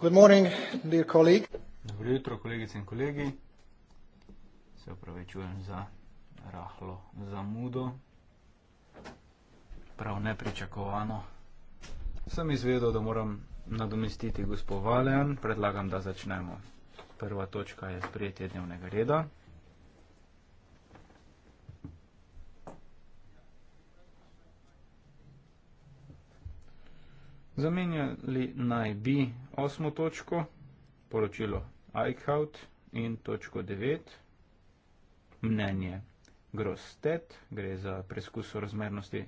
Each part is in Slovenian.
Good morning, dear colleague. Dobro jutro, kolegice in kolegi. Se upravičujem za rahlo zamudo. Prav nepričakovano. Sem izvedel, da moram nadomestiti gospo Valen. Predlagam, da začnemo. Prva točka je sprejetje dnevnega reda. Zamenjali naj bi osmo točko, poročilo Eichhout in točko devet, mnenje Grosstet, gre za preskus razmernosti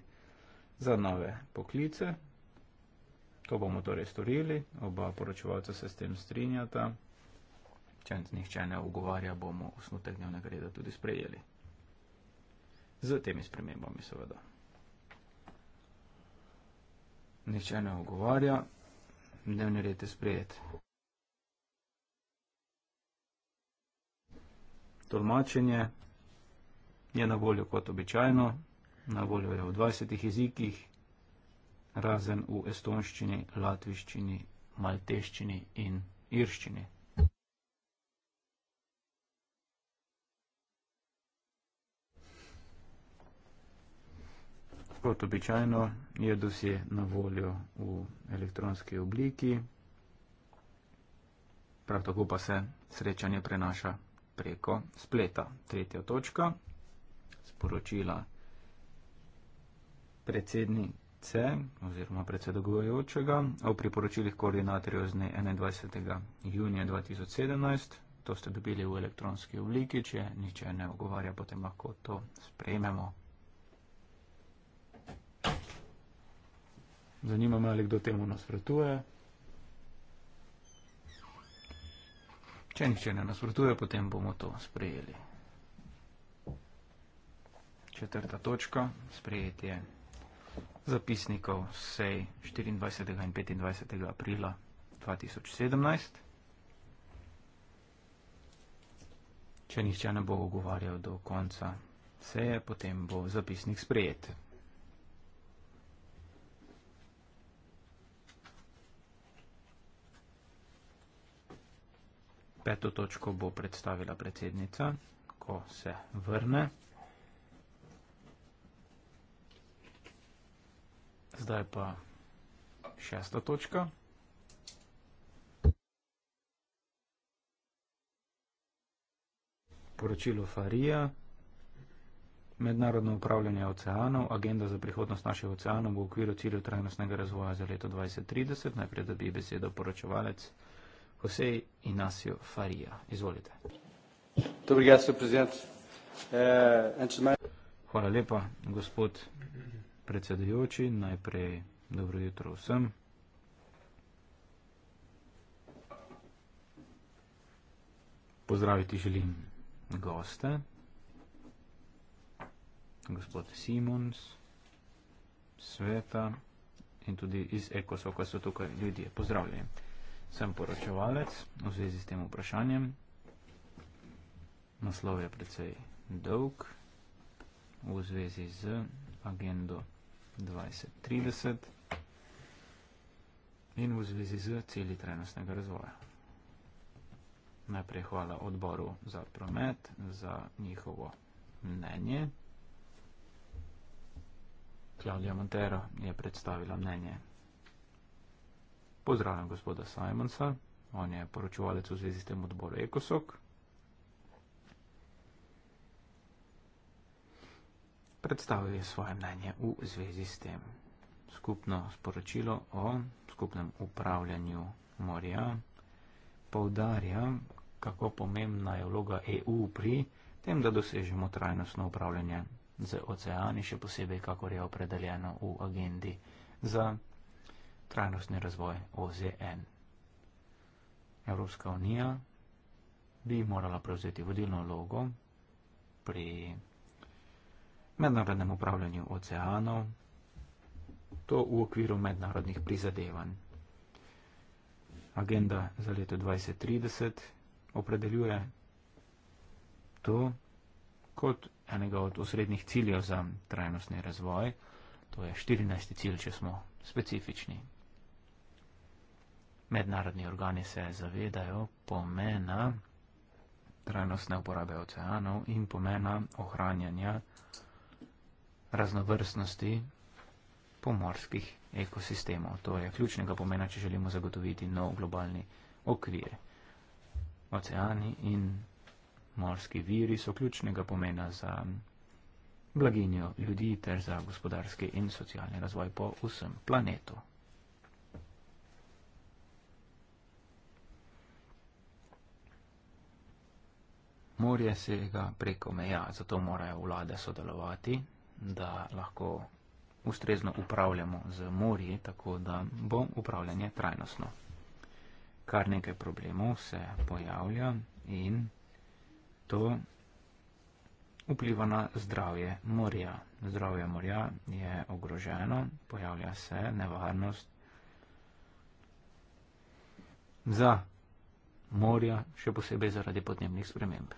za nove poklice. To bomo torej storili, oba poročevalca se s tem strinjata. Če nihče ne ugovarja, bomo osnutek dnevnega reda tudi sprejeli. Z temi spremembami seveda. Nihče ne ogovarja, dnevni red je sprejet. Tolmačenje je na voljo kot običajno, na voljo je v 20 jezikih, razen v estonščini, latviščini, malteščini in irščini. kot običajno je dosje na voljo v elektronski obliki, prav tako pa se srečanje prenaša preko spleta. Tretja točka, sporočila predsednice oziroma predsedogojočega o priporočilih koordinatorjev z dne 21. junija 2017. To ste dobili v elektronski obliki, če nihče ne ogovarja, potem lahko to sprejmemo Zanima me, ali kdo temu nasprotuje. Če nihče ne nasprotuje, potem bomo to sprejeli. Četrta točka, sprejetje zapisnikov sej 24. in 25. aprila 2017. Če nihče ne bo ogovarjal do konca seje, potem bo zapisnik sprejet. Peto točko bo predstavila predsednica, ko se vrne. Zdaj pa šesta točka. Poročilo Farija. Mednarodno upravljanje oceanov. Agenda za prihodnost naših oceanov v okviru cilju trajnostnega razvoja za leto 2030. Najprej da bi besedo poročevalec. José Inácio Faria. Izvolite. Muito obrigado, Sr. Presidente. Uh, antes de mais... Hvala lepa, gospod predsedujoči. Najprej dobro jutro vsem. Pozdraviti želim goste, gospod Simons, sveta in tudi iz Ekosoka so tukaj ljudje. Pozdravljam. Uh, sem poročevalec v zvezi s tem vprašanjem. Naslov je precej dolg v zvezi z agendo 2030 in v zvezi z celi trenostnega razvoja. Najprej hvala odboru za promet, za njihovo mnenje. Claudia Montero je predstavila mnenje Pozdravljam gospoda Simonsa, on je poročevalec v zvezi s tem odboru Ekosok. Predstavil je svoje mnenje v zvezi s tem. Skupno sporočilo o skupnem upravljanju morja povdarja, kako pomembna je vloga EU pri tem, da dosežemo trajnostno upravljanje z oceani, še posebej, kako je opredeljeno v agendi za trajnostni razvoj OZN. Evropska unija bi morala prevzeti vodilno logo pri mednarodnem upravljanju oceanov, to v okviru mednarodnih prizadevanj. Agenda za leto 2030 opredeljuje to kot enega od osrednjih ciljev za trajnostni razvoj, to je 14. cilj, če smo specifični. Mednarodni organi se zavedajo pomena trajnostne uporabe oceanov in pomena ohranjanja raznovrstnosti pomorskih ekosistemov. To je ključnega pomena, če želimo zagotoviti nov globalni okvir. Oceani in morski viri so ključnega pomena za blaginjo ljudi ter za gospodarski in socialni razvoj po vsem planetu. Morje se ga preko meja, zato morajo vlade sodelovati, da lahko ustrezno upravljamo z morji, tako da bo upravljanje trajnostno. Kar nekaj problemov se pojavlja in to vpliva na zdravje morja. Zdravje morja je ogroženo, pojavlja se nevarnost za morja, še posebej zaradi podnebnih sprememb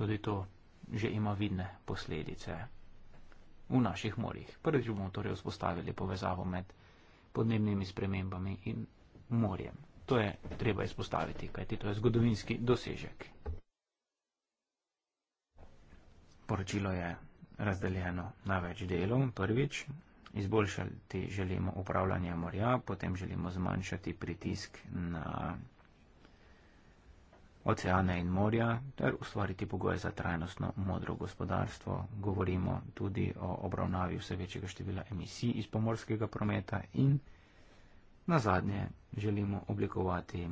tudi to že ima vidne posledice v naših morjih. Prvič bomo torej vzpostavili povezavo med podnebnimi spremembami in morjem. To je treba izpostaviti, kajti to je zgodovinski dosežek. Poročilo je razdeljeno na več delov. Prvič, izboljšati želimo upravljanje morja, potem želimo zmanjšati pritisk na oceane in morja ter ustvariti pogoje za trajnostno modro gospodarstvo. Govorimo tudi o obravnavi vse večjega števila emisij iz pomorskega prometa in na zadnje želimo oblikovati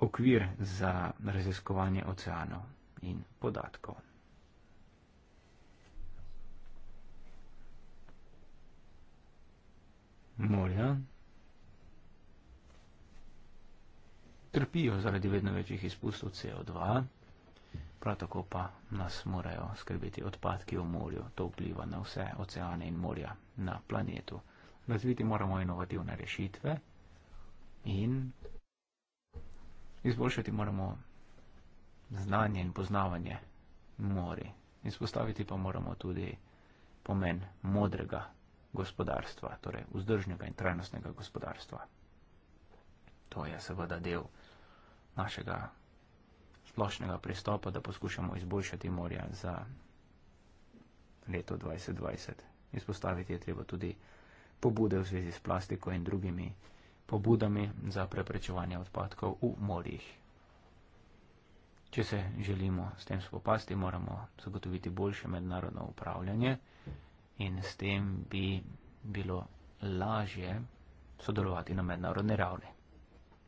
okvir za raziskovanje oceanov in podatkov. Morja. trpijo zaradi vedno večjih izpustov CO2, prav tako pa nas morajo skrbeti odpadki v morju. To vpliva na vse oceane in morja na planetu. Razviti moramo inovativne rešitve in izboljšati moramo znanje in poznavanje mori. Izpostaviti pa moramo tudi pomen modrega gospodarstva, torej vzdržnega in trajnostnega gospodarstva. To je seveda del našega splošnega pristopa, da poskušamo izboljšati morja za leto 2020. Izpostaviti je treba tudi pobude v zvezi s plastiko in drugimi pobudami za preprečevanje odpadkov v morjih. Če se želimo s tem spopasti, moramo zagotoviti boljše mednarodno upravljanje in s tem bi bilo lažje sodelovati na mednarodni ravni.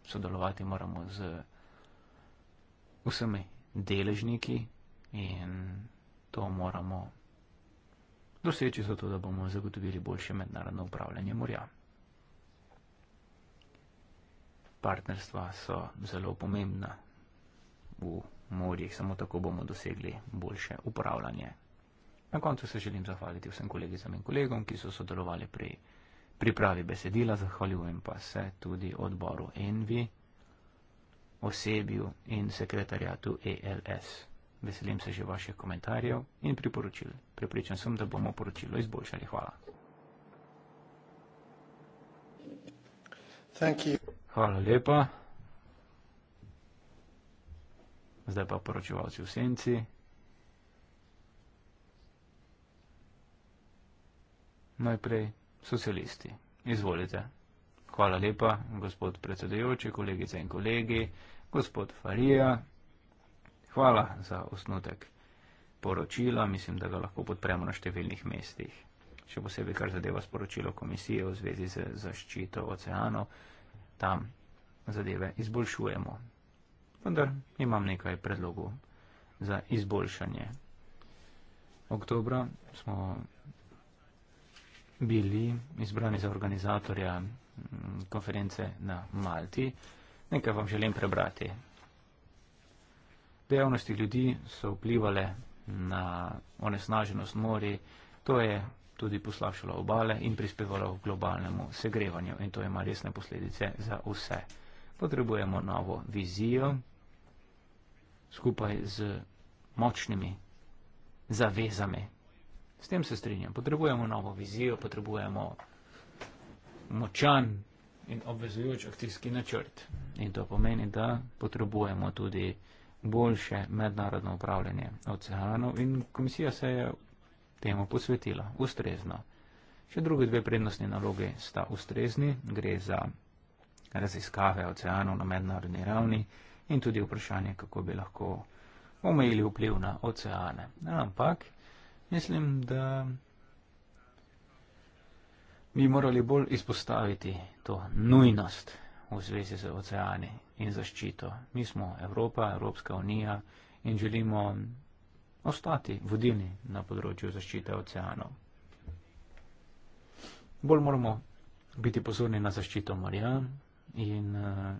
Sodelovati moramo z vsemi deležniki in to moramo doseči zato, da bomo zagotovili boljše mednarodno upravljanje morja. Partnerstva so zelo pomembna v morjih, samo tako bomo dosegli boljše upravljanje. Na koncu se želim zahvaliti vsem kolegicam in kolegom, ki so sodelovali pri pripravi besedila, zahvaljujem pa se tudi odboru Envi osebju in sekretarjatu ELS. Veselim se že vaših komentarjev in priporočil. Prepričan sem, da bomo poročilo izboljšali. Hvala. Hvala lepa. Zdaj pa poročevalci v senci. Najprej socialisti. Izvolite. Hvala lepa, gospod predsedujoči, kolegice in kolegi. Gospod Farija, hvala za osnutek poročila, mislim, da ga lahko podpremo na številnih mestih. Še posebej, kar zadeva sporočilo komisije v zvezi z zaščito oceanov, tam zadeve izboljšujemo. Vendar imam nekaj predlogov za izboljšanje. Oktobra smo bili izbrani za organizatorja mm, konference na Malti. Nekaj vam želim prebrati. Dejavnosti ljudi so vplivale na onesnaženost mori, to je tudi poslavšalo obale in prispevalo k globalnemu segrevanju in to ima resne posledice za vse. Potrebujemo novo vizijo skupaj z močnimi zavezami. S tem se strinjam. Potrebujemo novo vizijo, potrebujemo močan in obvezujoč akcijski načrt. In to pomeni, da potrebujemo tudi boljše mednarodno upravljanje oceanov in komisija se je temu posvetila ustrezno. Še druge dve prednostne naloge sta ustrezni, gre za raziskave oceanov na mednarodni ravni in tudi vprašanje, kako bi lahko omejili vpliv na oceane. Ampak mislim, da bi morali bolj izpostaviti to nujnost v zvezi z oceani in zaščito. Mi smo Evropa, Evropska unija in želimo ostati vodilni na področju zaščite oceanov. Bolj moramo biti pozorni na zaščito morja in uh,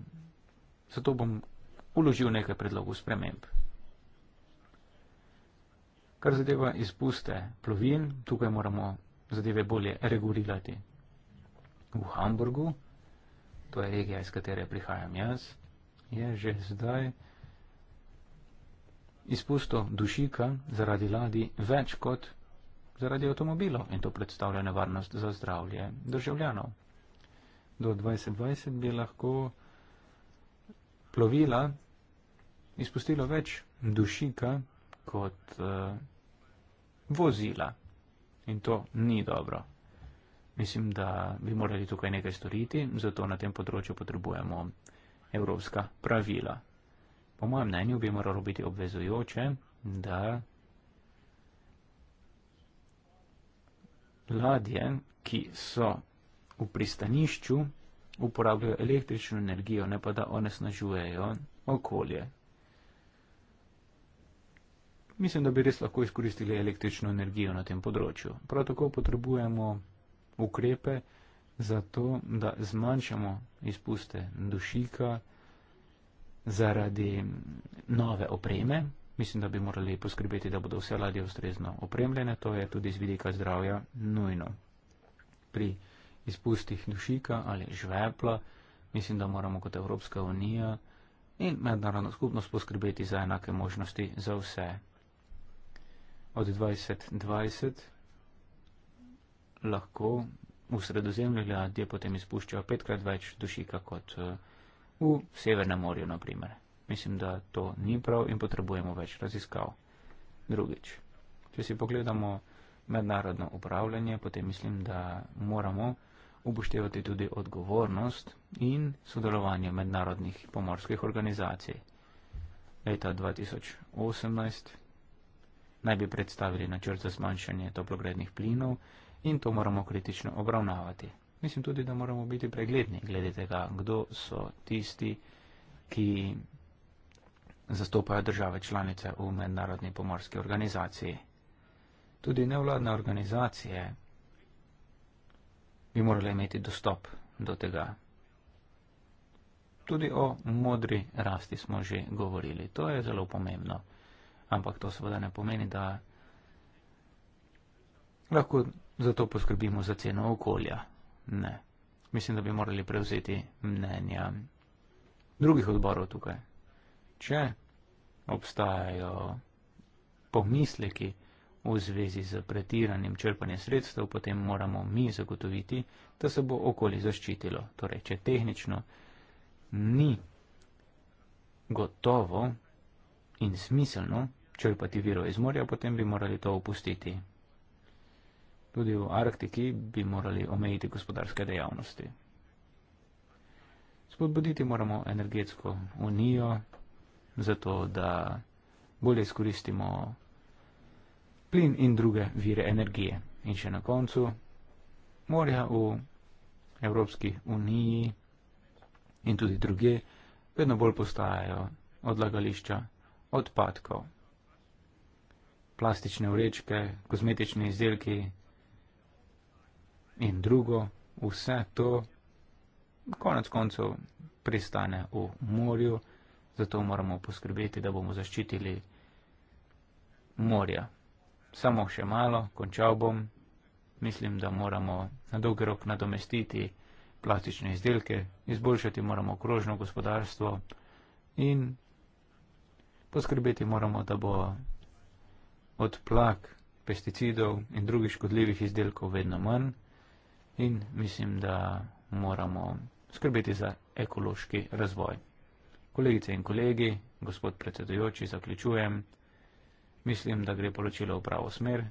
zato bom uložil nekaj predlogov sprememb. Kar zadeva izpuste plovil, tukaj moramo zadeve bolje regulirati. V Hamburgu, to je regija, iz katere prihajam jaz, je že zdaj izpustov dušika zaradi ladi več kot zaradi avtomobilov in to predstavlja nevarnost za zdravje državljanov. Do 2020 bi lahko plovila izpustilo več dušika kot uh, vozila. In to ni dobro. Mislim, da bi morali tukaj nekaj storiti, zato na tem področju potrebujemo evropska pravila. Po mojem mnenju bi moralo biti obvezujoče, da ladje, ki so v pristanišču, uporabljajo električno energijo, ne pa da onesnažujejo okolje. Mislim, da bi res lahko izkoristili električno energijo na tem področju. Prav tako potrebujemo ukrepe za to, da zmanjšamo izpuste dušika zaradi nove opreme. Mislim, da bi morali poskrbeti, da bodo vse ladje ustrezno opremljene. To je tudi z vidika zdravja nujno. Pri izpustih dušika ali žvepla mislim, da moramo kot Evropska unija in mednarodna skupnost poskrbeti za enake možnosti za vse od 2020 lahko v sredozemlju ladje potem izpuščajo petkrat več dušika kot eh, v Severnem morju, naprimer. Mislim, da to ni prav in potrebujemo več raziskav. Drugič, če si pogledamo mednarodno upravljanje, potem mislim, da moramo upoštevati tudi odgovornost in sodelovanje mednarodnih pomorskih organizacij. Leta 2018 naj bi predstavili načrt za zmanjšanje toplogrednih plinov in to moramo kritično obravnavati. Mislim tudi, da moramo biti pregledni glede tega, kdo so tisti, ki zastopajo države članice v mednarodni pomorski organizaciji. Tudi nevladne organizacije bi morale imeti dostop do tega. Tudi o modri rasti smo že govorili. To je zelo pomembno ampak to seveda ne pomeni, da lahko zato poskrbimo za ceno okolja. Ne. Mislim, da bi morali prevzeti mnenja drugih odborov tukaj. Če obstajajo pomisleki v zvezi z pretiranim črpanjem sredstev, potem moramo mi zagotoviti, da se bo okolje zaščitilo. Torej, če tehnično ni gotovo in smiselno, črpati viro iz morja, potem bi morali to opustiti. Tudi v Arktiki bi morali omejiti gospodarske dejavnosti. Spodbuditi moramo energetsko unijo, zato da bolje izkoristimo plin in druge vire energije. In še na koncu, morja v Evropski uniji in tudi druge vedno bolj postajajo odlagališča odpadkov plastične vrečke, kozmetični izdelki in drugo, vse to konec koncev pristane v morju, zato moramo poskrbeti, da bomo zaščitili morja. Samo še malo, končal bom. Mislim, da moramo na dolgi rok nadomestiti plastične izdelke, izboljšati moramo okrožno gospodarstvo in poskrbeti moramo, da bo od plak, pesticidov in drugih škodljivih izdelkov vedno manj in mislim, da moramo skrbeti za ekološki razvoj. Kolegice in kolegi, gospod predsedujoči, zaključujem. Mislim, da gre poročilo v pravo smer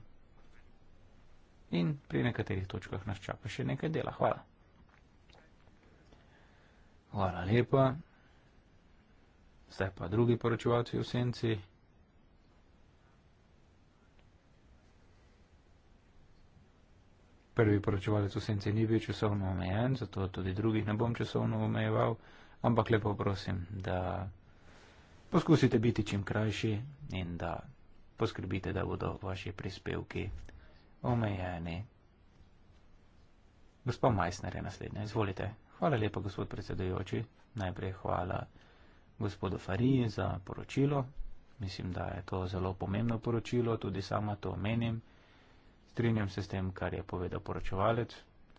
in pri nekaterih točkah nas čaka še nekaj dela. Hvala. Hvala lepa. Zdaj pa drugi poročevalci v senci. prvi poročevalec v senci ni bil časovno omejen, zato tudi drugih ne bom časovno omejeval, ampak lepo prosim, da poskusite biti čim krajši in da poskrbite, da bodo vaši prispevki omejeni. Gospod Majsner je naslednja, izvolite. Hvala lepa, gospod predsedujoči. Najprej hvala gospodu Fariji za poročilo. Mislim, da je to zelo pomembno poročilo, tudi sama to omenim. Strinjam se s tem, kar je povedal poročevalec,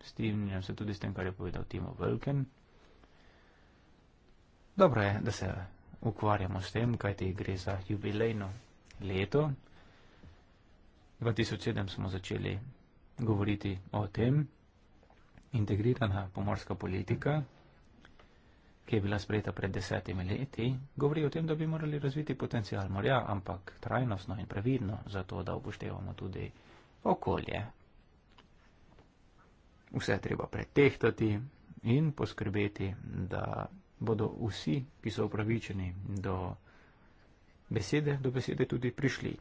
strinjam se tudi s tem, kar je povedal Timo Vlken. Dobro je, da se ukvarjamo s tem, kajti gre za jubilejno leto. 2007 smo začeli govoriti o tem, integrirana pomorska politika, ki je bila sprejeta pred desetimi leti, govori o tem, da bi morali razviti potencial morja, ampak trajnostno in previdno, zato da upoštevamo tudi okolje. Vse treba pretehtati in poskrbeti, da bodo vsi, ki so upravičeni do besede, do besede tudi prišli.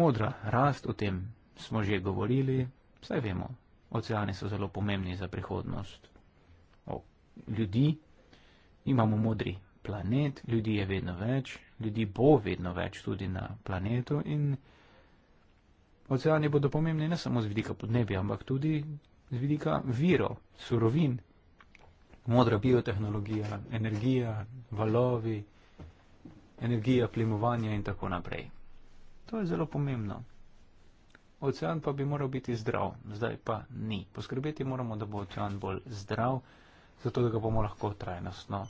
Modra rast, o tem smo že govorili, vse vemo, oceani so zelo pomembni za prihodnost o, ljudi. Imamo modri planet, ljudi je vedno več, ljudi bo vedno več tudi na planetu in. Oceani bodo pomembni ne samo z vidika podnebja, ampak tudi z vidika viro, surovin, modra biotehnologija, energija, valovi, energija plimovanja in tako naprej. To je zelo pomembno. Ocean pa bi moral biti zdrav, zdaj pa ni. Poskrbeti moramo, da bo ocean bolj zdrav, zato da ga bomo lahko trajnostno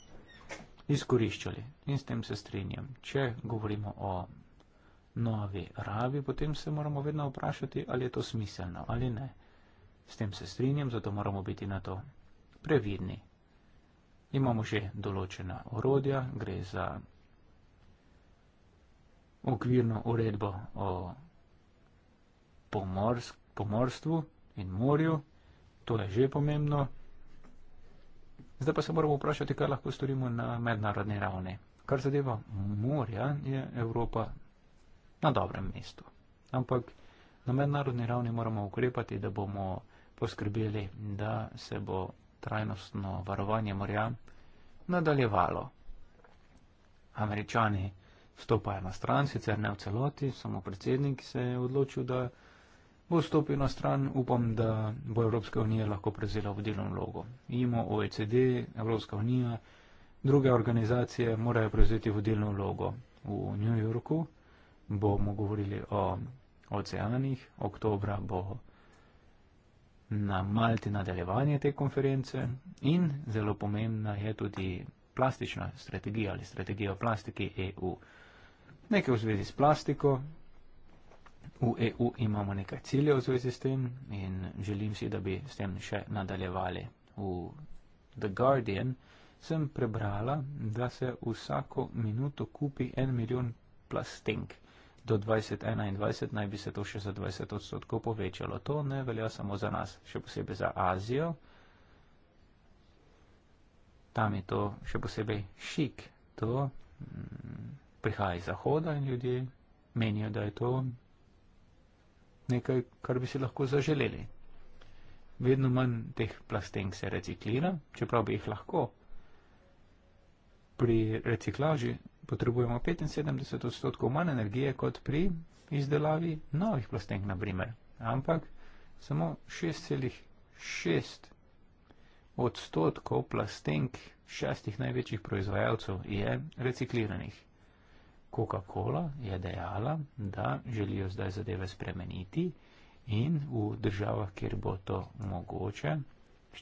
izkoriščali. In s tem se strinjam, če govorimo o novi rabi, potem se moramo vedno vprašati, ali je to smiselno ali ne. S tem se strinjam, zato moramo biti na to previdni. Imamo že določena orodja, gre za okvirno uredbo o pomors, pomorstvu in morju, to je že pomembno. Zdaj pa se moramo vprašati, kaj lahko storimo na mednarodni ravni. Kar zadeva morja, je Evropa na dobrem mestu. Ampak na mednarodni ravni moramo ukrepati, da bomo poskrbeli, da se bo trajnostno varovanje morja nadaljevalo. Američani stopajo na stran, sicer ne v celoti, samo predsednik se je odločil, da bo stopil na stran. Upam, da bo Evropska unija lahko prevzela vodilno vlogo. IMO, OECD, Evropska unija, druge organizacije morajo prevzeti vodilno vlogo v New Yorku bomo govorili o oceanih. Oktobra bo na Malti nadaljevanje te konference in zelo pomembna je tudi plastična strategija ali strategija o plastiki EU. Nekaj v zvezi s plastiko. V EU imamo nekaj ciljev v zvezi s tem in želim si, da bi s tem še nadaljevali. V The Guardian sem prebrala, da se vsako minuto kupi en milijon plastink do 2021 naj bi se to še za 20 odstotkov povečalo. To ne velja samo za nas, še posebej za Azijo. Tam je to še posebej šik. To mm, prihaja iz Zahoda in ljudje menijo, da je to nekaj, kar bi si lahko zaželeli. Vedno manj teh plastenk se reciklira, čeprav bi jih lahko. Pri reciklaži potrebujemo 75 odstotkov manj energije kot pri izdelavi novih plastenk, naprimer. Ampak samo 6,6 odstotkov plastenk šestih največjih proizvajalcev je recikliranih. Coca-Cola je dejala, da želijo zdaj zadeve spremeniti in v državah, kjer bo to mogoče,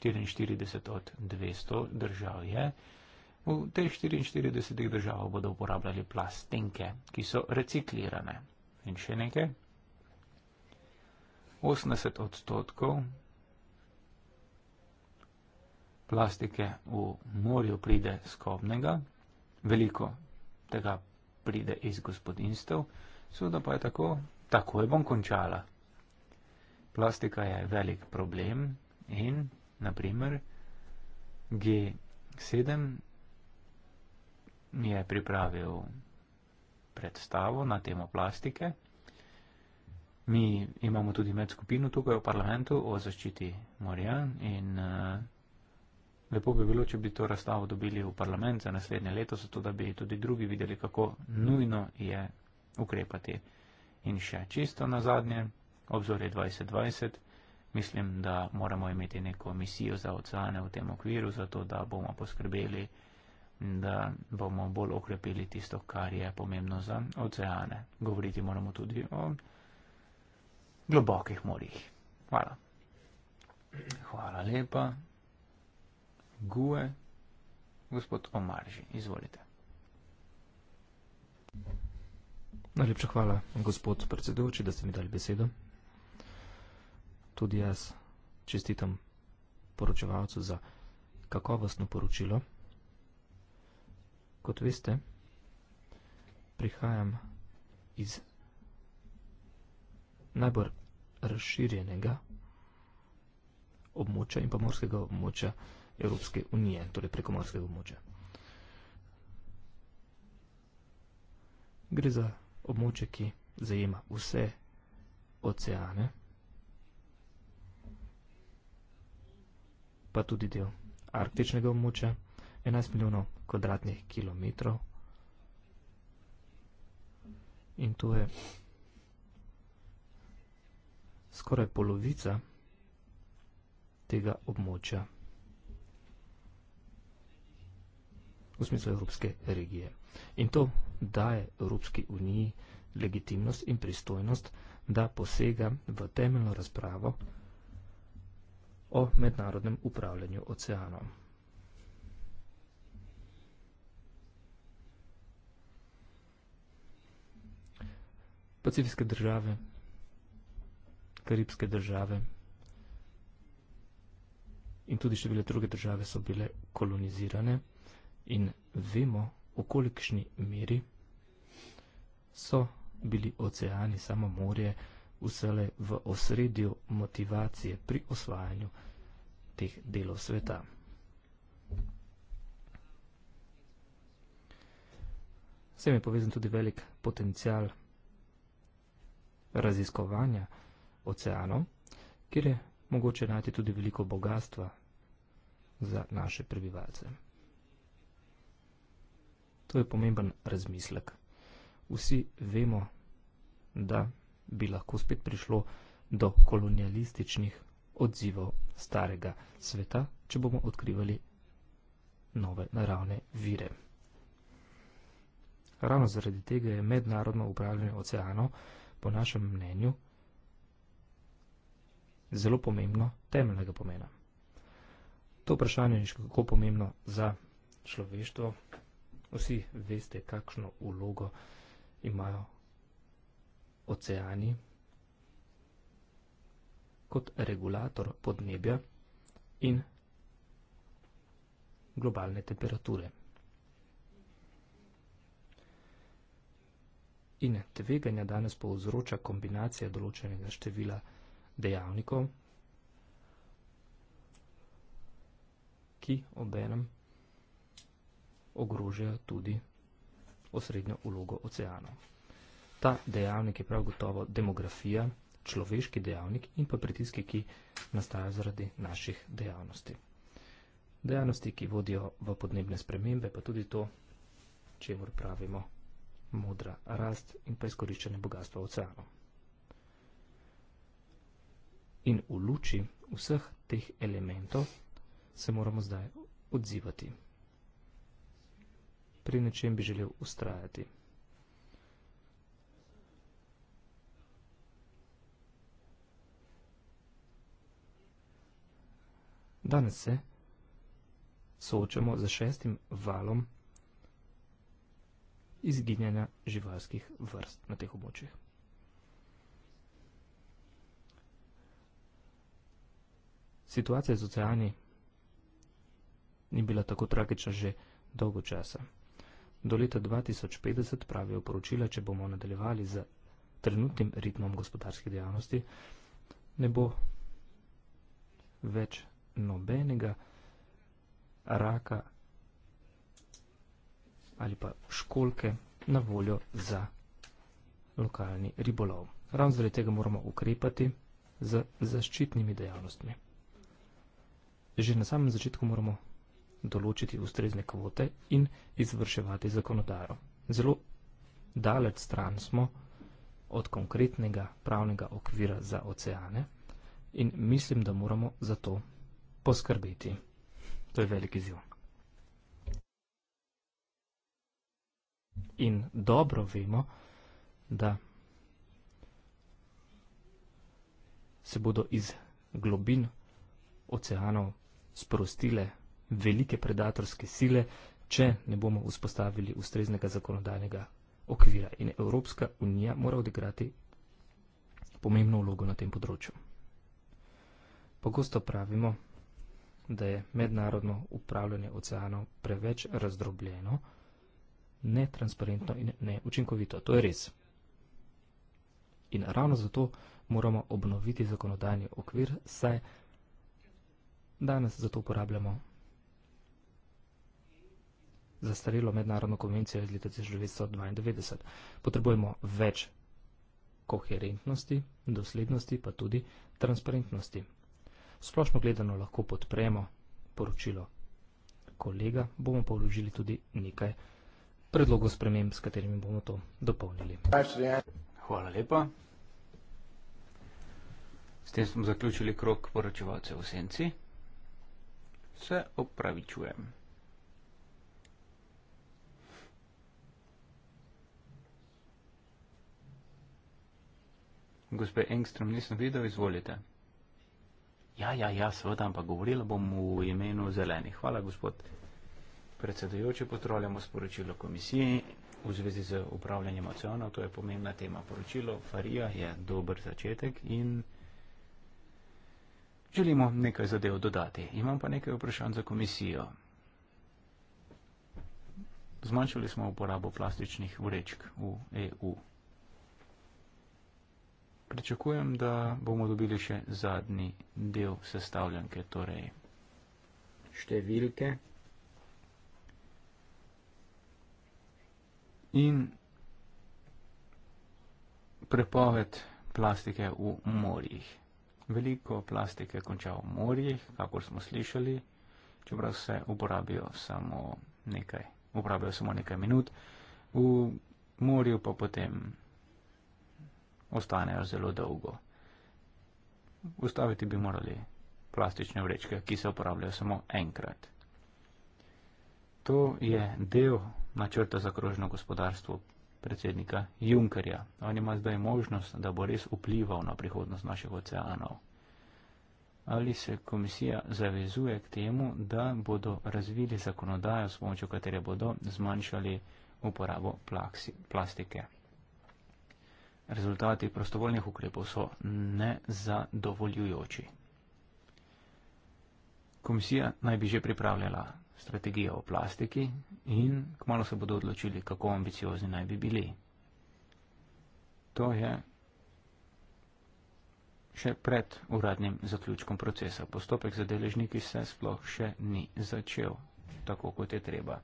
44 od 200 držav je, V teh 44 državah bodo uporabljali plastenke, ki so reciklirane. In še nekaj. 80 odstotkov plastike v morju pride skobnega, veliko tega pride iz gospodinstv, seveda pa je tako, takoj bom končala. Plastika je velik problem in, naprimer, G7 mi je pripravil predstavo na temo plastike. Mi imamo tudi med skupino tukaj v parlamentu o zaščiti morja in uh, lepo bi bilo, če bi to razstavo dobili v parlament za naslednje leto, zato da bi tudi drugi videli, kako nujno je ukrepati. In še čisto na zadnje, obzorje 2020, mislim, da moramo imeti neko misijo za oceane v tem okviru, zato da bomo poskrbeli. Mm da bomo bolj okrepili tisto, kar je pomembno za oceane. Govoriti moramo tudi o globokih morjih. Hvala. Hvala lepa. Gue, gospod Omarži, izvolite. Najlepša hvala, gospod predsedujoči, da ste mi dali besedo. Tudi jaz čestitam poročevalcu za kakovostno poročilo kot veste, prihajam iz najbolj razširjenega območja in pa morskega območja Evropske unije, torej preko morskega območja. Gre za območje, ki zajema vse oceane, pa tudi del arktičnega območja, 11 milijonov kvadratnih kilometrov. In to je skoraj polovica tega območja v smislu Evropske regije. In to daje Evropski uniji legitimnost in pristojnost, da posega v temeljno razpravo o mednarodnem upravljanju oceanom. pacifijske države, karibske države in tudi še bile druge države so bile kolonizirane in vemo, v kolikšni meri so bili oceani, samo morje, vsele v osredju motivacije pri osvajanju teh delov sveta. Vsem je povezan tudi velik potencijal raziskovanja oceanov, kjer je mogoče najti tudi veliko bogatstva za naše prebivalce. To je pomemben razmislek. Vsi vemo, da bi lahko spet prišlo do kolonialističnih odzivov starega sveta, če bomo odkrivali nove naravne vire. Ravno zaradi tega je mednarodno upravljanje oceanov po našem mnenju, zelo pomembno, temeljnega pomena. To vprašanje je še kako pomembno za človeštvo. Vsi veste, kakšno ulogo imajo oceani kot regulator podnebja in globalne temperature. in tveganja danes povzroča kombinacija določenega števila dejavnikov, ki obenem ogrožajo tudi osrednjo ulogo oceanov. Ta dejavnik je prav gotovo demografija, človeški dejavnik in pa pritiske, ki nastajajo zaradi naših dejavnosti. Dejavnosti, ki vodijo v podnebne spremembe, pa tudi to, čemu pravimo modra rast in pa izkoriščanje bogatstva oceanov. In v luči vseh teh elementov se moramo zdaj odzivati. Pri nečem bi želel ustrajati. Danes se soočamo za šestim valom izginjanja živalskih vrst na teh območjih. Situacija z oceani ni bila tako tragična že dolgo časa. Do leta 2050 pravijo poročila, če bomo nadaljevali z trenutnim ritmom gospodarskih dejavnosti, ne bo več nobenega raka ali pa školke na voljo za lokalni ribolov. Ravno zaradi tega moramo ukrepati z zaščitnimi dejavnostmi. Že na samem začetku moramo določiti ustrezne kvote in izvrševati zakonodajo. Zelo daleč stran smo od konkretnega pravnega okvira za oceane in mislim, da moramo za to poskrbeti. To je veliki ziv. in dobro vemo, da se bodo iz globin oceanov sprostile velike predatorske sile, če ne bomo vzpostavili ustreznega zakonodajnega okvira. In Evropska unija mora odigrati pomembno vlogo na tem področju. Pogosto pravimo, da je mednarodno upravljanje oceanov preveč razdrobljeno, netransparentno in neučinkovito. To je res. In ravno zato moramo obnoviti zakonodajni okvir, saj danes za to uporabljamo zastarelo mednarodno konvencijo iz leta 1992. Potrebujemo več koherentnosti, doslednosti, pa tudi transparentnosti. Splošno gledano lahko podpremo poročilo kolega, bomo pa vložili tudi nekaj informacij predlogu sprememb, s katerimi bomo to dopolnili. Hvala lepa. S tem smo zaključili krok poročevalcev v senci. Se opravičujem. Gospe Engström, nisem videl, izvolite. Ja, ja, ja, seveda, ampak govorila bom v imenu zelenih. Hvala, gospod predsedujoči, pozdravljamo sporočilo komisiji v zvezi z upravljanjem oceanov. To je pomembna tema poročilo. Farija je dober začetek in želimo nekaj zadev dodati. Imam pa nekaj vprašanj za komisijo. Zmanjšali smo uporabo plastičnih vrečk v EU. Pričakujem, da bomo dobili še zadnji del sestavljanke, torej številke, in prepoved plastike v morjih. Veliko plastike konča v morjih, kakor smo slišali, čeprav se uporabijo samo nekaj, uporabijo samo nekaj minut, v morju pa potem ostanejo zelo dolgo. Ustaviti bi morali plastične vrečke, ki se uporabljajo samo enkrat. To je del načrta za krožno gospodarstvo predsednika Junkerja. On ima zdaj možnost, da bo res vplival na prihodnost naših oceanov. Ali se komisija zavezuje k temu, da bodo razvili zakonodajo, s pomočjo katere bodo zmanjšali uporabo plastike? Rezultati prostovoljnih ukrepov so nezadovoljujoči. Komisija naj bi že pripravljala strategijo o plastiki in kmalo se bodo odločili, kako ambiciozni naj bi bili. To je še pred uradnim zaključkom procesa. Postopek za deležniki se sploh še ni začel, tako kot je treba.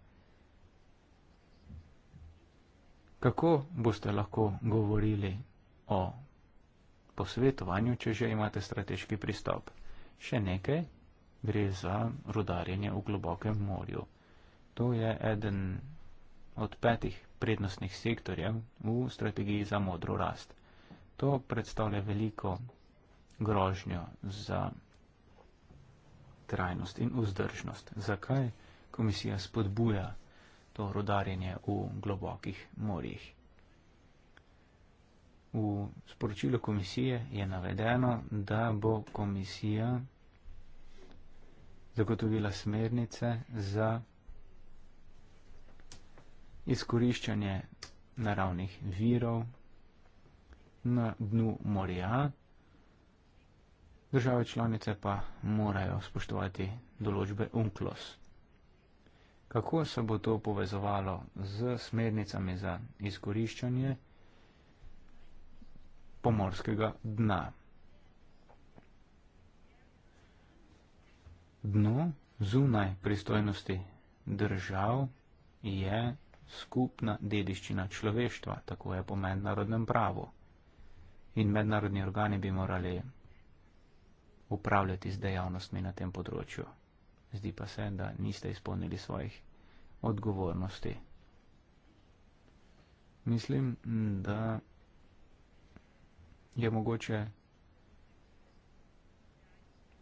Kako boste lahko govorili o posvetovanju, če že imate strateški pristop? Še nekaj, gre za rudarjenje v globokem morju. To je eden od petih prednostnih sektorjev v strategiji za modro rast. To predstavlja veliko grožnjo za trajnost in vzdržnost. Zakaj komisija spodbuja to rodarjenje v globokih morjih? V sporočilu komisije je navedeno, da bo komisija zagotovila smernice za izkoriščanje naravnih virov na dnu morja. Države članice pa morajo spoštovati določbe UNCLOS. Kako se bo to povezovalo z smernicami za izkoriščanje pomorskega dna? dno zunaj pristojnosti držav je skupna dediščina človeštva, tako je po mednarodnem pravu. In mednarodni organi bi morali upravljati z dejavnostmi na tem področju. Zdi pa se, da niste izpolnili svojih odgovornosti. Mislim, da je mogoče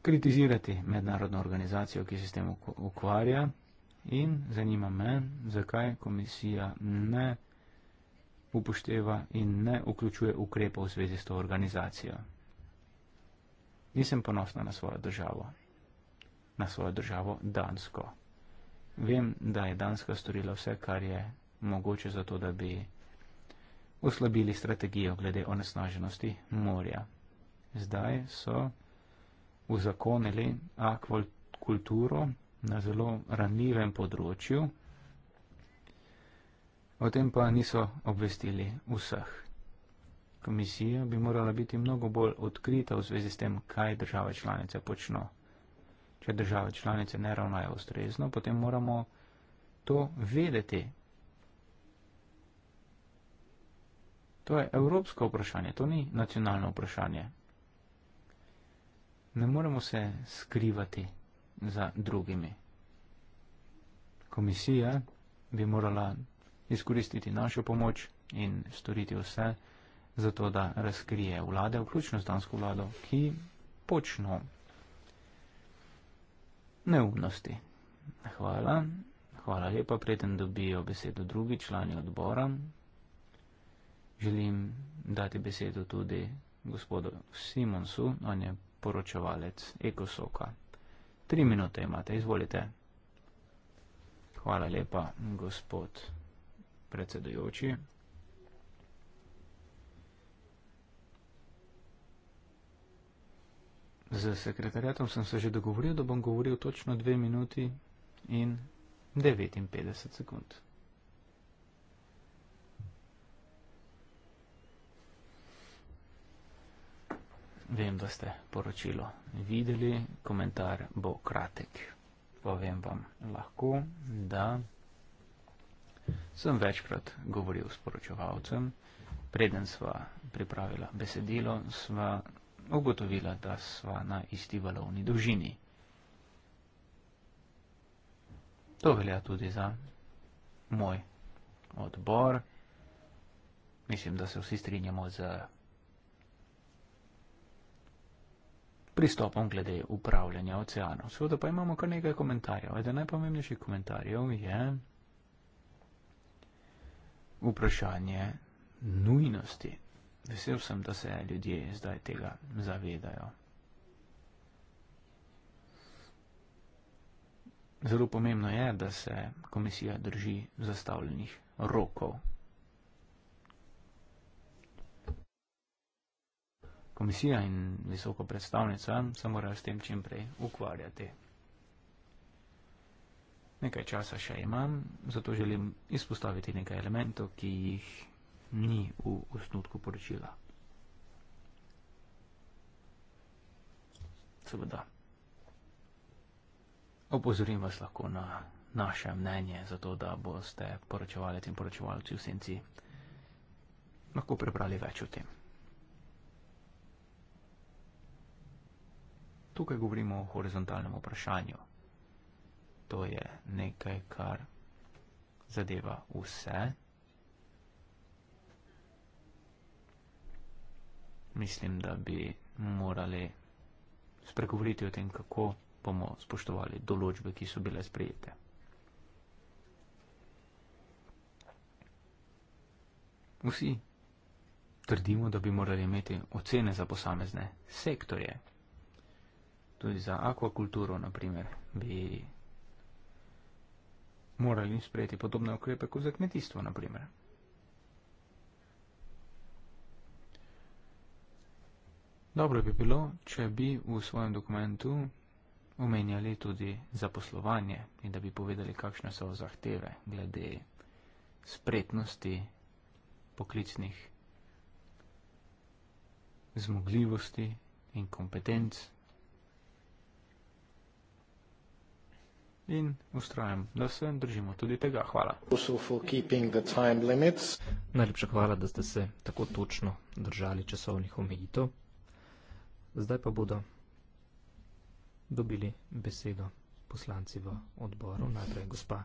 kritizirati mednarodno organizacijo, ki se s tem ukvarja in zanima me, zakaj komisija ne upošteva in ne vključuje ukrepov v zvezi s to organizacijo. Nisem ponosna na svojo državo, na svojo državo Dansko. Vem, da je Danska storila vse, kar je mogoče za to, da bi oslabili strategijo glede onesnaženosti morja. Zdaj so uzakonili akvakulturo na zelo ranljivem področju, o tem pa niso obvestili vseh. Komisija bi morala biti mnogo bolj odkrita v zvezi s tem, kaj države članice počno. Če države članice ne ravnajo ustrezno, potem moramo to vedeti. To je evropsko vprašanje, to ni nacionalno vprašanje. Ne moremo se skrivati za drugimi. Komisija bi morala izkoristiti našo pomoč in storiti vse, zato da razkrije vlade, vključno z dansko vlado, ki počno neumnosti. Hvala. Hvala lepa, preden dobijo besedo drugi člani odbora. Želim dati besedo tudi gospodu Simonsu. On je poročevalec Ekosoka. Tri minute imate, izvolite. Hvala lepa, gospod predsedujoči. Z sekretarjatom sem se že dogovoril, da bom govoril točno dve minuti in 59 sekund. vem, da ste poročilo videli, komentar bo kratek. Povem vam lahko, da sem večkrat govoril s poročevalcem, preden sva pripravila besedilo, sva ugotovila, da sva na isti valovni dolžini. To velja tudi za moj odbor. Mislim, da se vsi strinjamo z pristopom glede upravljanja oceanov. Seveda pa imamo kar nekaj komentarjev. Eden najpomembnejših komentarjev je vprašanje nujnosti. Vesel sem, da se ljudje zdaj tega zavedajo. Zelo pomembno je, da se komisija drži zastavljenih rokov. komisija in visoko predstavnica se morajo s tem čim prej ukvarjati. Nekaj časa še imam, zato želim izpostaviti nekaj elementov, ki jih ni v osnutku poročila. Seveda. Opozorim vas lahko na naše mnenje, zato da boste poročevalec in poročevalci v senci lahko prebrali več o tem. Tukaj govorimo o horizontalnem vprašanju. To je nekaj, kar zadeva vse. Mislim, da bi morali spregovoriti o tem, kako bomo spoštovali določbe, ki so bile sprejete. Vsi trdimo, da bi morali imeti ocene za posamezne sektorje, tudi za akvakulturo, naprimer, bi morali sprejeti podobne ukrepe kot za kmetijstvo, naprimer. Dobro bi bilo, če bi v svojem dokumentu omenjali tudi zaposlovanje in da bi povedali, kakšne so zahteve glede spretnosti poklicnih zmogljivosti in kompetenc in ustrajam, da se držimo tudi tega. Hvala. Najlepša hvala, da ste se tako točno držali časovnih omejitev. Zdaj pa bodo dobili besedo poslanci v odboru. Najprej gospa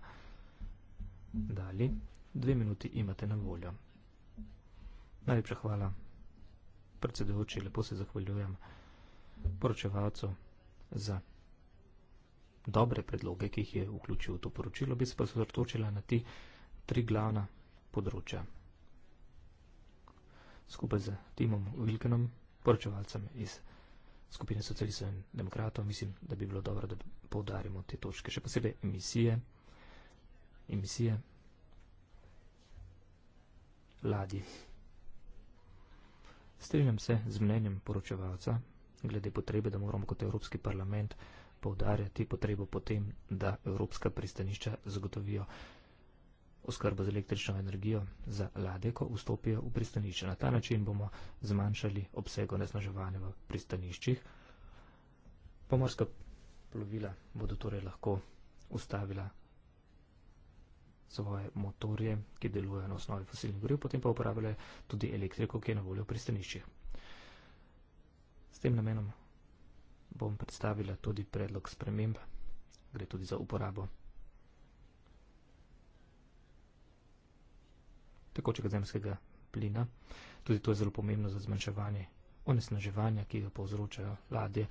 Dali. Dve minuti imate na voljo. Najlepša hvala, predsedujoči, lepo se zahvaljujem poročevalcu za dobre predloge, ki jih je vključil v to poročilo, bi se pa sotočila na ti tri glavna področja. Skupaj z Timom Vilkenom, poročevalcem iz skupine socialistov in demokratov, mislim, da bi bilo dobro, da poudarimo te točke. Še posebej emisije, emisije ladi. Strinjam se z mnenjem poročevalca glede potrebe, da moramo kot Evropski parlament poudarjati potrebo potem, da evropska pristanišča zagotovijo oskrbo z električno energijo za lade, ko vstopijo v pristanišče. Na ta način bomo zmanjšali obsego nesnaževanja v pristaniščih. Pomorska plovila bodo torej lahko ustavila svoje motorje, ki delujejo na osnovi fosilnih goriv, potem pa uporabljajo tudi elektriko, ki je na voljo v pristaniščih. S tem namenom bom predstavila tudi predlog sprememb, gre tudi za uporabo tekočega zemskega plina. Tudi to je zelo pomembno za zmanjševanje onesnaževanja, ki ga povzročajo ladje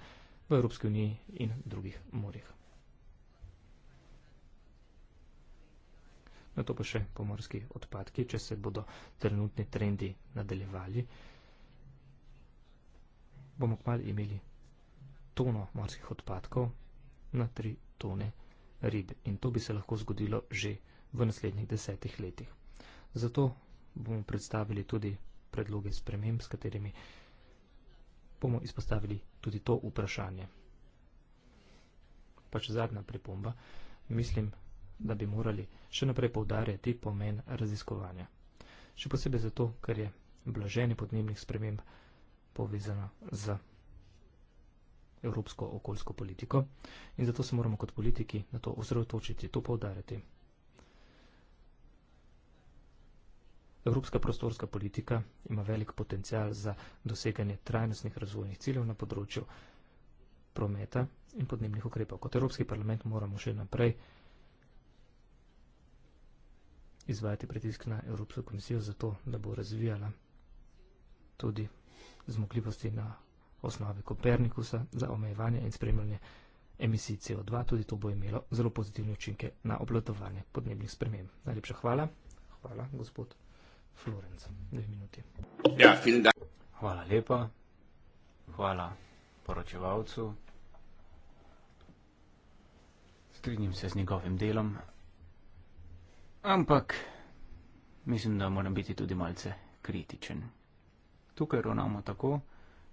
v Evropski uniji in drugih morjih. Na to pa še pomorski odpadki, če se bodo trenutni trendi nadaljevali, bomo kmalo imeli tono morskih odpadkov na tri tone ribe. In to bi se lahko zgodilo že v naslednjih desetih letih. Zato bomo predstavili tudi predloge sprememb, s katerimi bomo izpostavili tudi to vprašanje. Pač zadnja pripomba. Mislim, da bi morali še naprej povdarjati pomen raziskovanja. Še posebej zato, ker je blaženje podnebnih sprememb povezano z evropsko okoljsko politiko in zato se moramo kot politiki na to osredotočiti, to povdarjati. Evropska prostorska politika ima velik potencial za doseganje trajnostnih razvojnih ciljev na področju prometa in podnebnih ukrepov. Kot Evropski parlament moramo še naprej izvajati pritisk na Evropsko komisijo za to, da bo razvijala tudi zmogljivosti na osnove Kopernikusa za omejevanje in spremljanje emisij CO2, tudi to bo imelo zelo pozitivne učinke na obladovanje podnebnih sprememb. Najlepša hvala. Hvala, gospod Florenc. Dve minuti. Ja, hvala lepa. Hvala poročevalcu. Strinjam se z njegovim delom. Ampak mislim, da moram biti tudi malce kritičen. Tukaj ravnamo tako,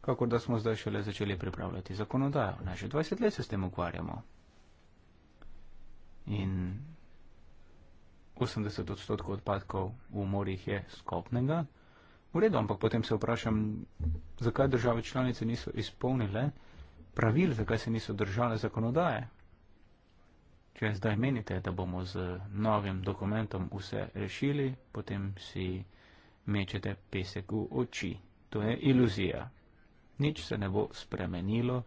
kakor da smo zdaj šele začeli pripravljati zakonodajo. Naše 20 let se s tem ukvarjamo. In 80 odstotkov odpadkov v morjih je skopnega. V redu, ampak potem se vprašam, zakaj države članice niso izpolnile pravil, zakaj se niso držale zakonodaje. Če zdaj menite, da bomo z novim dokumentom vse rešili, potem si mečete pesek v oči. To je iluzija nič se ne bo spremenilo,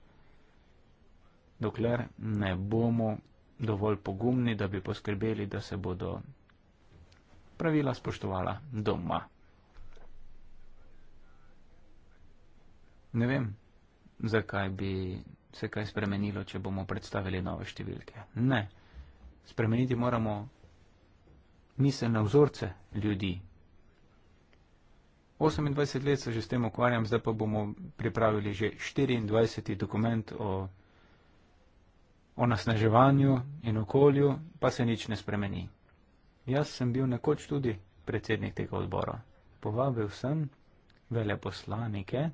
dokler ne bomo dovolj pogumni, da bi poskrbeli, da se bodo pravila spoštovala doma. Ne vem, zakaj bi se kaj spremenilo, če bomo predstavili nove številke. Ne, spremeniti moramo miselne vzorce ljudi, 28 let se že s tem ukvarjam, zdaj pa bomo pripravili že 24 dokument o, o nasneževanju in okolju, pa se nič ne spremeni. Jaz sem bil nekoč tudi predsednik tega odbora. Povabil sem veleposlanike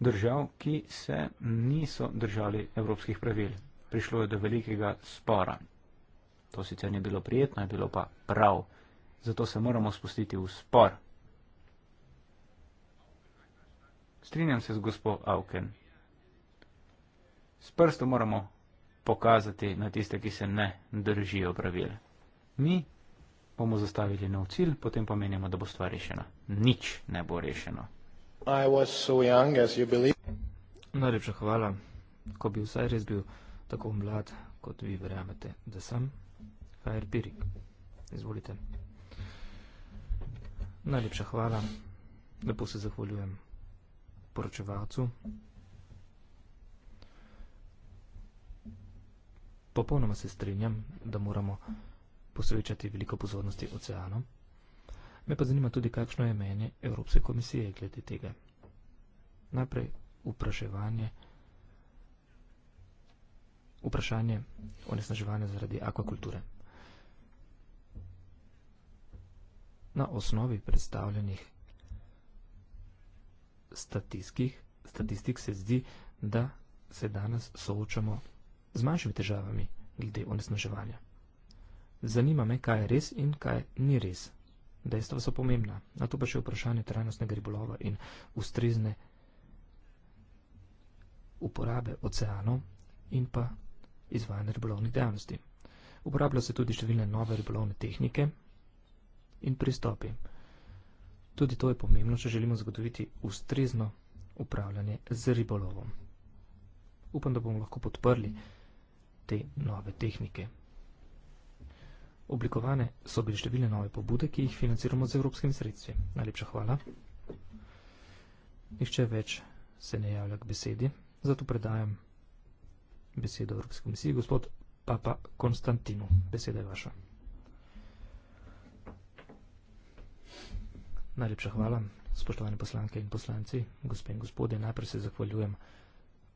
držav, ki se niso držali evropskih pravil. Prišlo je do velikega spora. To sicer ni bilo prijetno, je bilo pa prav. Zato se moramo spustiti v spor. Strinjam se z gospod Avken. S prstom moramo pokazati na tiste, ki se ne držijo pravil. Mi bomo zastavili nov cilj, potem pa menimo, da bo stvar rešena. Nič ne bo rešeno. So young, Najlepša hvala, ko bi vsaj res bil tako mlad, kot vi verjamete, da sem. Fajr Pirik, izvolite. Najlepša hvala, lepo se zahvaljujem poročevalcu. Popolnoma se strinjam, da moramo posvečati veliko pozornosti oceanom. Me pa zanima tudi, kakšno je mnenje Evropske komisije glede tega. Najprej vpraševanje, vprašanje o nesnaževanju zaradi akvakulture. Na osnovi predstavljenih statistik, statistik se zdi, da se danes soočamo z manjšimi težavami glede onesnaževanja. Zanima me, kaj je res in kaj ni res. Dejstva so pomembna. Na to pa še vprašanje trajnostnega ribolova in ustrezne uporabe oceanov in pa izvajanja ribolovnih dejavnosti. Uporabljajo se tudi številne nove ribolovne tehnike in pristopi. Tudi to je pomembno, če želimo zagotoviti ustrezno upravljanje z ribolovom. Upam, da bomo lahko podprli te nove tehnike. Oblikovane so bile številne nove pobude, ki jih financiramo z evropskimi sredstvi. Najlepša hvala. Nihče več se ne javlja k besedi, zato predajam besedo Evropske komisiji, gospod Papa Konstantinu. Beseda je vaša. Najlepša hvala, spoštovane poslanke in poslanci, gospe in gospode. Najprej se zahvaljujem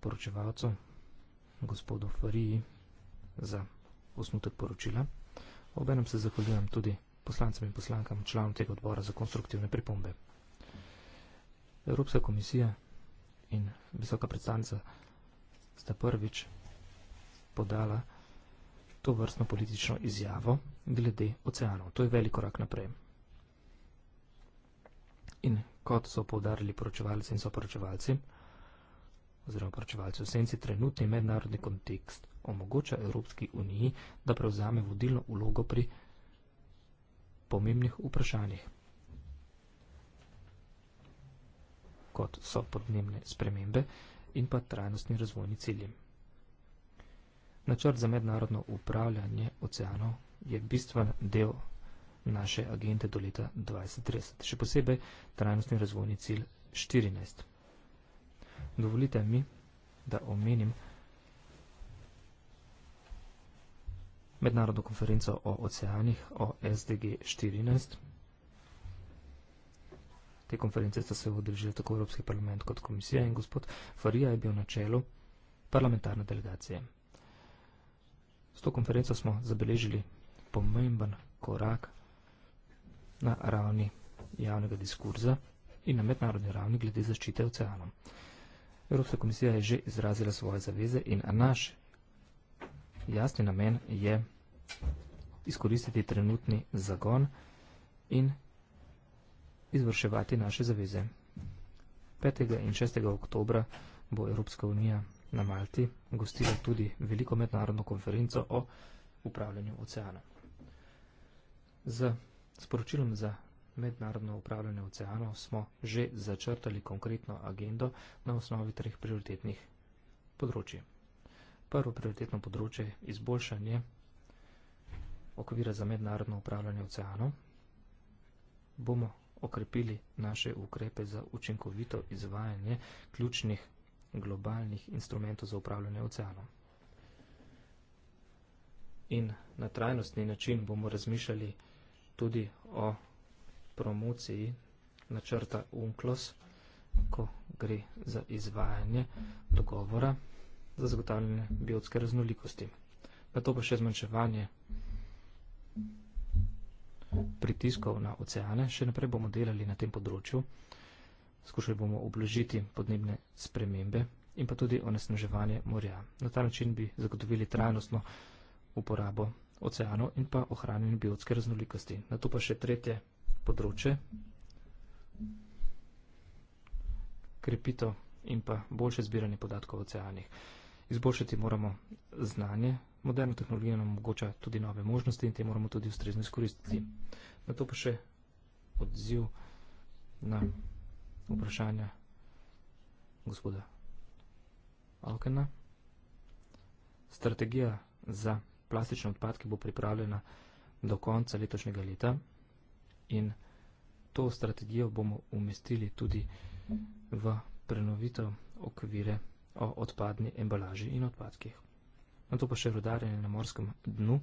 poročevalcu, gospodu Fariji, za osnutek poročila. Obenem se zahvaljujem tudi poslancem in poslankam, članom tega odbora za konstruktivne pripombe. Evropska komisija in visoka predstavnica sta prvič podala to vrstno politično izjavo glede oceanov. To je velik korak naprej in kot so povdarili poročevalci in soporočevalci, oziroma poročevalci v senci, trenutni mednarodni kontekst omogoča Evropski uniji, da prevzame vodilno ulogo pri pomembnih vprašanjih. kot so podnebne spremembe in pa trajnostni razvojni cilji. Načrt za mednarodno upravljanje oceanov je bistven del naše agente do leta 2030, še posebej trajnostni razvojni cilj 14. Dovolite mi, da omenim mednarodno konferenco o oceanih o SDG 14. Te konference sta se odrežili tako Evropski parlament kot komisija in gospod Farija je bil na čelu parlamentarne delegacije. S to konferenco smo zabeležili pomemben korak na ravni javnega diskurza in na mednarodni ravni glede zaščite oceanom. Evropska komisija je že izrazila svoje zaveze in naš jasni namen je izkoristiti trenutni zagon in izvrševati naše zaveze. 5. in 6. oktobra bo Evropska unija na Malti gostila tudi veliko mednarodno konferenco o upravljanju oceana. Z S poročilom za mednarodno upravljanje oceanov smo že začrtali konkretno agendo na osnovi treh prioritetnih področji. Prvo prioritetno področje je izboljšanje okvira za mednarodno upravljanje oceanov. Bomo okrepili naše ukrepe za učinkovito izvajanje ključnih globalnih instrumentov za upravljanje oceanov. In na trajnostni način bomo razmišljali, tudi o promociji načrta UNCLOS, ko gre za izvajanje dogovora za zagotavljanje biotske raznolikosti. Na to pa še zmanjševanje pritiskov na oceane. Še naprej bomo delali na tem področju. Skušali bomo obložiti podnebne spremembe in pa tudi onesnaževanje morja. Na ta način bi zagotovili trajnostno uporabo oceanov in pa ohranjanje biotske raznolikosti. Na to pa še tretje področje. Krepito in pa boljše zbiranje podatkov o oceanih. Izboljšati moramo znanje, moderna tehnologija nam omogoča tudi nove možnosti in te moramo tudi ustrezno izkoristiti. Na to pa še odziv na vprašanja gospoda Alkena. Strategija za plastične odpadke bo pripravljena do konca letošnjega leta in to strategijo bomo umestili tudi v prenovitev okvire o odpadni embalaži in odpadkih. Na to pa še rodarjenje na morskem dnu.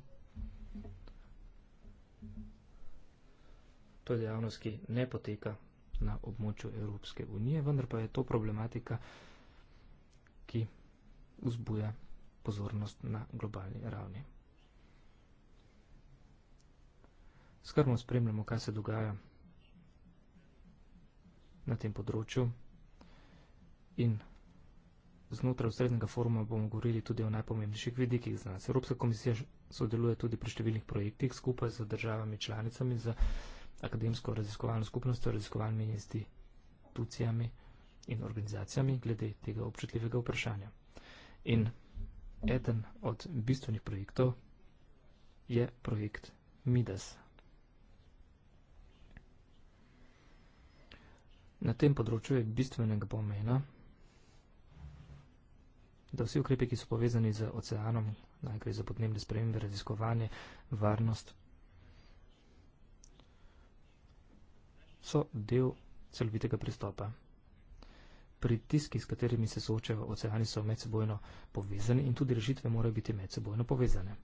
To je dejavnost, ki ne poteka na območju Evropske unije, vendar pa je to problematika, ki vzbuja pozornost na globalni ravni. skrbno spremljamo, kaj se dogaja na tem področju in znotraj ustreznega foruma bomo govorili tudi o najpomembnejših vidikih za nas. Evropska komisija sodeluje tudi pri številnih projektih skupaj z državami članicami, z akademsko raziskovalno skupnostjo, raziskovalnimi institucijami in organizacijami glede tega občutljivega vprašanja. In eden od bistvenih projektov je projekt MIDAS, na tem področju je bistvenega pomena, da vsi ukrepi, ki so povezani z oceanom, najkrat za podnebne spremembe, raziskovanje, varnost, so del celovitega pristopa. Pritiski, s katerimi se soočajo oceani, so medsebojno povezani in tudi rešitve morajo biti medsebojno povezane.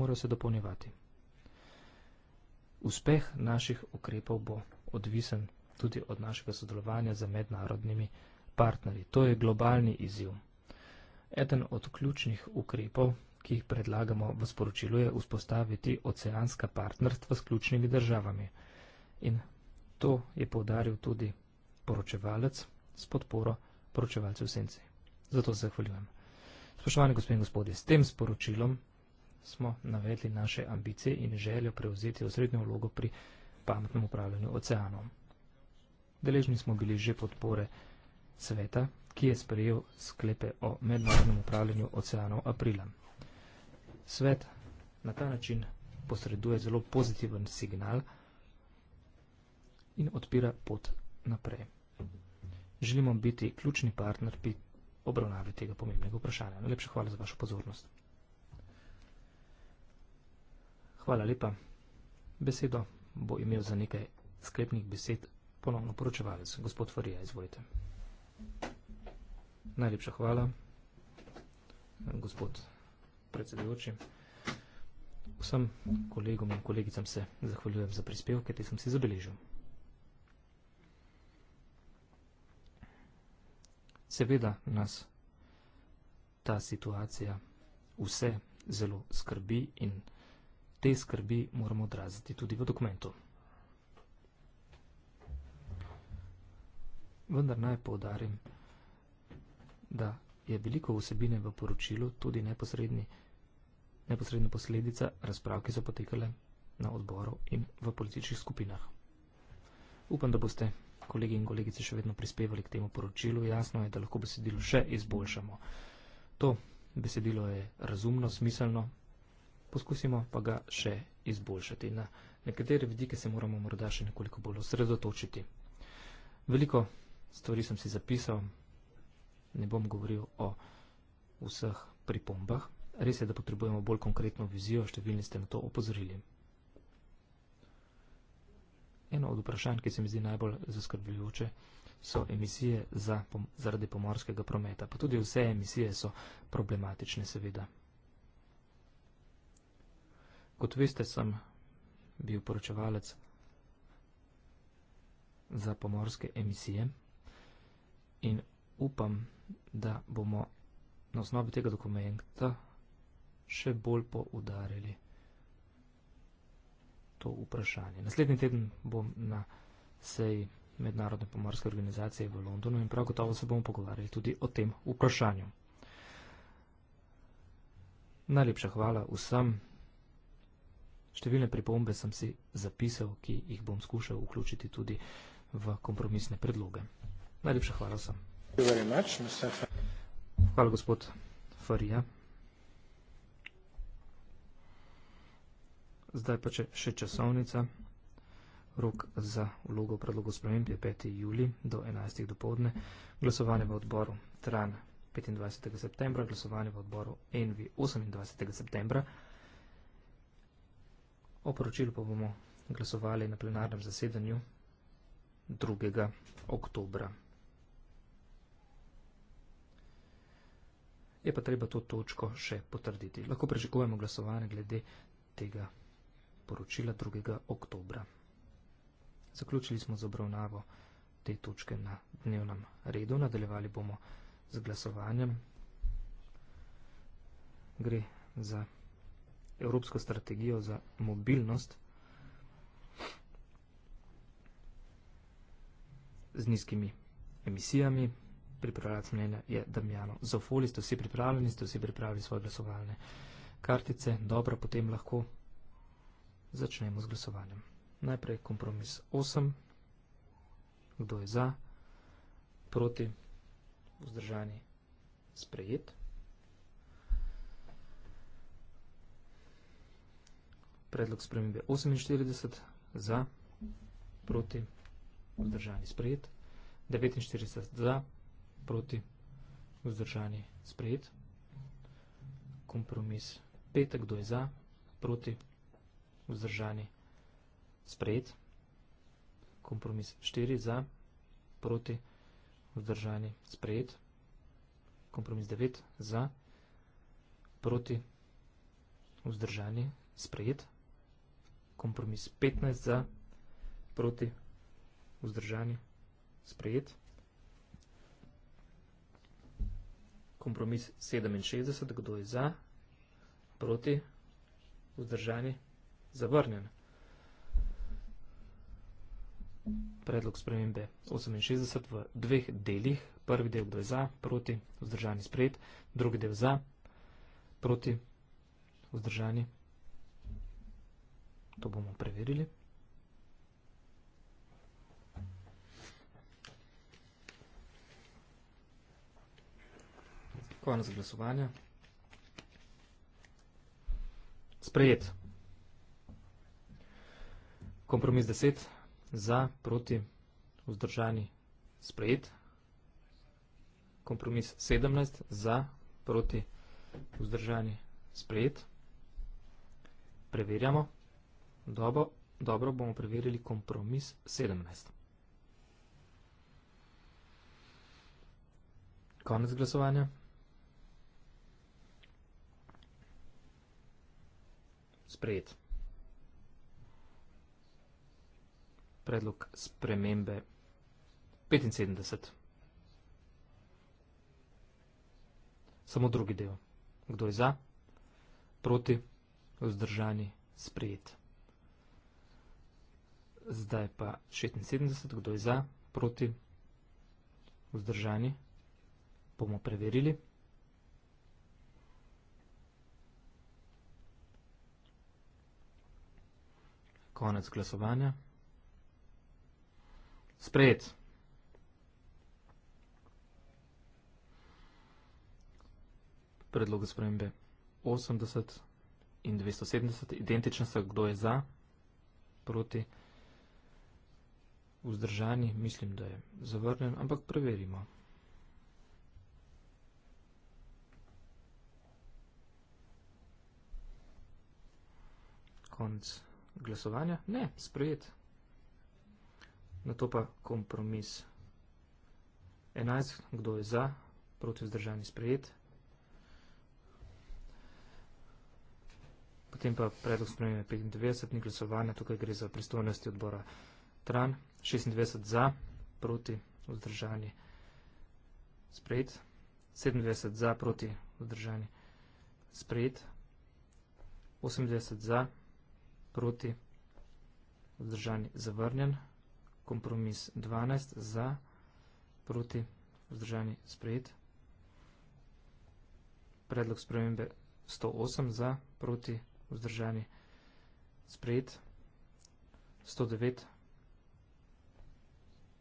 Morajo se dopolnjevati. Uspeh naših ukrepov bo odvisen tudi od našega sodelovanja z mednarodnimi partnerji. To je globalni izziv. Eden od ključnih ukrepov, ki jih predlagamo v sporočilu, je vzpostaviti oceanska partnerstva s ključnimi državami. In to je povdaril tudi poročevalec s podporo poročevalcev Senci. Zato se zahvaljujem. Spoštovani gospod in gospodje, s tem sporočilom smo navedli naše ambicije in željo prevzeti osrednjo vlogo pri pametnem upravljanju oceanom. Deležni smo bili že podpore sveta, ki je sprejel sklepe o mednarodnem upravljanju oceanov aprila. Svet na ta način posreduje zelo pozitiven signal in odpira pot naprej. Želimo biti ključni partner pri obravnavi tega pomembnega vprašanja. Najlepša hvala za vašo pozornost. Hvala lepa. Besedo bo imel za nekaj sklepnih besed ponovno poročevalec. Gospod Farija, izvolite. Najlepša hvala, gospod predsedujoči. Vsem kolegom in kolegicam se zahvaljujem za prispevke, te sem si zabeležil. Seveda nas ta situacija vse zelo skrbi in te skrbi moramo odraziti tudi v dokumentu. vendar naj povdarim, da je veliko vsebine v poročilu tudi neposredna posledica razprav, ki so potekale na odboru in v političnih skupinah. Upam, da boste kolegi in kolegice še vedno prispevali k temu poročilu. Jasno je, da lahko besedilo še izboljšamo. To besedilo je razumno, smiselno, poskusimo pa ga še izboljšati. Na nekatere vidike se moramo morda še nekoliko bolj osredotočiti. Veliko stvari sem si zapisal, ne bom govoril o vseh pripombah. Res je, da potrebujemo bolj konkretno vizijo, številni ste na to opozorili. Eno od vprašanj, ki se mi zdi najbolj zaskrbljujoče, so emisije za, zaradi pomorskega prometa. Pa tudi vse emisije so problematične, seveda. Kot veste, sem bil poročevalec za pomorske emisije in upam, da bomo na osnovi tega dokumenta še bolj poudarili to vprašanje. Naslednji teden bom na seji Mednarodne pomorske organizacije v Londonu in prav gotovo se bomo pogovarjali tudi o tem vprašanju. Najlepša hvala vsem. Številne pripombe sem si zapisal, ki jih bom skušal vključiti tudi v kompromisne predloge. Najlepša hvala vsem. Hvala, gospod Farija. Zdaj pa če še časovnica. Rok za vlogo predlogu sprememb je 5. juli do 11. do povdne. Glasovanje v odboru Tran 25. septembra, glasovanje v odboru Envi 28. septembra. O poročilu pa bomo glasovali na plenarnem zasedanju 2. oktobra. je pa treba to točko še potrditi. Lahko prečekujemo glasovanje glede tega poročila 2. oktobra. Zaključili smo z obravnavo te točke na dnevnem redu, nadaljevali bomo z glasovanjem. Gre za Evropsko strategijo za mobilnost z nizkimi emisijami pripravljati mnenja je Damjano. Zofoli ste vsi pripravljeni, ste vsi pripravili svoje glasovalne kartice. Dobro, potem lahko začnemo z glasovanjem. Najprej kompromis 8. Kdo je za? Proti? Vzdržani? Sprejet? Predlog spremembe 48. Za? Proti? Vzdržani? Sprejet? 49 za, proti, vzdržani, sprejet. Kompromis petek, kdo je za, proti, vzdržani, sprejet. Kompromis štiri za, proti, vzdržani, sprejet. Kompromis devet za, proti, vzdržani, sprejet. Kompromis petnaest za, proti, vzdržani, sprejet. kompromis 67, kdo je za, proti, vzdržani, zavrnjen. Predlog spremembe 68 v dveh delih, prvi del kdo je za, proti, vzdržani, sprejet, drugi del za, proti, vzdržani, to bomo preverili. konec glasovanja. Sprejet. Kompromis 10 za, proti, vzdržani, sprejet. Kompromis 17 za, proti, vzdržani, sprejet. Preverjamo. Dobro, dobro bomo preverili kompromis 17. Konec glasovanja. sprejet. Predlog spremembe 75. Samo drugi del. Kdo je za? Proti? Vzdržani? Sprejet. Zdaj pa 76. Kdo je za? Proti? Vzdržani? Bomo preverili. Konec glasovanja. Sprejet. Predlog spremembe 80 in 270. Identično so, kdo je za, proti, vzdržani. Mislim, da je zavrnjen, ampak preverimo. Konec glasovanja? Ne, sprejet. Na to pa kompromis. 11. Kdo je za? Proti vzdržani sprejet. Potem pa predlog spremenja 95. Ni glasovanja. Tukaj gre za pristojnosti odbora Tran. 96. Za? Proti vzdržani sprejet. 97. Za? Proti vzdržani sprejet. 98. Za? proti, vzdržani, zavrnjen, kompromis 12, za, proti, vzdržani, sprejet, predlog spremembe 108, za, proti, vzdržani, sprejet, 109,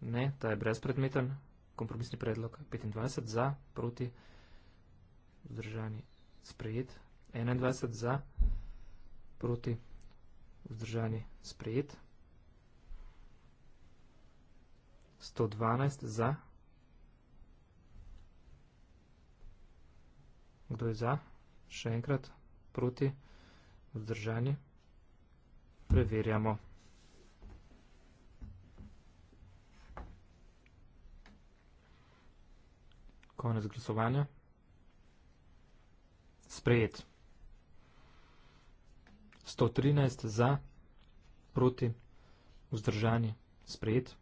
ne, ta je brezpredmeten, kompromisni predlog 25, za, proti, vzdržani, sprejet, 21, za, proti, vzdržani, sprejet, 21 za, proti, vzdržani, sprejet. 112 za. Kdo je za? Še enkrat proti vzdržani. Preverjamo. Konec glasovanja. Sprejet. 113 za, proti, vzdržani, sprejet.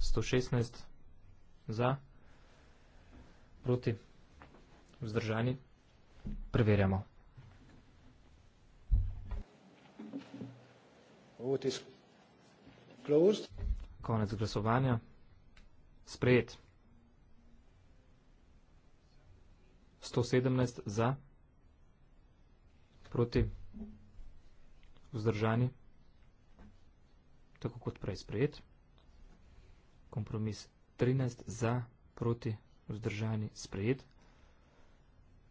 116 za, proti, vzdržani, preverjamo. Konec glasovanja. Sprejet. 117 za, proti, vzdržani, preverjamo proti vzdržani, tako kot prej sprejet. Kompromis 13 za proti vzdržani sprejet.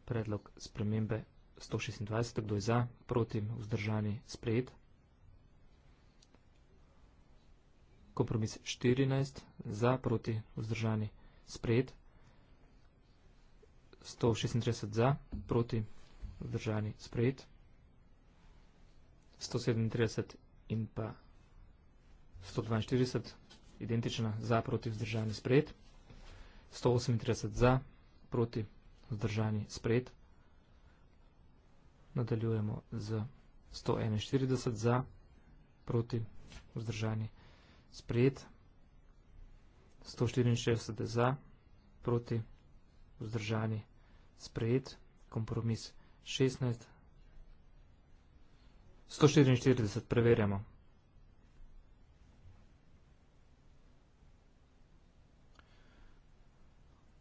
Predlog spremembe 126, kdo je za proti vzdržani sprejet. Kompromis 14 za proti vzdržani sprejet. 136 za proti vzdržani sprejet. 137 in pa 142, identična, za, proti, vzdržani, sprejet. 138 za, proti, vzdržani, sprejet. Nadaljujemo z 141 za, proti, vzdržani, sprejet. 164 za, proti, vzdržani, sprejet. Kompromis 16, 144 preverjamo.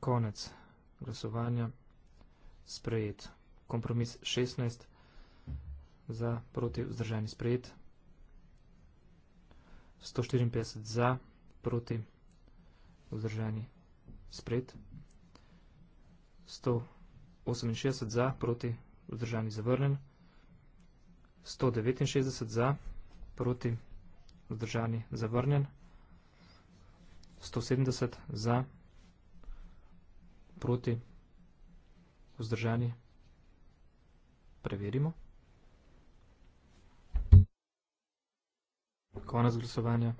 Konec glasovanja. Sprejet. Kompromis 16 za proti vzdržani sprejet. 154 za proti vzdržani sprejet. 168 za proti vzdržani zavrnen. 169 za, proti, vzdržani, zavrnjen. 170 za, proti, vzdržani, preverimo. Konec glasovanja.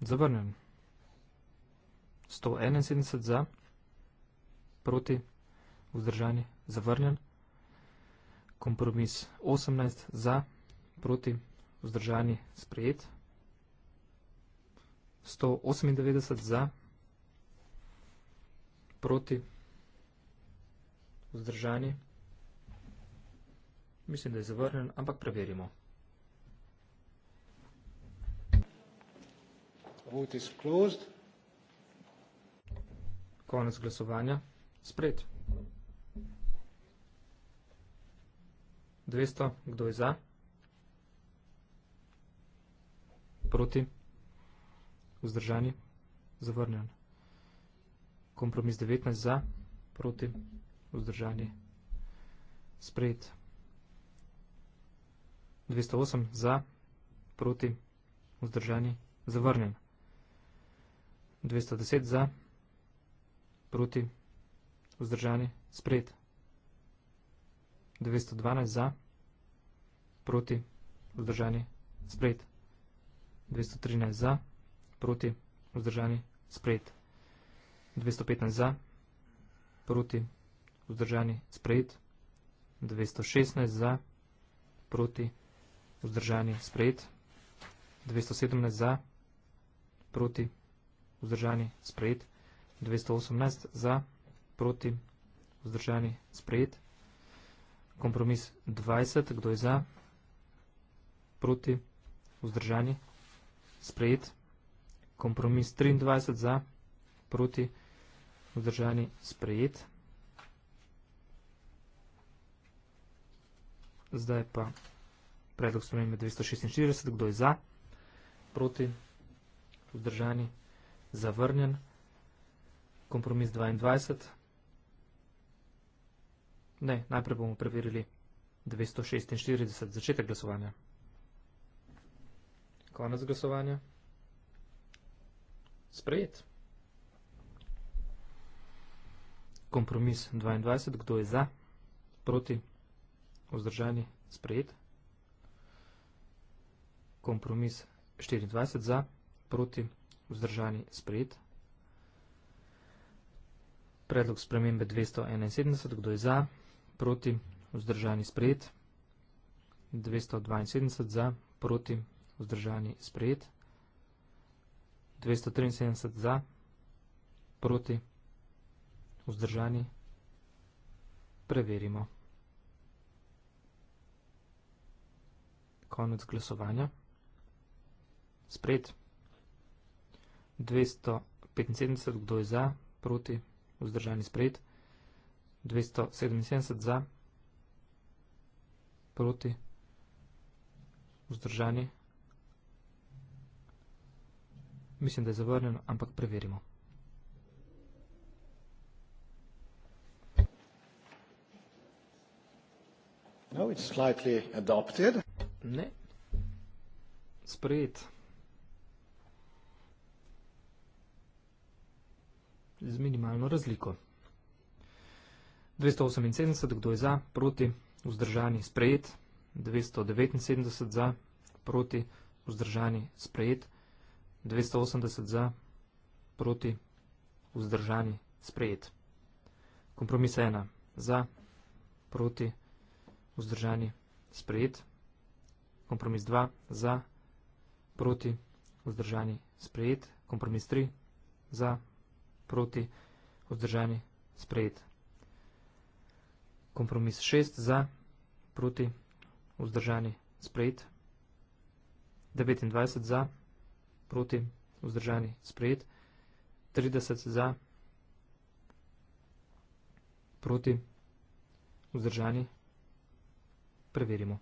Zavrnjen. 171 za, proti, vzdržani, zavrnjen kompromis 18 za, proti, vzdržani, sprejet. 198 za, proti, vzdržani. Mislim, da je zavrnen, ampak preverimo. Vote is closed. Konec glasovanja. Sprejet. 200, kdo je za? Proti? Vzdržani? Zavrnjen. Kompromis 19 za, proti, vzdržani, sprejet. 208 za, proti, vzdržani, zavrnjen. 210 za, proti, vzdržani, sprejet. 212 za, proti, vzdržani, sprejet. 213 za, proti, vzdržani, sprejet. 215 za, proti, vzdržani, sprejet. 216 za, proti, vzdržani, sprejet. 217 za, proti, vzdržani, sprejet. 218 za, proti, vzdržani, sprejet kompromis 20. Kdo je za? Proti? Vzdržani? Sprejet. Kompromis 23. Za? Proti? Vzdržani? Sprejet. Zdaj pa predlog spremenja 246. Kdo je za? Proti? Vzdržani? Zavrnjen. Kompromis 22. Zdaj pa Ne, najprej bomo preverili 246, začetek glasovanja. Konec glasovanja. Sprejet. Kompromis 22, kdo je za, proti, vzdržani, sprejet. Kompromis 24, za, proti, vzdržani, sprejet. Predlog spremembe 271, kdo je za, proti, vzdržani, sprejet proti, vzdržani sprejet, 272 za, proti, vzdržani sprejet, 273 za, proti, vzdržani, preverimo. Konec glasovanja. Spred. 275, kdo je za, proti, vzdržani spred. 277 за, proti, vzdržani. Mislim, da je zavrnjeno, ampak preverimo. No, it's slightly adopted. Ne. Sprejet. Z minimalno razliko. 278, kdo je za, proti, vzdržani, sprejet. 279 za, proti, vzdržani, sprejet. 280 za, proti, vzdržani, sprejet. Kompromis 1 za, proti, vzdržani, sprejet. Kompromis 2 za, proti, vzdržani, sprejet. Kompromis 3 za, proti, vzdržani, sprejet kompromis 6 za, proti, vzdržani, sprejet, 29 za, proti, vzdržani, sprejet, 30 za, proti, vzdržani, preverimo.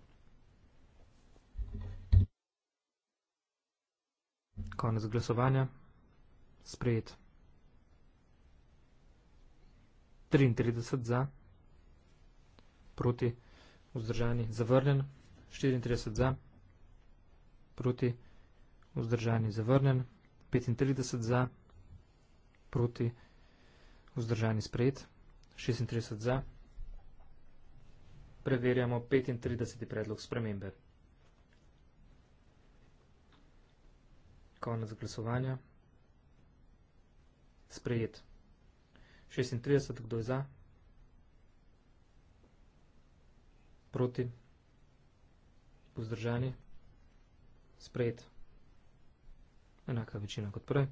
Konec glasovanja, sprejet. 33 za, 33 za, proti, vzdržani, zavrnjen, 34 za, proti, vzdržani, zavrnjen, 35 za, proti, vzdržani, sprejet, 36 za, preverjamo 35. predlog spremembe. Konec glasovanja, sprejet, 36, kdo je za, proti, vzdržani, sprejet, enaka večina kot prej,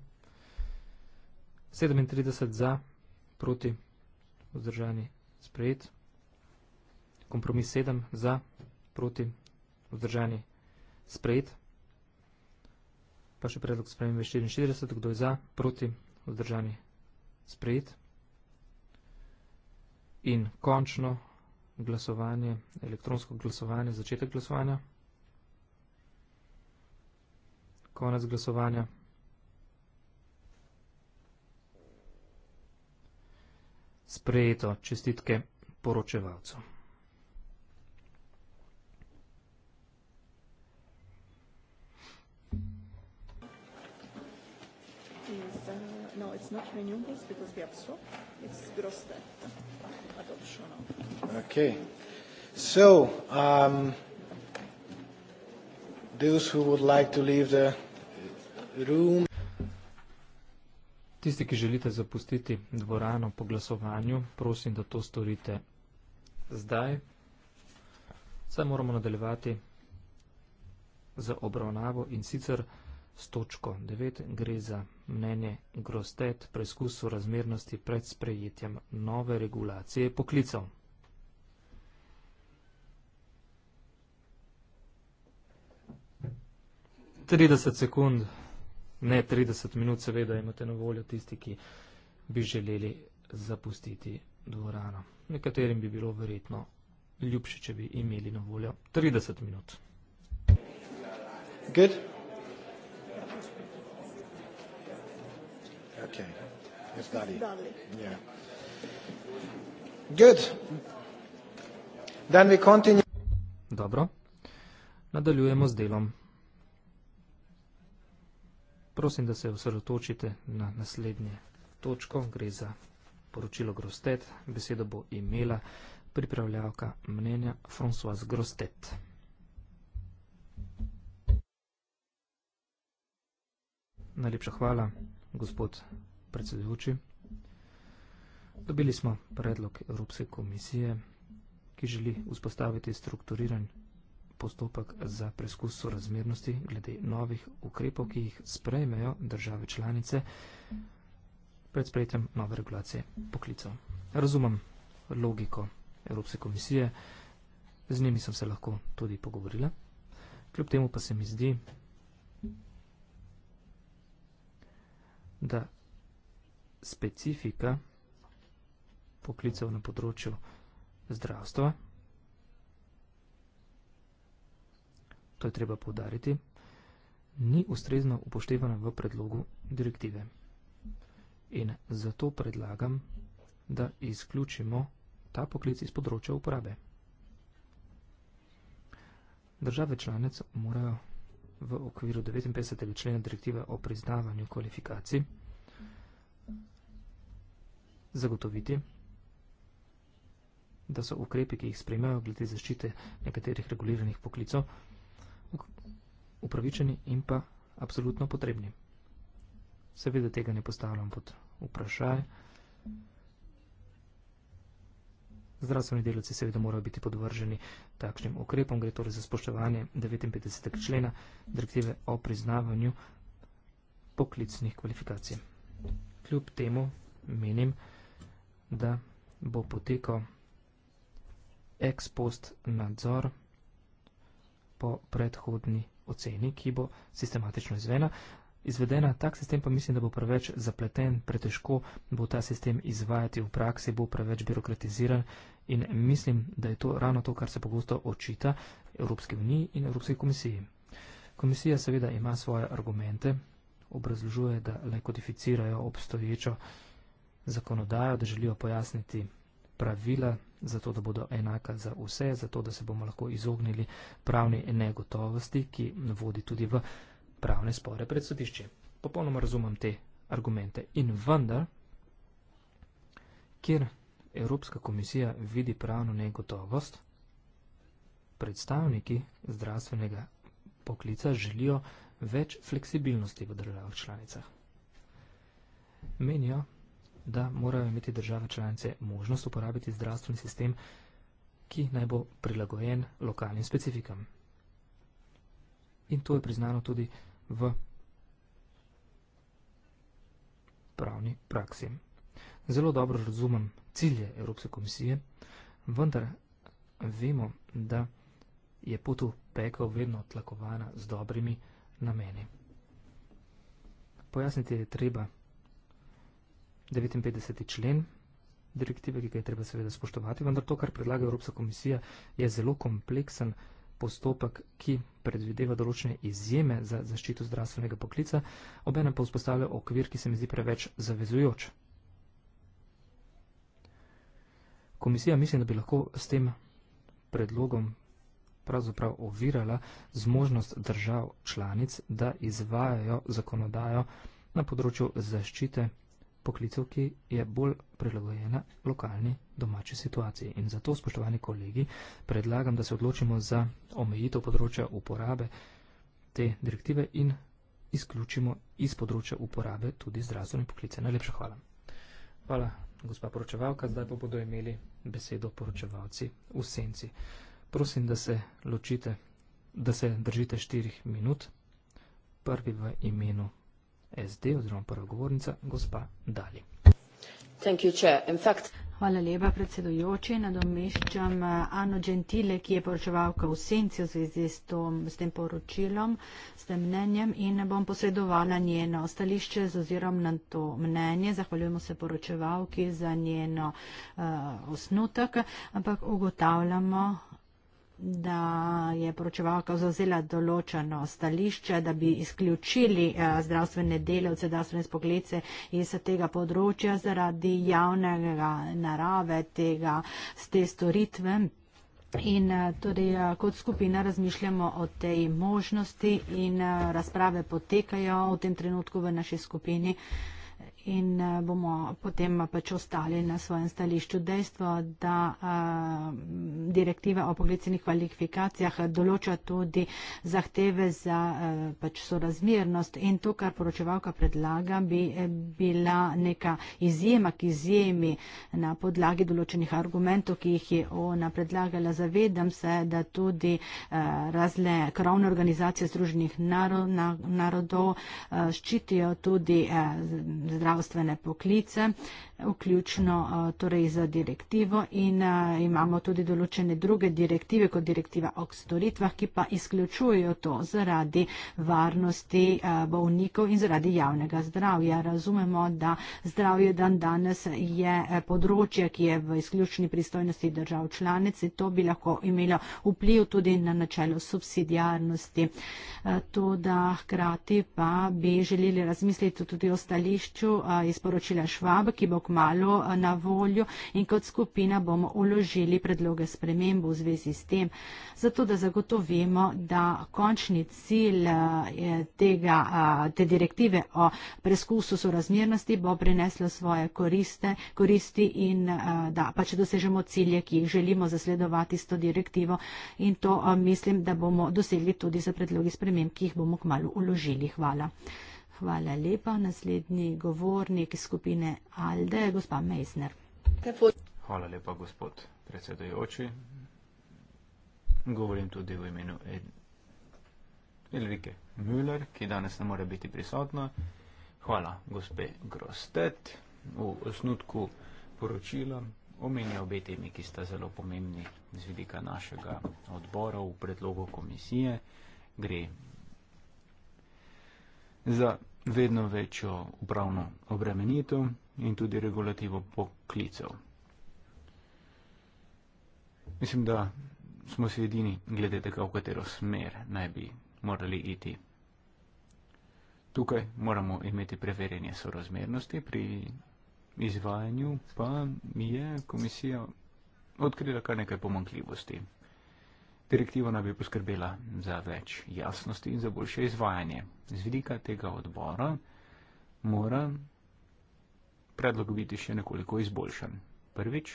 37 za, proti, vzdržani, sprejet, kompromis 7 za, proti, vzdržani, sprejet, pa še predlog spremembe 44, kdo je za, proti, vzdržani, sprejet. In končno glasovanje, elektronsko glasovanje, začetek glasovanja, konec glasovanja. Sprejeto čestitke poročevalcu. Is, uh, no, it's not renewables because we have stopped. It's gross debt. Okay. So, um, those who would like to leave the room. Tisti, ki želite zapustiti dvorano po glasovanju, prosim, da to storite zdaj. Zdaj moramo nadaljevati z obravnavo in sicer. S točko 9 gre za mnenje Grostet preizkusu razmernosti pred sprejetjem nove regulacije poklicov. Trideset sekund, ne trideset minut, seveda imate na voljo tisti, ki bi želeli zapustiti dvorano. Nekaterim bi bilo verjetno ljubše, če bi imeli na voljo trideset minut. Good. Okay. Jaz dalje. Dalje. Yeah. Good. Then we continue. Dobro. Nadaljujemo z delom. Prosim, da se osredotočite na naslednje točko. Gre za poročilo Grostet. Besedo bo imela pripravljavka mnenja Françoise Grostet. Najlepša hvala gospod predsedujoči. Dobili smo predlog Evropske komisije, ki želi vzpostaviti strukturiran postopek za preskus sorazmernosti glede novih ukrepov, ki jih sprejmejo države članice pred sprejetjem nove regulacije poklicov. Razumem logiko Evropske komisije, z njimi sem se lahko tudi pogovorila. Kljub temu pa se mi zdi, da specifika poklicev na področju zdravstva, to je treba povdariti, ni ustrezno upoštevana v predlogu direktive. In zato predlagam, da izključimo ta poklic iz področja uporabe. Države članec morajo v okviru 59. člena direktive o priznavanju kvalifikacij zagotoviti, da so ukrepi, ki jih spremajo glede zaščite nekaterih reguliranih poklicov, upravičeni in pa absolutno potrebni. Seveda tega ne postavljam pod vprašanje. Zdravstveni delavci seveda morajo biti podvrženi takšnim ukrepom, gre torej za spoštovanje 59. člena direktive o priznavanju poklicnih kvalifikacij. Kljub temu menim, da bo potekal ex post nadzor po predhodni oceni, ki bo sistematično izvena izvedena, tak sistem pa mislim, da bo preveč zapleten, pretežko bo ta sistem izvajati v praksi, bo preveč birokratiziran in mislim, da je to ravno to, kar se pogosto očita Evropske unije in Evropske komisije. Komisija seveda ima svoje argumente, obrazložuje, da le kodificirajo obstoječo zakonodajo, da želijo pojasniti pravila, zato da bodo enaka za vse, zato da se bomo lahko izognili pravni negotovosti, ki vodi tudi v pravne spore pred sodišče. Popolnoma razumem te argumente. In vendar, kjer Evropska komisija vidi pravno negotovost, predstavniki zdravstvenega poklica želijo več fleksibilnosti v državah članicah. Menijo, da morajo imeti države članice možnost uporabiti zdravstveni sistem, ki naj bo prilagojen lokalnim specifikam. In to je priznano tudi v pravni praksi. Zelo dobro razumem cilje Evropske komisije, vendar vemo, da je pot v pekel vedno tlakovana z dobrimi nameni. Pojasniti je treba 59. člen direktive, ki ga je treba seveda spoštovati, vendar to, kar predlaga Evropska komisija, je zelo kompleksen problem postopek, ki predvideva določene izjeme za zaščito zdravstvenega poklica, obene pa vzpostavlja okvir, ki se mi zdi preveč zavezujoč. Komisija mislim, da bi lahko s tem predlogom pravzaprav ovirala zmožnost držav članic, da izvajajo zakonodajo na področju zaščite poklicev, ki je bolj prilagojena lokalni domači situaciji. In zato, spoštovani kolegi, predlagam, da se odločimo za omejitev področja uporabe te direktive in izključimo iz področja uporabe tudi zdravstvene poklice. Najlepša hvala. Hvala, gospa poročevalka. Zdaj pa bodo imeli besedo poročevalci v senci. Prosim, da se ločite, da se držite štirih minut. Prvi v imenu SD oziroma prva govornica, gospa Dali. Hvala lepa, predsedujoči. Nadomeščam eh, Ano Gentile, ki je poročevalka v senci v zvezi s, to, s tem poročilom, s tem mnenjem in bom posredovala njeno stališče z ozirom na to mnenje. Zahvaljujemo se poročevalki za njeno uh, osnutek, ampak ugotavljamo, uh, da je poročevalka zauzela določeno stališče, da bi izključili eh, zdravstvene delavce, zdravstvene spoglece iz tega področja zaradi javnega narave tega, te storitve. In torej kot skupina razmišljamo o tej možnosti in razprave potekajo v tem trenutku v naši skupini in eh, bomo potem pač ostali na svojem stališču. Dejstvo, da eh, direktiva o poklicnih kvalifikacijah določa tudi zahteve za eh, pač sorazmernost in to, kar poročevalka predlaga, bi bila neka izjema, ki izjemi na podlagi določenih argumentov, ki jih je ona predlagala. Zavedam se, da tudi razne krovne organizacije Združenih narodov ščitijo tudi zdravstvene zdravstvene poklice, vključno eh, torej za direktivo in eh, imamo tudi določene druge direktive kot direktiva o storitvah, ki pa izključujejo to zaradi varnosti eh, bolnikov in zaradi javnega zdravja. Razumemo, da zdravje dan danes je področje, ki je v izključni pristojnosti držav članic in to bi lahko imelo vpliv tudi na načelo subsidijarnosti. To, da hkrati pa bi želeli razmisliti tudi o stališču iz poročila Švab, ki bo kmalo eh, na voljo in kot skupina bomo uložili predloge spremembo v zvezi s tem, zato da zagotovimo, da končni cilj eh, tega, eh, te direktive o preskusu sorazmernosti bo prineslo svoje koriste, koristi in da pač dosežemo cilje, ki jih želimo zasledovati s to direktivo in to mislim, da bomo dosegli tudi za predlogi sprememb, ki jih bomo kmalo uložili. Hvala. Hvala lepa. Naslednji govornik skupine Alde, gospa Meisner. Hvala lepa, gospod predsedojoči. Govorim tudi v imenu Elrike Müller, ki danes ne more biti prisotna. Hvala, gospe Grostet. V osnutku poročila omenja obe temi, ki sta zelo pomembni z vidika našega odbora v predlogu komisije. Gre za vedno večjo upravno obremenitev in tudi regulativo poklicev. Mislim, da smo si edini glede tega, v katero smer naj bi morali iti. Tukaj moramo imeti preverjanje sorozmernosti, pri izvajanju pa mi je komisija odkrila kar nekaj pomankljivosti. Direktiva naj bi poskrbela za več jasnosti in za boljše izvajanje. Z vidika tega odbora mora predlog biti še nekoliko izboljšan. Prvič,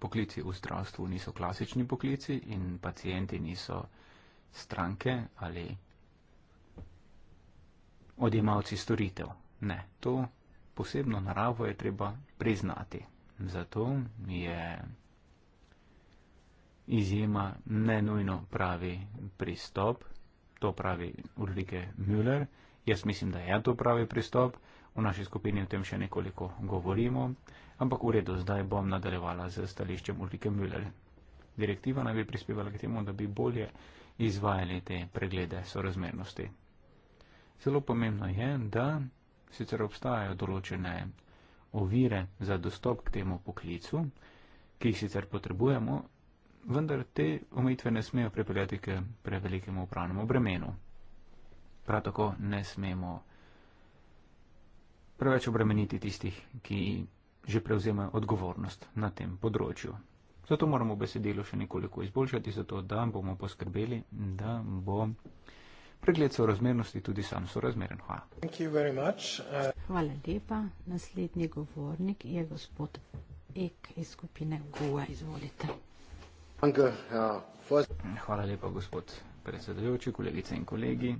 poklici v zdravstvu niso klasični poklici in pacijenti niso stranke ali odjemalci storitev. Ne, to posebno naravo je treba priznati. Zato je izjema, ne nujno pravi pristop. To pravi Ulrike Müller. Jaz mislim, da je to pravi pristop. V naši skupini o tem še nekoliko govorimo, ampak v redu, zdaj bom nadaljevala z stališčem Ulrike Müller. Direktiva naj bi prispevala k temu, da bi bolje izvajali te preglede sorazmernosti. Zelo pomembno je, da sicer obstajajo določene ovire za dostop k temu poklicu, ki jih sicer potrebujemo, vendar te omejitve ne smejo pripeljati k prevelikemu upravnemu bremenu. Prav tako ne smemo preveč obremeniti tistih, ki že prevzemajo odgovornost na tem področju. Zato moramo besedilo še nekoliko izboljšati, zato da bomo poskrbeli, da bo pregled sorazmernosti tudi sam sorazmeren. Hvala. Uh... Hvala lepa. Naslednji govornik je gospod Ek iz skupine GUA. E. Izvolite. Hvala lepa, gospod predsedujoči, kolegice in kolegi.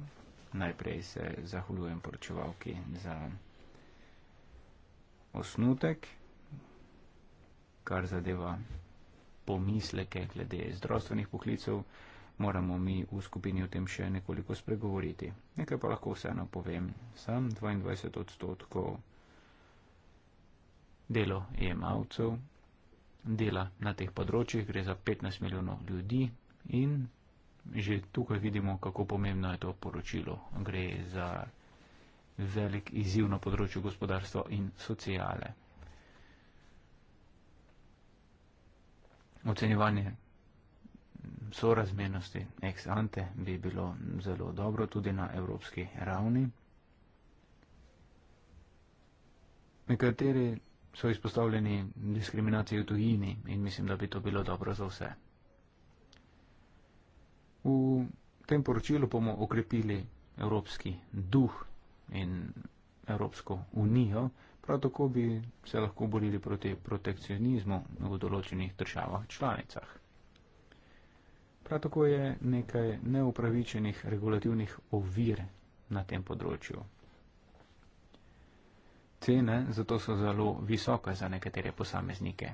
Najprej se zahvaljujem poročevalki za osnutek, kar zadeva pomisleke glede zdravstvenih poklicev. Moramo mi v skupini o tem še nekoliko spregovoriti. Nekaj pa lahko vseeno povem. Sam 22 odstotkov delo jemalcev dela na teh področjih, gre za 15 milijonov ljudi in že tukaj vidimo, kako pomembno je to poročilo. Gre za velik izziv na področju gospodarstva in sociale. Ocenjevanje sorazmernosti ex ante bi bilo zelo dobro tudi na evropski ravni. Nekateri so izpostavljeni diskriminaciji v tujini in mislim, da bi to bilo dobro za vse. V tem poročilu bomo okrepili evropski duh in Evropsko unijo, prav tako bi se lahko borili proti protekcionizmu v določenih državah članicah. Prav tako je nekaj neupravičenih regulativnih ovir na tem področju cene zato so zelo visoke za nekatere posameznike.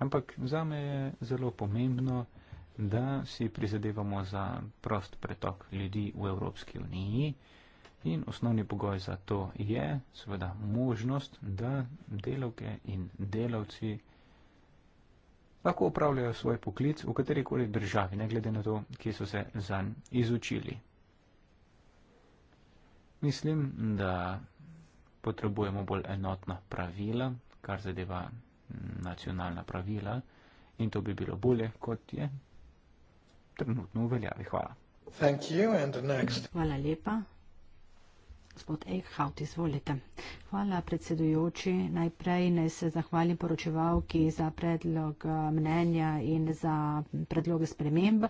Ampak za me je zelo pomembno, da si prizadevamo za prost pretok ljudi v Evropski uniji in osnovni pogoj za to je seveda možnost, da delavke in delavci lahko upravljajo svoj poklic v katerikoli državi, ne glede na to, kje so se zanj izučili. Mislim, da potrebujemo bolj enotna pravila, kar zadeva nacionalna pravila in to bi bilo bolje, kot je trenutno v veljavi. Hvala. Hvala lepa gospod Eichhout, izvolite. Hvala predsedujoči. Najprej ne se zahvalim poročevalki za predlog eh, mnenja in za predloge sprememb.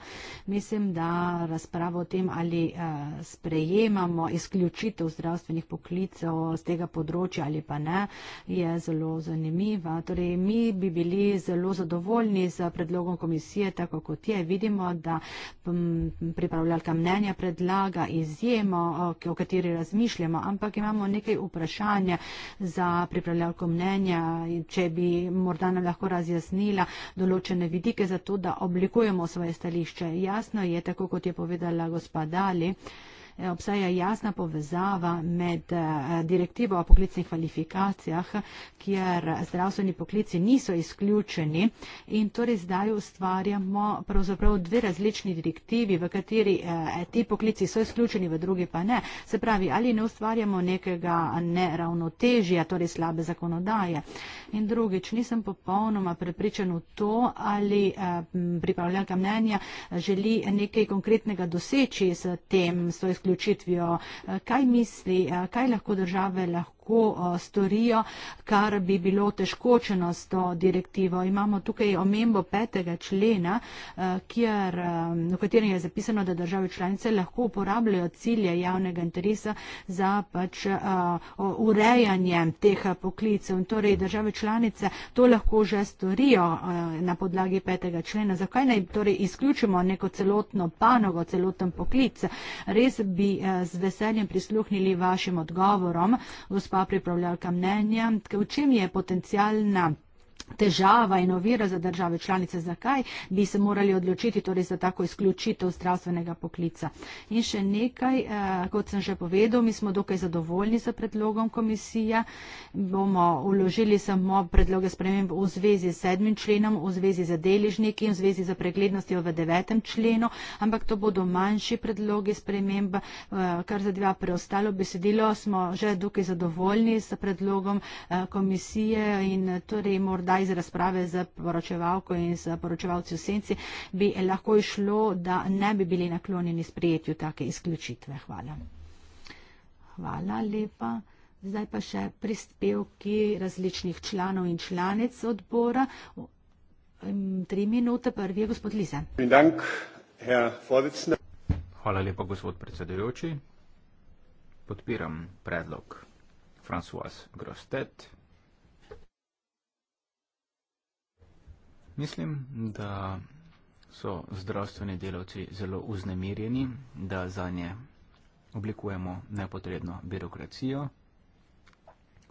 Mislim, da razpravo o tem, ali eh, sprejemamo izključitev zdravstvenih poklicov z tega področja ali pa ne, je zelo zanimiva. Torej, mi bi bili zelo zadovoljni z predlogom komisije, tako kot je. Vidimo, da pripravljalka mnenja predlaga izjemo, eh, o kateri razmišljamo razmišljamo, ampak imamo nekaj vprašanja za pripravljalko mnenja, če bi morda nam lahko razjasnila določene vidike za to, da oblikujemo svoje stališče. Jasno je, tako kot je povedala gospa Dali, Eh, obstaja jasna povezava med eh, direktivo o poklicnih kvalifikacijah, kjer zdravstveni poklici niso izključeni in torej zdaj ustvarjamo pravzaprav dve različni direktivi, v kateri eh, ti poklici so izključeni, v drugi pa ne. Se pravi, ali ne ustvarjamo nekega neravnotežja, torej slabe zakonodaje. In drugič, nisem popolnoma prepričan v to, ali pripravljanka mnenja želi nekaj konkretnega doseči s tem, s to izključenjem vključitvijo, eh, kaj misli, eh, kaj lahko države lahko lahko eh, storijo, kar bi bilo težkočeno s to direktivo. Imamo tukaj omembo petega člena, eh, kjer, eh, v katerem je zapisano, da države članice lahko uporabljajo cilje javnega interesa za pač urejanje teh poklicev. Torej, države članice to lahko že storijo na podlagi petega člena. Zakaj naj torej izključimo neko celotno panogo, celoten poklic? Res bi z veseljem prisluhnili vašim odgovorom. Gospod pa pripravljalka mnenja, v čem je potencialna težava in ovira za države članice, zakaj bi se morali odločiti torej za tako izključitev zdravstvenega poklica. In še nekaj, eh, kot sem že povedal, mi smo dokaj zadovoljni za predlogom komisije, bomo uložili samo predloge sprememb v zvezi s sedmim členom, v zvezi z deležniki in v zvezi z preglednostjo v devetem členu, ampak to bodo manjši predlogi sprememb, eh, kar zadeva preostalo besedilo, smo že dokaj zadovoljni s predlogom eh, komisije in torej morda kdaj iz razprave z poročevalko in z poročevalci v senci bi lahko išlo, da ne bi bili naklonjeni sprijetju take izključitve. Hvala. Hvala lepa. Zdaj pa še prispevki različnih članov in članic odbora. Tri minute, prvi je gospod Lize. Hvala lepa, gospod predsedujoči. Podpiram predlog Françoise Grostet. Mislim, da so zdravstveni delavci zelo uznemirjeni, da za nje oblikujemo nepotrebno birokracijo.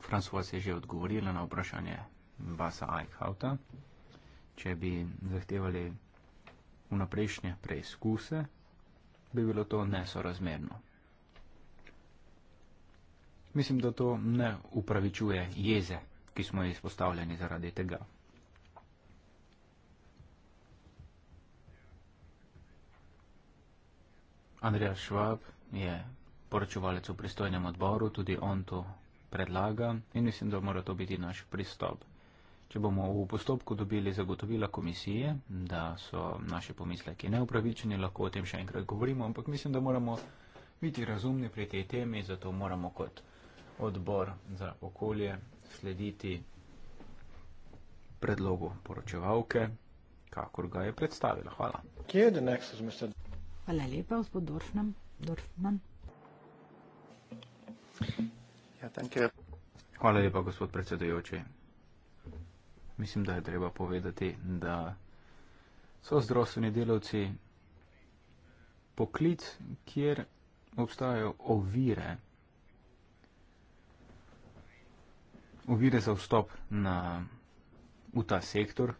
François je že odgovorila na vprašanje Basa Eichhauta, če bi zahtevali vnaprejšnje preizkuse, bi bilo to nesorazmerno. Mislim, da to ne upravičuje jeze, ki smo izpostavljeni zaradi tega. Andrej Švab je poročevalec v pristojnem odboru, tudi on to predlaga in mislim, da mora to biti naš pristop. Če bomo v postopku dobili zagotovila komisije, da so naše pomisleki neupravičeni, lahko o tem še enkrat govorimo, ampak mislim, da moramo biti razumni pri tej temi, zato moramo kot odbor za okolje slediti predlogu poročevalke, kakor ga je predstavila. Hvala. Kje je denexus, gospod? Hvala lepa, gospod Dorfman. Ja, Hvala lepa, gospod predsedujoči. Mislim, da je treba povedati, da so zdravstveni delavci poklic, kjer obstajajo ovire. Ovire za vstop na, v ta sektor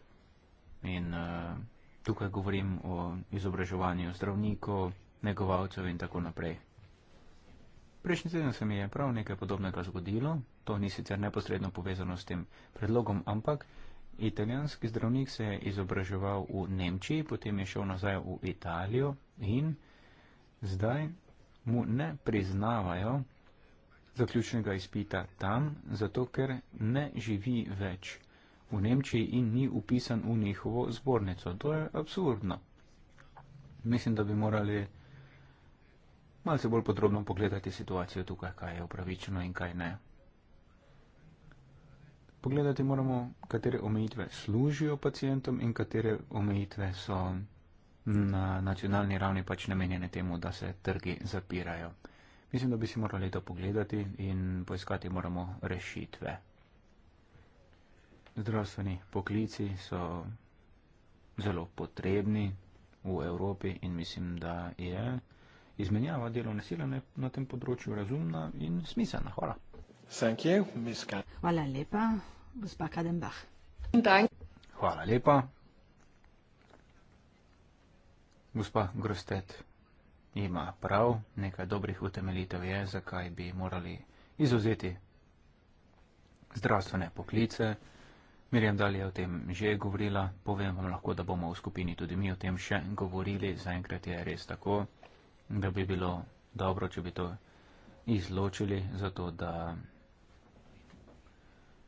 in uh, tukaj govorim o izobraževanju zdravnikov, negovalcev in tako naprej. Prejšnji teden se mi je prav nekaj podobnega zgodilo, to ni sicer neposredno povezano s tem predlogom, ampak italijanski zdravnik se je izobraževal v Nemčiji, potem je šel nazaj v Italijo in zdaj mu ne priznavajo zaključnega izpita tam, zato ker ne živi več v Nemčiji in ni upisan v njihovo zbornico. To je absurdno. Mislim, da bi morali malce bolj podrobno pogledati situacijo tukaj, kaj je upravičeno in kaj ne. Pogledati moramo, katere omejitve služijo pacijentom in katere omejitve so na nacionalni ravni pač namenjene temu, da se trgi zapirajo. Mislim, da bi si morali to pogledati in poiskati moramo rešitve zdravstveni poklici so zelo potrebni v Evropi in mislim, da je izmenjava delovne sile na tem področju razumna in smiselna. Hvala. Hvala lepa, gospa Kadenbach. Hvala lepa. Gospa Grostet ima prav, nekaj dobrih utemeljitev je, zakaj bi morali izuzeti zdravstvene poklice. Mirjam Dalija o tem že govorila, povem vam lahko, da bomo v skupini tudi mi o tem še govorili, zaenkrat je res tako, da bi bilo dobro, če bi to izločili, zato da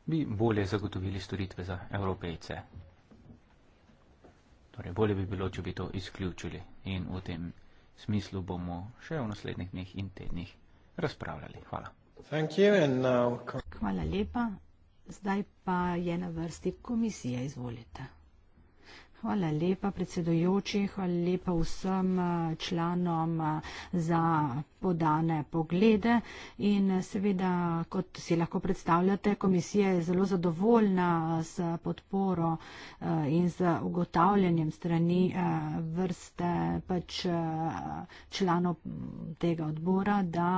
bi bolje zagotovili storitve za evropejce. Torej, bolje bi bilo, če bi to izključili in v tem smislu bomo še v naslednjih dneh in tednih razpravljali. Hvala. Hvala lepa. Zdaj pa je na vrsti komisija, izvolite. Hvala lepa predsedojoči, hvala lepa vsem eh, članom eh, za podane poglede in eh, seveda, kot si lahko predstavljate, komisija je zelo zadovoljna s podporo in z ugotavljanjem strani vrste pač članov tega odbora, da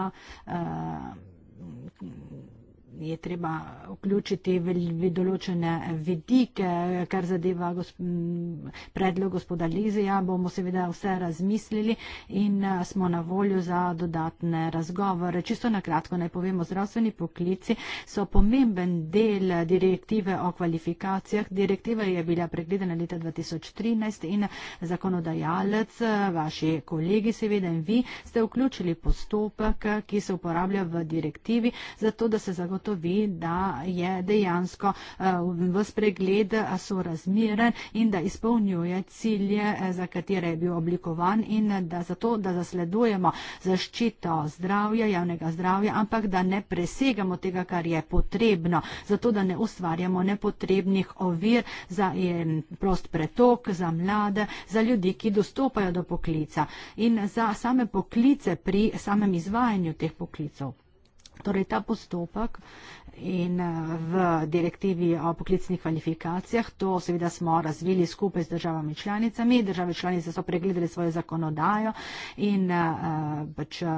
je treba vključiti v določene vidike, kar zadeva predlog gospoda Lizija, bomo seveda vse razmislili in smo na voljo za dodatne razgovore. Čisto na kratko naj povemo, zdravstveni poklici so pomemben del direktive o kvalifikacijah. Direktiva je bila pregledana leta 2013 in zakonodajalec, vaši kolegi seveda in vi ste vključili postopek, ki se uporablja v direktivi, zato da se zagotovimo ugotovi, da je dejansko eh, v spregled eh, sorazmeren in da izpolnjuje cilje, eh, za katere je bil oblikovan in da zato, da zasledujemo zaščito zdravja, javnega zdravja, ampak da ne presegamo tega, kar je potrebno, zato da ne ustvarjamo nepotrebnih ovir za prost pretok, za mlade, za ljudi, ki dostopajo do poklica in za same poklice pri samem izvajanju teh poklicov. Torej ta postopek In eh, v direktivi o poklicnih kvalifikacijah, to seveda smo razvili skupaj z državami članicami, države članice so pregledali svojo zakonodajo in uh, pač, uh,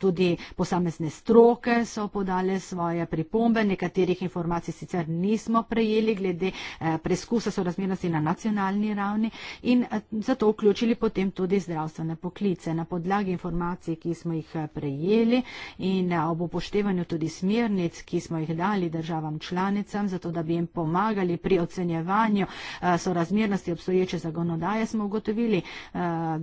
tudi posamezne stroke so podale svoje pripombe, nekaterih informacij sicer nismo prejeli glede uh, preskusa sorazmernosti na nacionalni ravni in uh, zato vključili potem tudi zdravstvene poklice na podlagi informacij, ki smo jih prejeli in uh, ob upoštevanju tudi smernic, ki smo jih dali državam članicam, zato da bi jim pomagali pri ocenjevanju eh, sorazmernosti obstoječe zakonodaje, smo ugotovili, eh,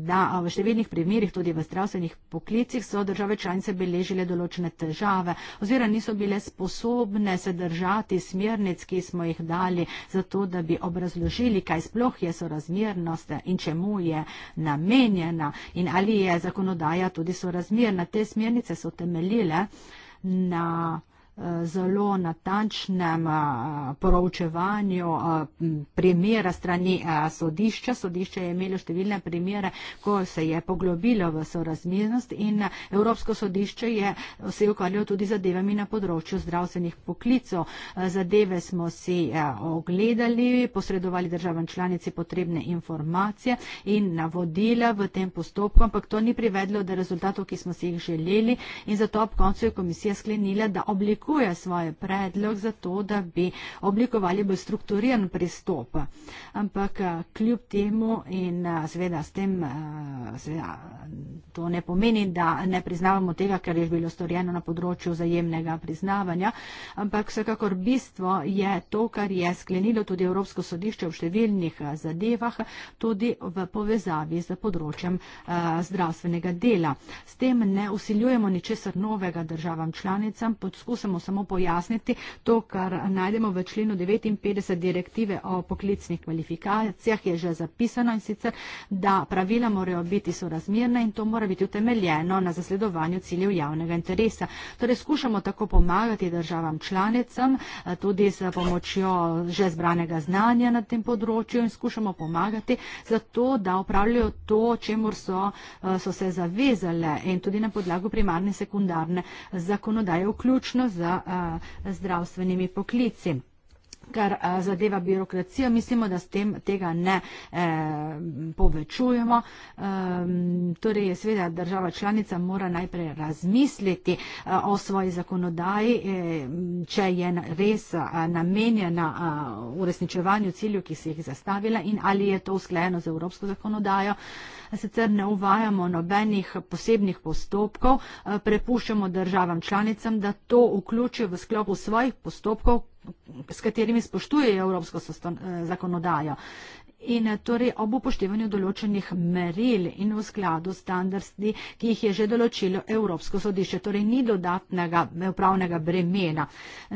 da v številnih primerjih tudi v zdravstvenih poklicih so države članice beležile določene težave oziroma niso bile sposobne se držati smernic, ki smo jih dali, zato da bi obrazložili, kaj sploh je sorazmernost in čemu je namenjena in ali je zakonodaja tudi sorazmerna. Te smernice so temeljile na zelo natančnem poročevanju primera strani sodišča. Sodišče je imelo številne primere, ko se je poglobilo v sorazmernost in Evropsko sodišče je se ukvarjalo tudi zadevami na področju zdravstvenih poklicov. Zadeve smo si ogledali, posredovali državam članici potrebne informacije in navodila v tem postopku, ampak to ni privedlo do rezultatov, ki smo si jih želeli in zato ob koncu je komisija sklenila, da oblikuje razlikuje svoj predlog za to, da bi oblikovali bolj strukturiran pristop. Ampak eh, kljub temu in eh, seveda s tem, eh, seveda to ne pomeni, da ne priznavamo tega, kar je bilo storjeno na področju zajemnega priznavanja, ampak vsekakor bistvo je to, kar je sklenilo tudi Evropsko sodišče v številnih zadevah, tudi v povezavi z področjem zdravstvenega dela. S tem ne usiljujemo ničesar novega državam članicam, podskusamo samo pojasniti to, kar najdemo v členu 59 direktive o poklicnih kvalifikacijah, je že zapisano in sicer, da pravila morajo biti sorazmirne in to mora biti utemeljeno na zasledovanju ciljev javnega interesa. Torej, skušamo tako pomagati državam članicam, eh, tudi s pomočjo že zbranega znanja na tem področju in skušamo pomagati za to, da upravljajo to, čemur so, eh, so se zavezale in tudi na podlagu primarne in sekundarne zakonodaje, vključno z Eh, zdravstvenimi poklici kar eh, zadeva birokracijo. Mislimo, da s tem tega ne eh, povečujemo. Ehm, torej je sveda država članica mora najprej razmisliti eh, o svoji zakonodaji, ehm, če je res namenjena uresničevanju cilju, ki si jih zastavila in ali je to usklajeno z evropsko zakonodajo. Sicer ne uvajamo nobenih posebnih postopkov, prepuščamo državam članicam, da to vključijo v sklopu svojih postopkov, s katerimi spoštujejo evropsko eh, zakonodajo in eh, torej ob upoštevanju določenih meril in v skladu standardi, ki jih je že določilo Evropsko sodišče. Torej ni dodatnega upravnega eh, bremena.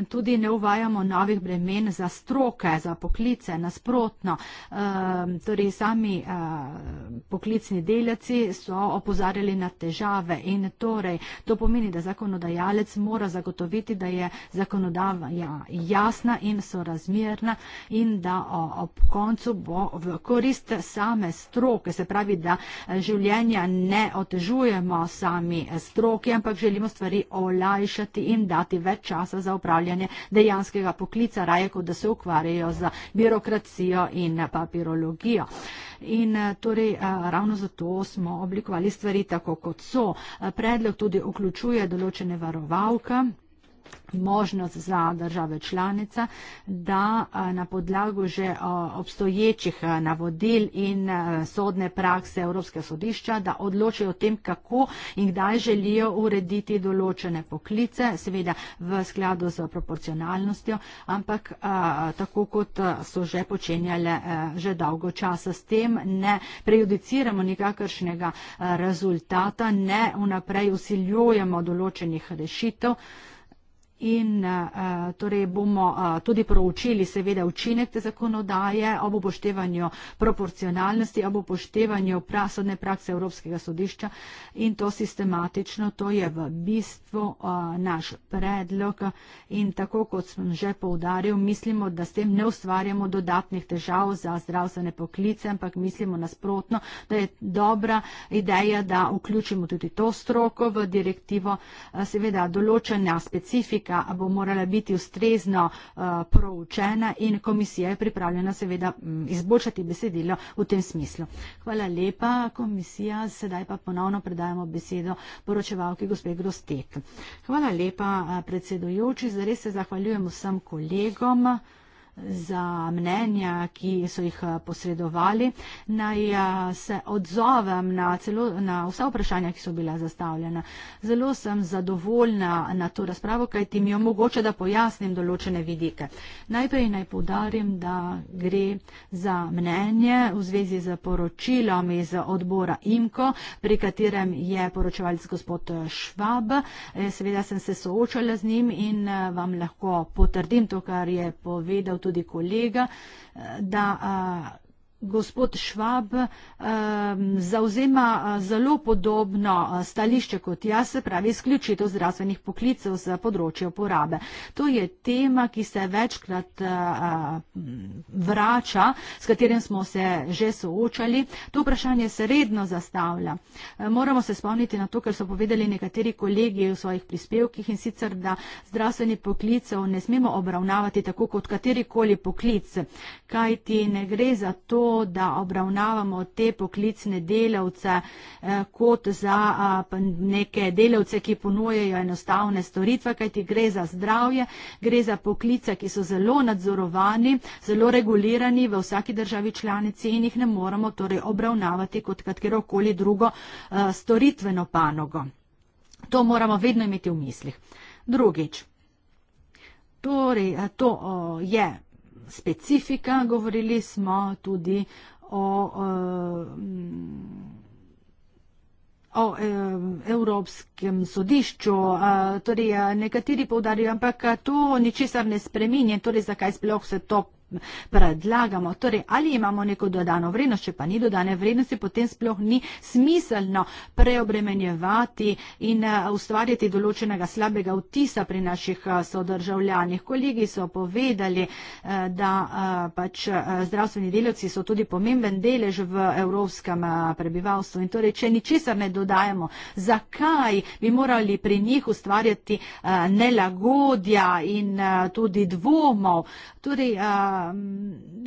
Tudi ne uvajamo novih bremen za stroke, za poklice, nasprotno. Ehm, torej sami eh, poklicni delci so opozarjali na težave in torej to pomeni, da zakonodajalec mora zagotoviti, da je zakonodava jasna in sorazmerna in da ob koncu bo v korist same stroke, se pravi, da eh, življenja ne otežujemo sami eh, stroke, ampak želimo stvari olajšati in dati več časa za upravljanje dejanskega poklica, raje kot da se ukvarjajo z birokracijo in eh, papirologijo. In torej ravno zato smo oblikovali stvari tako, kot so. Predlog tudi vključuje določene varovalke možnost za države članica, da na podlagu že obstoječih navodil in sodne prakse Evropske sodišča, da odločijo o tem, kako in kdaj želijo urediti določene poklice, seveda v skladu z proporcionalnostjo, ampak tako kot so že počenjale že dolgo časa. S tem ne prejudiciramo nikakršnega rezultata, ne vnaprej usiljujemo določenih rešitev in uh, torej bomo uh, tudi proučili seveda učinek te zakonodaje ob upoštevanju proporcionalnosti, ob upoštevanju prasodne prakse Evropskega sodišča in to sistematično, to je v bistvu uh, naš predlog in tako kot sem že poudaril, mislimo, da s tem ne ustvarjamo dodatnih težav za zdravstvene poklice, ampak mislimo nasprotno, da je dobra ideja, da vključimo tudi to stroko v direktivo, uh, seveda določena specifika, tehnika bo morala biti ustrezno eh, proučena in komisija je pripravljena seveda mm, izboljšati besedilo v tem smislu. Hvala lepa komisija, sedaj pa ponovno predajamo besedo poročevalki gospe Grostek. Hvala lepa eh, predsedujoči, zares se zahvaljujem vsem kolegom za mnenja, ki so jih eh, posredovali. Naj eh, se odzovem na, celo, na vsa vprašanja, ki so bila zastavljena. Zelo sem zadovoljna na to razpravo, kaj ti mi omogoča, da pojasnim določene vidike. Najprej naj povdarim, da gre za mnenje v zvezi z poročilom iz odbora IMKO, pri katerem je poročevalc gospod eh, Švab. Seveda sem se soočala z njim in vam lahko potrdim to, kar je povedal tudi kolega, eh, da gospod Švab eh, zauzema eh, zelo podobno eh, stališče kot jaz, se pravi izključitev zdravstvenih poklicev z področja uporabe. To je tema, ki se večkrat vrača, s katerim smo se že soočali. To vprašanje se redno zastavlja. Moramo se spomniti na to, kar so povedali nekateri kolegi v svojih prispevkih in sicer, da zdravstvenih poklicev ne smemo obravnavati tako kot katerikoli poklic, kajti ne gre za to, da obravnavamo te poklicne delavce eh, kot za neke delavce, ki ponujejo enostavne storitve, kajti gre za zdravje, gre za poklice, ki so zelo nadzorovani, zelo regulirani v vsaki državi članici in jih ne moramo torej obravnavati kot katerokoli drugo eh, storitveno panogo. To moramo vedno imeti v mislih. Drugič. Torej, to je specifika, govorili smo tudi o, eh, o eh, Evropskem sodišču, eh, torej nekateri povdarjajo, ampak to ničesar ne spreminje, torej zakaj sploh se to predlagamo. Torej, ali imamo neko dodano vrednost, če pa ni dodane vrednosti, potem sploh ni smiselno preobremenjevati in eh, ustvarjati določenega slabega vtisa pri naših eh, sodržavljanih. Kolegi so povedali, eh, da pač zdravstveni delavci so tudi pomemben delež v evropskem prebivalstvu. In torej, če ničesar ne dodajemo, zakaj bi morali pri njih ustvarjati nelagodja in tudi dvomov? Torej,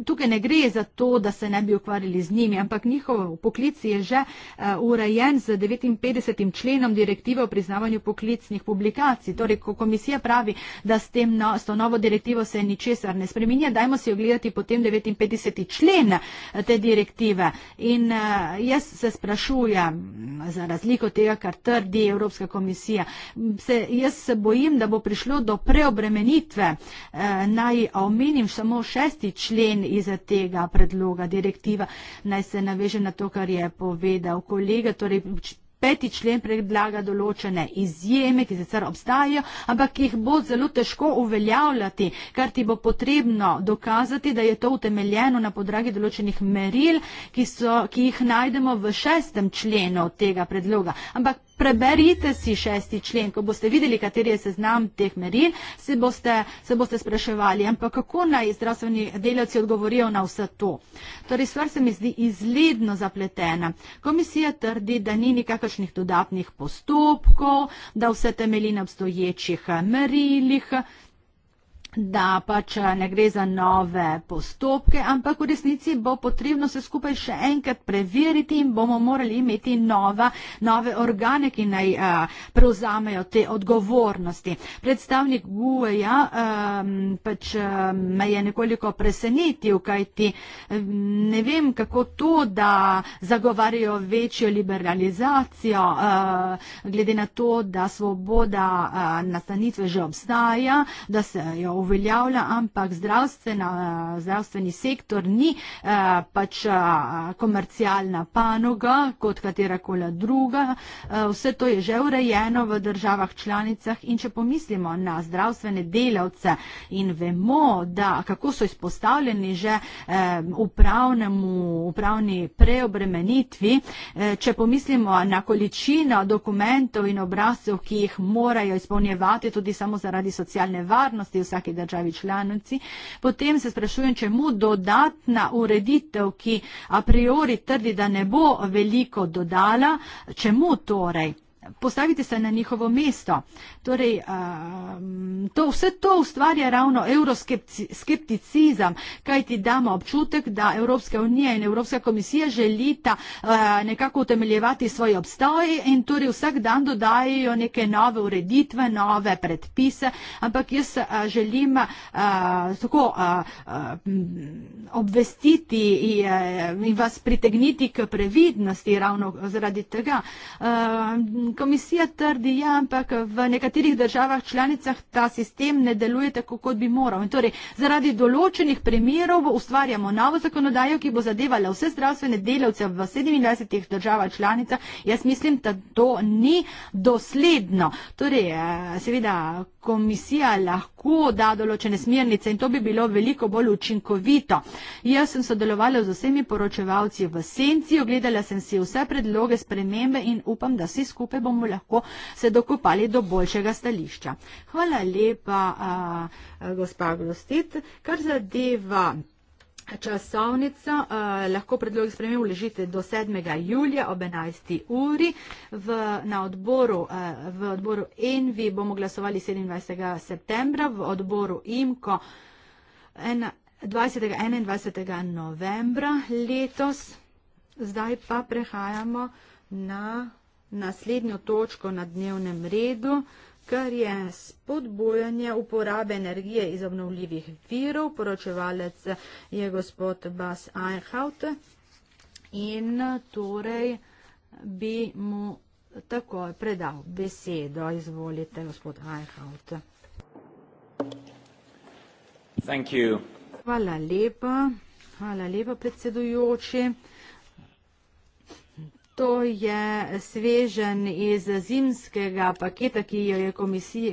tukaj ne gre za to, da se ne bi ukvarjali z njimi, ampak njihov poklic je že eh, urejen z 59. členom direktive o priznavanju poklicnih publikacij. Torej, ko komisija pravi, da s, tem, no, s to novo direktivo se ničesar ne spreminja, dajmo si ogledati potem 59. člen eh, te direktive. In eh, jaz se sprašujem, za razliko tega, kar trdi Evropska komisija, se, jaz se bojim, da bo prišlo do preobremenitve. Naj omenim samo še šesti člen iz tega predloga direktiva, naj se naveže na to, kar je povedal kolega. Torej, Peti člen predlaga določene izjeme, ki sicer obstajajo, ampak jih bo zelo težko uveljavljati, ker ti bo potrebno dokazati, da je to utemeljeno na podragi določenih meril, ki, so, ki jih najdemo v šestem členu tega predloga. Ampak preberite si šesti člen, ko boste videli, kateri je seznam teh meril, se boste, se boste spraševali, ampak kako naj zdravstveni delavci odgovorijo na vse to. Torej, stvar se mi zdi izledno zapletena. Komisija trdi, da ni nikakršnih dodatnih postopkov, da vse temeli na obstoječih merilih, da pač eh, ne gre za nove postopke, ampak v resnici bo potrebno se skupaj še enkrat preveriti in bomo morali imeti nova, nove organe, ki naj a, eh, prevzamejo te odgovornosti. Predstavnik GUE-ja ehm, pač ehm, me je nekoliko presenetil, kaj ti ehm, ne vem, kako to, da zagovarjajo večjo liberalizacijo, a, eh, glede na to, da svoboda a, nastanitve že obstaja, da se jo uvajajo uveljavlja, ampak zdravstvena, zdravstveni sektor ni eh, pač eh, komercialna panoga kot katerakola druga. Eh, vse to je že urejeno v državah članicah in če pomislimo na zdravstvene delavce in vemo, da, kako so izpostavljeni že eh, upravnemu, upravni preobremenitvi, eh, če pomislimo na količino dokumentov in obrazcev, ki jih morajo izpolnjevati tudi samo zaradi socialne varnosti vsake državi članici, potem se sprašujem, če mu dodatna ureditev, ki a priori trdi, da ne bo veliko dodala, če mu torej postavite se na njihovo mesto. Torej, to, vse to ustvarja ravno euroskepticizem, kaj ti damo občutek, da Evropska unija in Evropska komisija želita nekako utemeljevati svoj obstoj in torej vsak dan dodajajo neke nove ureditve, nove predpise, ampak jaz želim tako obvestiti e, in vas pritegniti k previdnosti ravno zaradi tega komisija trdi, ja, ampak v nekaterih državah članicah ta sistem ne deluje tako, kot bi moral. In torej, zaradi določenih primerov ustvarjamo novo zakonodajo, ki bo zadevala vse zdravstvene delavce v 27 državah članicah. Jaz mislim, da to ni dosledno. Torej, eh, seveda, komisija lahko lahko da določene smernice in to bi bilo veliko bolj učinkovito. Jaz sem sodelovala z vsemi poročevalci v senci, ogledala sem si vse predloge spremembe in upam, da vsi skupaj bomo lahko se dokopali do boljšega stališča. Hvala lepa, a, a, gospa Grostit. Kar zadeva Časovnico uh, lahko predlog sprememb vložite do 7. julija ob 11. uri. V, na odboru, uh, v odboru Envi bomo glasovali 27. septembra, v odboru IMKO en, 20. 21. novembra letos. Zdaj pa prehajamo na naslednjo točko na dnevnem redu. Uh, kar je spodbojanje uporabe energije iz obnovljivih virov, poročevalec je gospod Bas Einhaut in torej bi mu takoj predal besedo. Izvolite, gospod Einhaut. Hvala lepa, hvala lepa predsedujoči. To je svežen iz zimskega paketa, ki, je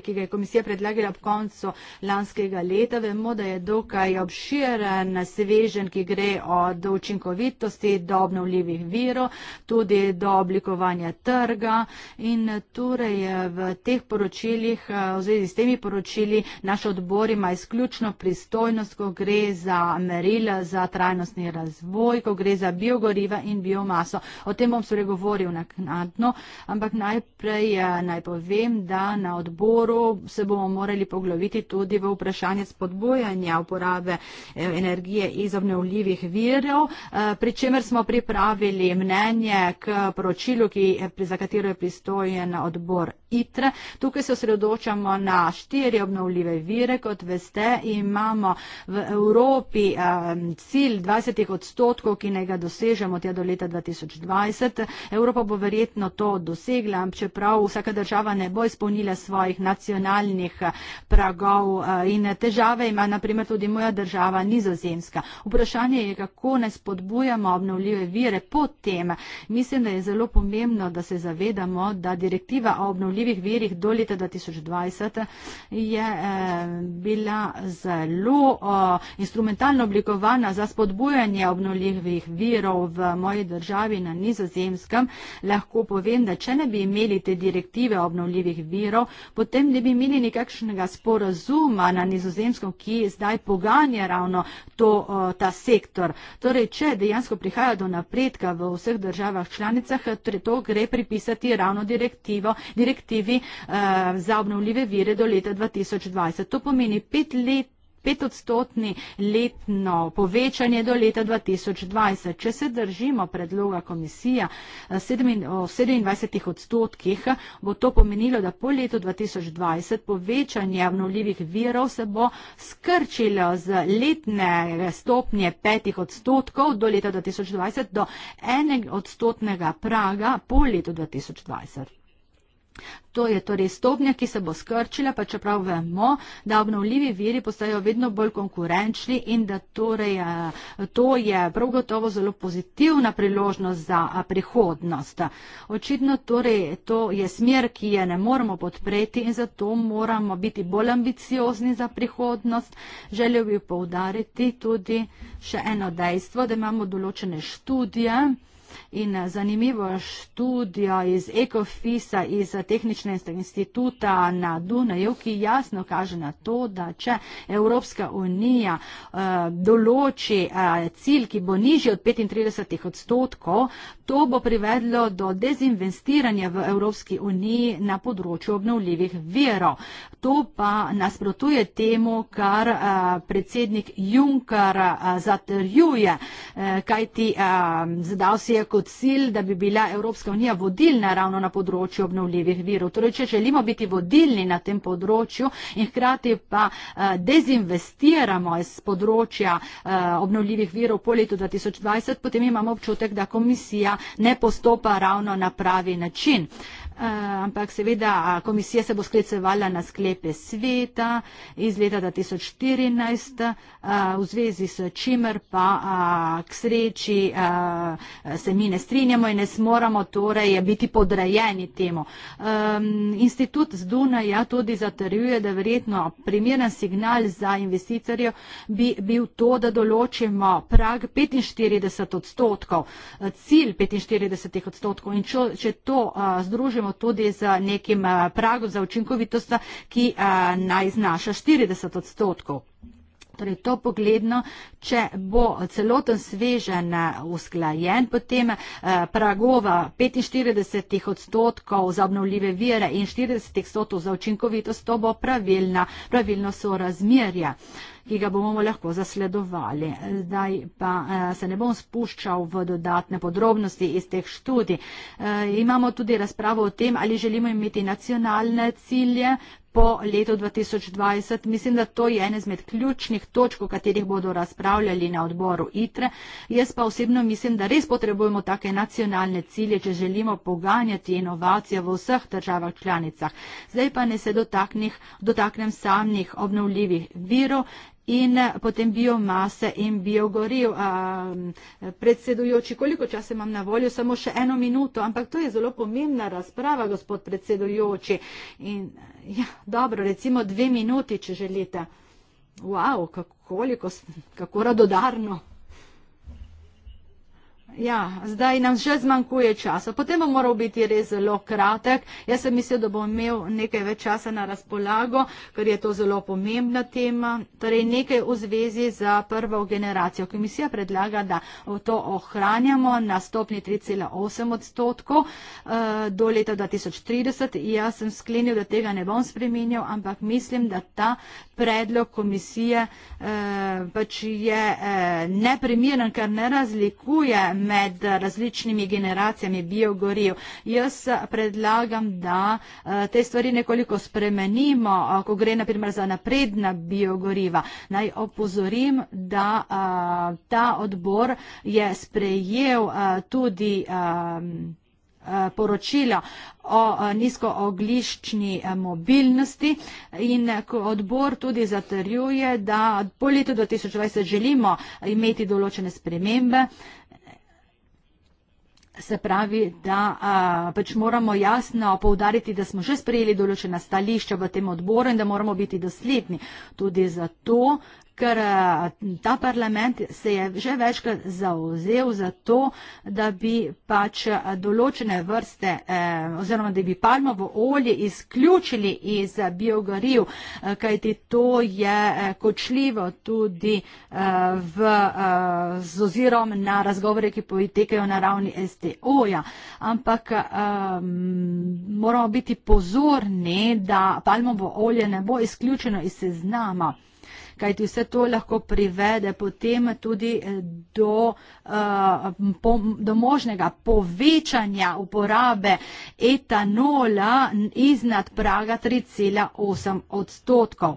ki ga je komisija predlagala ob koncu lanskega leta. Vemo, da je dokaj obširen svežen, ki gre od učinkovitosti do obnovljivih virov, tudi do oblikovanja trga. In torej v teh poročilih, v zvezi s temi poročili, naš odbor ima izključno pristojnost, ko gre za merila za trajnostni razvoj, ko gre za biogoriva in biomaso spregovoril torej naknadno, ampak najprej eh, naj povem, da na odboru se bomo morali pogloviti tudi v vprašanje spodbojanja uporabe eh, energije iz obnovljivih virov, eh, pri čemer smo pripravili mnenje k poročilu, za katero je pristojen odbor ITRE. Tukaj se osredočamo na štiri obnovljive vire, kot veste, imamo v Evropi cilj 20 odstotkov, ki ne ga dosežemo tja do leta 2020. Evropa bo verjetno to dosegla, čeprav vsaka država ne bo izpolnila svojih nacionalnih eh, pragov eh, in težave ima naprimer tudi moja država nizozemska. Vprašanje je, kako ne spodbujamo obnovljive vire potem. Mislim, da je zelo pomembno, da se zavedamo, da direktiva o obnovljivih obnovljivih virih do leta 2020 je eh, bila zelo eh, instrumentalno oblikovana za spodbujanje obnovljivih virov v moji državi na nizozemskem. Lahko povem, da če ne bi imeli te direktive obnovljivih virov, potem ne bi imeli nekakšnega sporazuma na nizozemskem, ki zdaj poganja ravno to, eh, ta sektor. Torej, če dejansko prihaja do napredka v vseh državah članicah, torej to gre pripisati ravno direktivo. direktivo perspektivi eh, za obnovljive vire do leta 2020. To pomeni pet let petodstotni letno povečanje do leta 2020. Če se držimo predloga komisija eh, o 27 odstotkih, bo to pomenilo, da po letu 2020 povečanje obnovljivih virov se bo skrčilo z letne stopnje petih odstotkov do leta 2020 do enega odstotnega praga po letu 2020. To je torej stopnja, ki se bo skrčila, pa čeprav vemo, da obnovljivi viri postajajo vedno bolj konkurenčni in da torej, eh, to je prav gotovo zelo pozitivna priložnost za eh, prihodnost. Očitno torej to je smer, ki je ne moremo podpreti in zato moramo biti bolj ambiciozni za prihodnost. Želel bi poudariti tudi še eno dejstvo, da imamo določene študije in eh, zanimivo študijo iz Ecofisa, iz eh, Tehničnega instituta na Dunaju, ki jasno kaže na to, da če Evropska unija eh, določi cilj, ki bo nižji od 35 odstotkov, to bo privedlo do dezinvestiranja v Evropski uniji na področju obnovljivih verov. To pa nasprotuje temu, kar predsednik Juncker zatrjuje, kajti zdal si je kot kot cilj, da bi bila Evropska unija vodilna ravno na področju obnovljivih virov. Torej, če želimo biti vodilni na tem področju in hkrati pa eh, dezinvestiramo iz področja eh, obnovljivih virov po letu 2020, potem imamo občutek, da komisija ne postopa ravno na pravi način. Eh, ampak seveda komisija se bo sklicevala na sklepe sveta iz leta 2014, eh, v zvezi s čimer pa k sreči eh, se mi ne strinjamo in ne smoramo torej biti podrejeni temu. Institut z Dunaja tudi zatrjuje, da verjetno primeren signal za investitorjo bi bil to, da določimo prag 45 odstotkov, cilj 45 odstotkov in če to združimo, rečemo tudi z nekim eh, pragom za učinkovitost, ki eh, naj znaša 40 odstotkov. Torej, to pogledno, če bo celoten svežen eh, usklajen, potem eh, pragova 45 odstotkov za obnovljive vire in 40 odstotkov za učinkovitost, to bo pravilna, pravilno sorazmerje ki ga bomo lahko zasledovali. Zdaj pa eh, se ne bom spuščal v dodatne podrobnosti iz teh študij. E, imamo tudi razpravo o tem, ali želimo imeti nacionalne cilje, po letu 2020. Mislim, da to je ena izmed ključnih točk, o katerih bodo razpravljali na odboru ITRE. Jaz pa osebno mislim, da res potrebujemo take nacionalne cilje, če želimo poganjati inovacije v vseh državah članicah. Zdaj pa ne se dotaknem samih obnovljivih virov in eh, potem biomase in biogoriv. Predsedujoči, koliko časa imam na voljo? Samo še eno minuto, ampak to je zelo pomembna razprava, gospod predsedujoči. In, eh, ja, dobro, recimo dve minuti, če želite. Wow, kako, koliko, kako radodarno. Ja, zdaj nam že zmanjkuje časa. Potem bom moral biti res zelo kratek. Jaz sem mislil, da bom imel nekaj več časa na razpolago, ker je to zelo pomembna tema. Torej nekaj v zvezi za prvo generacijo. Komisija predlaga, da to ohranjamo na stopni 3,8 odstotkov eh, do leta 2030. Jaz sem sklenil, da tega ne bom spremenil, ampak mislim, da ta predlog komisije eh, pač je eh, nepremiren, ker ne razlikuje med različnimi generacijami biogorijo. Jaz predlagam, da eh, te stvari nekoliko spremenimo, eh, ko gre naprimer za napredna biogoriva. Naj opozorim, da eh, ta odbor je sprejel tudi poročila o nizkooglični mobilnosti in odbor tudi zatrjuje, da po letu 2020 želimo imeti določene spremembe. Se pravi, da a, pač moramo jasno povdariti, da smo že sprejeli določena stališča v tem odboru in da moramo biti dosledni. Tudi zato ker eh, ta parlament se je že večkrat zauzel za to, da bi pač eh, določene vrste eh, oziroma da bi palmovo olje izključili iz biogoriv, kajti to je kočljivo tudi v, z ozirom na razgovore, ki potekajo na ravni STO-ja. Ampak ehm, moramo biti pozorni, da palmovo olje ne bo izključeno iz seznama kajti vse to lahko privede potem tudi eh, do, uh, po, do možnega povečanja uporabe etanola iznad praga 3,8 odstotkov.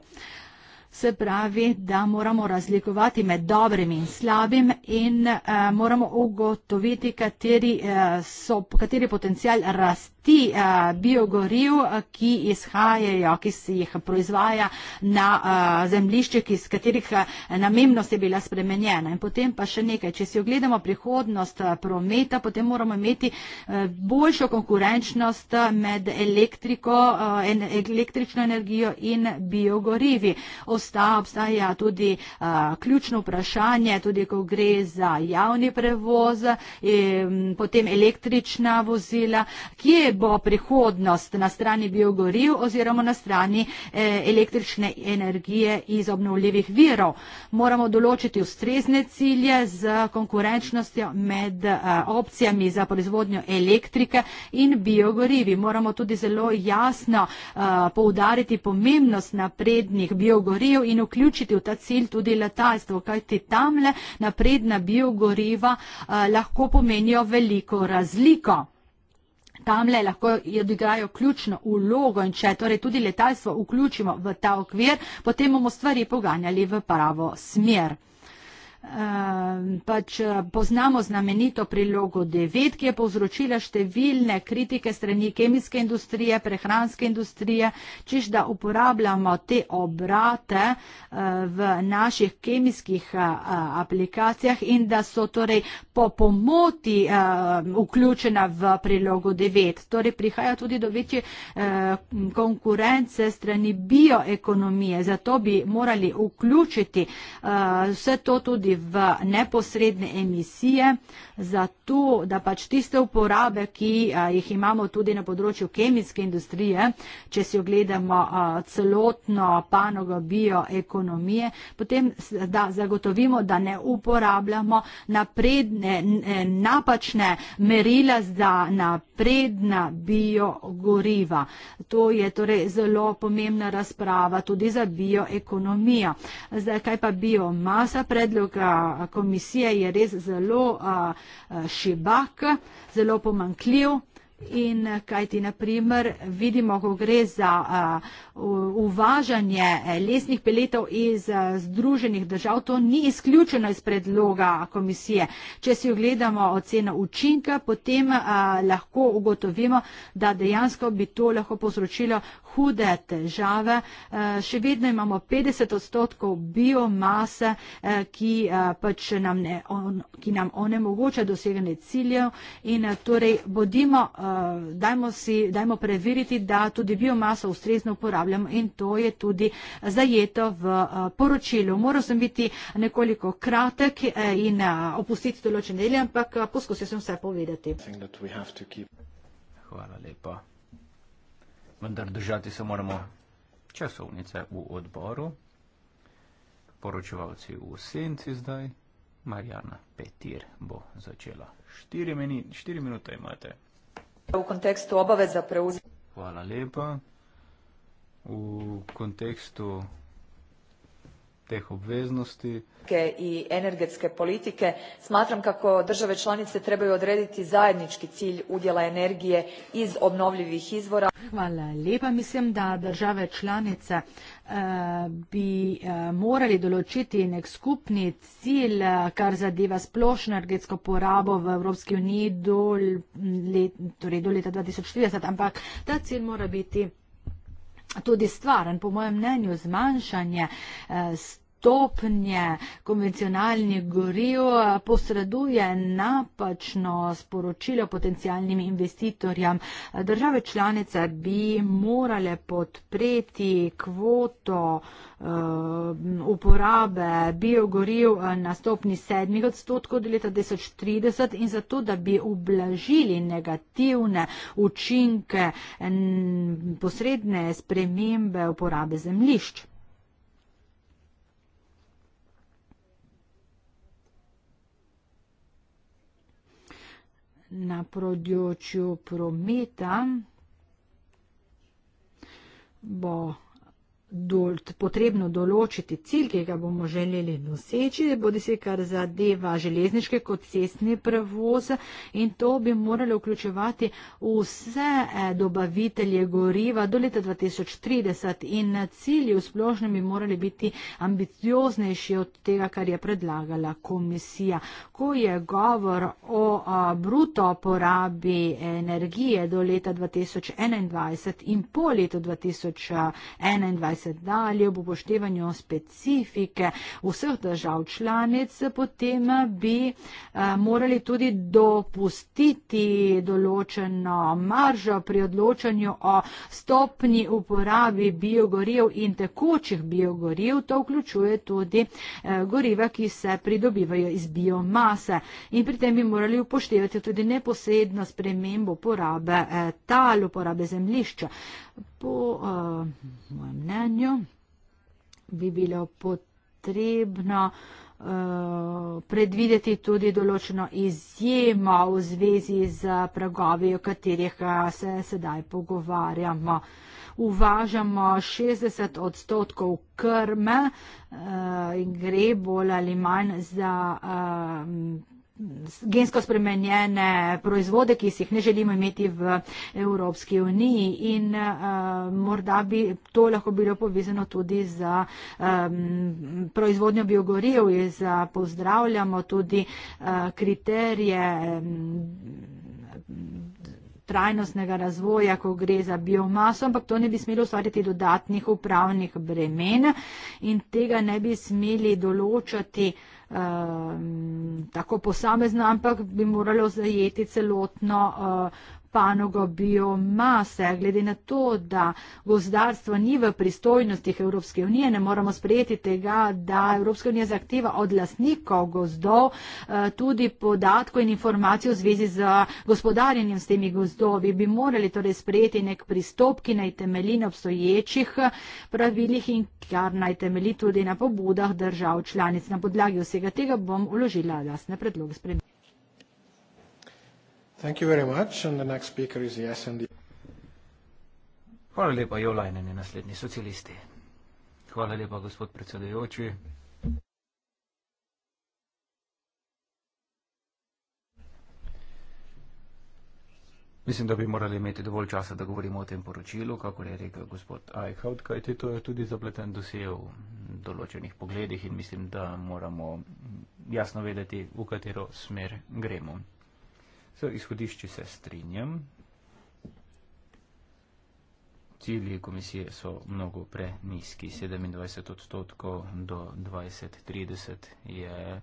Se pravi, da moramo razlikovati med dobrim in slabim in uh, moramo ugotoviti, kateri, uh, so, kateri potencial rasti rasti eh, biogoriv, eh, ki izhajajo, ki se jih proizvaja na eh, zemljišče, iz katerih namembnost je bila spremenjena. In potem pa še nekaj, če si ogledamo prihodnost prometa, potem moramo imeti boljšo konkurenčnost med elektriko, električno energijo in biogorivi. Osta, obstaja tudi ključno vprašanje, tudi ko gre za javni prevoz, potem električna vozila, kje bo prihodnost na strani biogoriv oziroma na strani eh, električne energije iz obnovljivih virov. Moramo določiti ustrezne cilje z konkurenčnostjo med eh, opcijami za proizvodnjo elektrike in biogorivi. Moramo tudi zelo jasno eh, poudariti pomembnost naprednih biogoriv in vključiti v ta cilj tudi letalstvo, kajti tamle napredna biogoriva lahko pomenijo veliko razliko tam le lahko odigrajo ključno ulogo in če torej tudi letalstvo vključimo v ta okvir, potem bomo stvari poganjali v pravo smer pač eh, poznamo znamenito prilogo devet, ki je povzročila številne kritike strani kemijske industrije, prehranske industrije, čež da uporabljamo te obrate eh, v naših kemijskih eh, aplikacijah in da so torej po pomoti vključena v prilogo devet. Torej prihaja tudi do večje konkurence strani bioekonomije, zato bi morali vključiti vse to tudi v neposredne emisije, zato da pač tiste uporabe, ki jih imamo tudi na področju kemijske industrije, če si ogledamo celotno panogo bioekonomije, potem da zagotovimo, da ne uporabljamo napredne, e, napačne merila za napredna biogoriva. To je torej zelo pomembna razprava tudi za bioekonomijo. Zdaj, kaj pa biomasa predloga? komisije je res zelo šibak, zelo pomankljiv. In kaj ti naprimer vidimo, ko gre za uh, uvažanje e, lesnih peletov iz uh, Združenih držav, to ni izključeno iz predloga komisije. Če si ogledamo oceno učinka, potem uh, lahko ugotovimo, da dejansko bi to lahko povzročilo hude težave. Eh, še vedno imamo 50 odstotkov biomase, eh, ki, eh, pač nam ne, on, ki nam onemogoča doseganje ciljev in torej bodimo, dajmo, si, dajmo preveriti, da tudi biomaso ustrezno uporabljamo in to je tudi zajeto v poročilu. Moral sem biti nekoliko kratek in opustiti določene dele, ampak poskusil sem vse povedati. Hvala lepa vendar držati se moramo časovnice v odboru. Poročevalci v senci zdaj. Marjana Petir bo začela. Štiri, meni, štiri minute imate. V kontekstu obaveza preuzeti. Hvala lepa. V kontekstu teh obveznosti. i energetske politike smatram kako države članice trebaju odrediti zajednički cilj udjela energije iz obnovljivih izvora. Hvala lijepa. Mislim da države članice eh, bi eh, morali določiti nek skupni cilj, eh, kar zadeva splošno energetsko porabo v Evropski uniji do, let, torej do leta 2030, ampak ta cilj mora biti tudi stvaren, po mojem mnenju, zmanjšanje. Eh, stopnje konvencionalnih goriv posreduje napačno sporočilo potencijalnim investitorjam. Države članice bi morale podpreti kvoto eh, uporabe biogoriv eh, na stopni sedmih odstotkov do leta 2030 in zato, da bi ublažili negativne učinke posredne spremembe uporabe zemlišč. na prodjočju prometa bo dol, potrebno določiti cilj, ki ga bomo želeli noseči, bodi se kar zadeva železniške kot cestne prevoze in to bi moralo vključevati vse eh, dobavitelje goriva do leta 2030 in cilji v splošnem bi morali biti ambicioznejši od tega, kar je predlagala komisija. Ko je govor o bruto porabi energije do leta 2021 in po letu 2021, 2020 dalje ob upoštevanju specifike vseh držav članic, potem bi eh, morali tudi dopustiti določeno maržo pri odločanju o stopni uporabi biogorjev in tekočih biogorjev. To vključuje tudi eh, goriva, ki se pridobivajo iz biomase in pri tem bi morali upoštevati tudi neposredno spremembo porabe eh, tal, uporabe zemlišča po uh, mojem mnenju bi bilo potrebno uh, predvideti tudi določeno izjemo v zvezi z pragovi, o katerih eh, se sedaj pogovarjamo. Uvažamo 60 odstotkov krme uh, in gre bolj ali manj za. Uh, gensko spremenjene proizvode, ki si jih ne želimo imeti v Evropski uniji in uh, morda bi to lahko bilo povezano tudi za um, proizvodnjo biogorijev in za eh, pozdravljamo tudi uh, kriterije. Um, trajnostnega razvoja, ko gre za biomaso, ampak to ne bi smelo ustvarjati dodatnih upravnih bremen in tega ne bi smeli določati uh, Ehm, tako posamezno, ampak bi moralo zajeti celotno uh, panogo biomase. Glede na to, da gozdarstvo ni v pristojnostih Evropske unije, ne moramo sprejeti tega, da Evropska unija zahteva od lasnikov gozdov eh, tudi podatko in informacijo v zvezi z gospodarjenjem s temi gozdovi. Bi morali torej sprejeti nek pristop, ki naj temelji na obstoječih eh, pravilih in kar naj temelji tudi na pobudah držav članic. Na podlagi vsega tega bom uložila lasne predloge spremembe. Thank you very much. The next speaker is the SND. Hvala lepa, Jolajnen je naslednji, socialisti. Hvala lepa, gospod predsedujoči. Mislim, da bi morali imeti dovolj časa, da govorimo o tem poročilu, kako je rekel gospod Eichhout, kajti to je tudi zapleten dosev v določenih pogledih in mislim, da moramo jasno vedeti, v katero smer gremo. Z izhodišči se strinjam. Cilji komisije so mnogo preniski. 27 odstotkov do 2030 je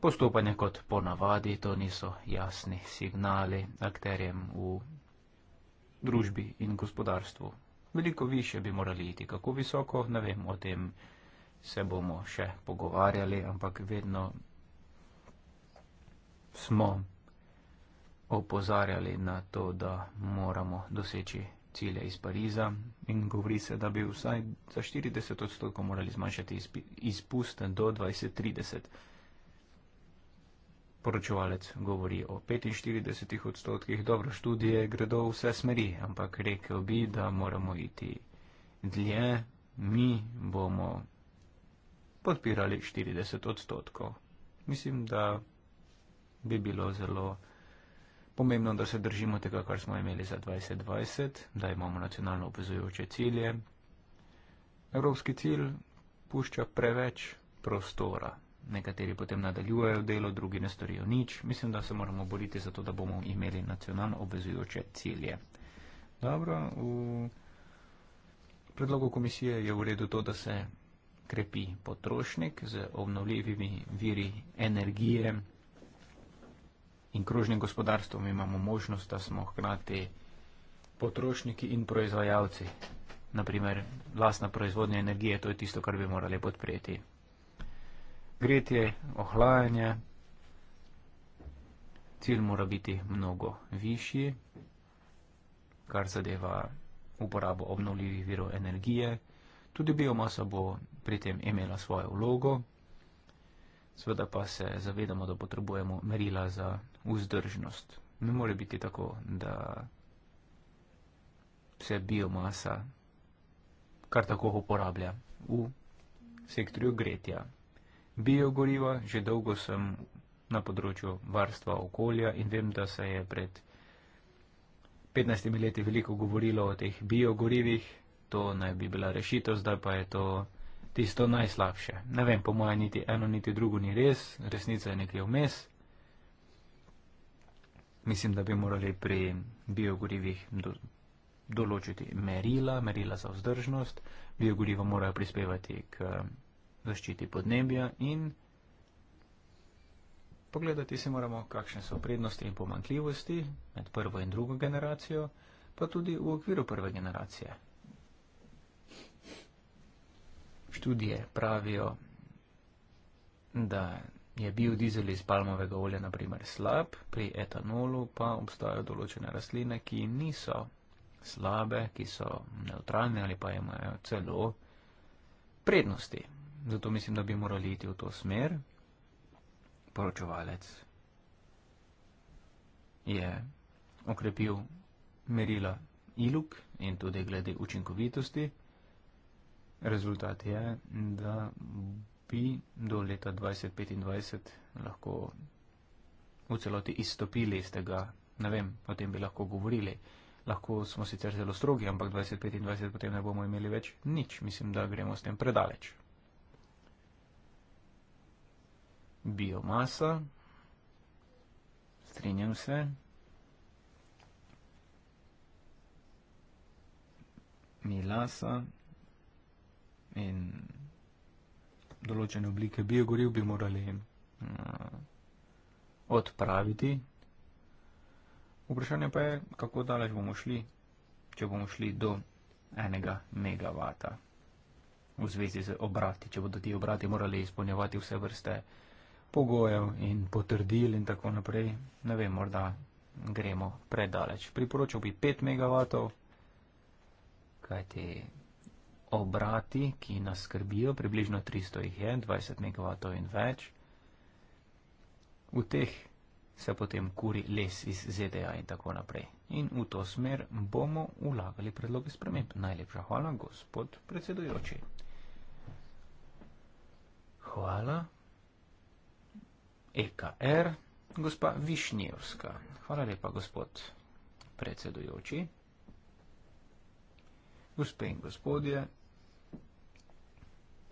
postopanje kot ponavadi, to niso jasni signali akterjem v družbi in gospodarstvu. Veliko više bi morali iti, kako visoko, ne vem, o tem se bomo še pogovarjali, ampak vedno smo opozarjali na to, da moramo doseči cilje iz Pariza in govori se, da bi vsaj za 40 odstotkov morali zmanjšati izpuste do 2030. Poročevalec govori o 45 odstotkih, dobro, študije gredo vse smeri, ampak rekel bi, da moramo iti dlje, mi bomo podpirali 40 odstotkov. Mislim, da bi bilo zelo pomembno, da se držimo tega, kar smo imeli za 2020, da imamo nacionalno obvezujoče cilje. Evropski cilj pušča preveč prostora. Nekateri potem nadaljujejo delo, drugi ne storijo nič. Mislim, da se moramo boriti za to, da bomo imeli nacionalno obvezujoče cilje. Dobro, v predlogu komisije je v redu to, da se krepi potrošnik z obnovljivimi viri energije in krožnim gospodarstvom imamo možnost, da smo hkrati potrošniki in proizvajalci. Naprimer, vlastna proizvodnja energije, to je tisto, kar bi morali podpreti. Gretje, ohlajanje, cilj mora biti mnogo višji, kar zadeva uporabo obnovljivih virov energije. Tudi biomasa bo pri tem imela svojo vlogo, sveda pa se zavedamo, da potrebujemo merila za vzdržnost. Ne more biti tako, da se biomasa kar tako uporablja v sektorju gretja. Biogoriva, že dolgo sem na področju varstva okolja in vem, da se je pred 15 leti veliko govorilo o teh biogorivih, to naj bi bila rešitev, zdaj pa je to tisto najslabše. Ne vem, po mojem niti eno, niti drugo ni res, resnica je nekaj vmes mislim, da bi morali pri biogorivih do, določiti merila, merila za vzdržnost, biogoriva morajo prispevati k zaščiti podnebja in pogledati si moramo, kakšne so prednosti in pomankljivosti med prvo in drugo generacijo, pa tudi v okviru prve generacije. Študije pravijo, da je bil dizel iz palmovega olja naprimer slab, pri etanolu pa obstajajo določene rastline, ki niso slabe, ki so neutralne ali pa imajo celo prednosti. Zato mislim, da bi morali iti v to smer. Poročevalec je okrepil merila iluk in tudi glede učinkovitosti. Rezultat je, da izstopi do leta 2025, lahko v celoti izstopili iz tega, ne vem, o tem bi lahko govorili. Lahko smo sicer zelo strogi, ampak 2025 potem ne bomo imeli več nič. Mislim, da gremo s tem predaleč. Biomasa. Strinjam se. Milasa. In določene oblike biogoriv bi morali uh, odpraviti. Vprašanje pa je, kako daleč bomo šli, če bomo šli do enega megavata v zvezi z obrati, če bodo ti obrati morali izpolnjevati vse vrste pogojev in potrdil in tako naprej. Ne vem, morda gremo predaleč. Priporočal bi 5 megavatov, kajti obrati, ki nas skrbijo, približno 300 jih je, 20 MW in več. V teh se potem kuri les iz ZDA in tako naprej. In v to smer bomo ulagali predloge sprememb. Najlepša hvala, gospod predsedujoči. Hvala. EKR, gospa Višnjevska. Hvala lepa, gospod predsedujoči. Gospe in gospodje,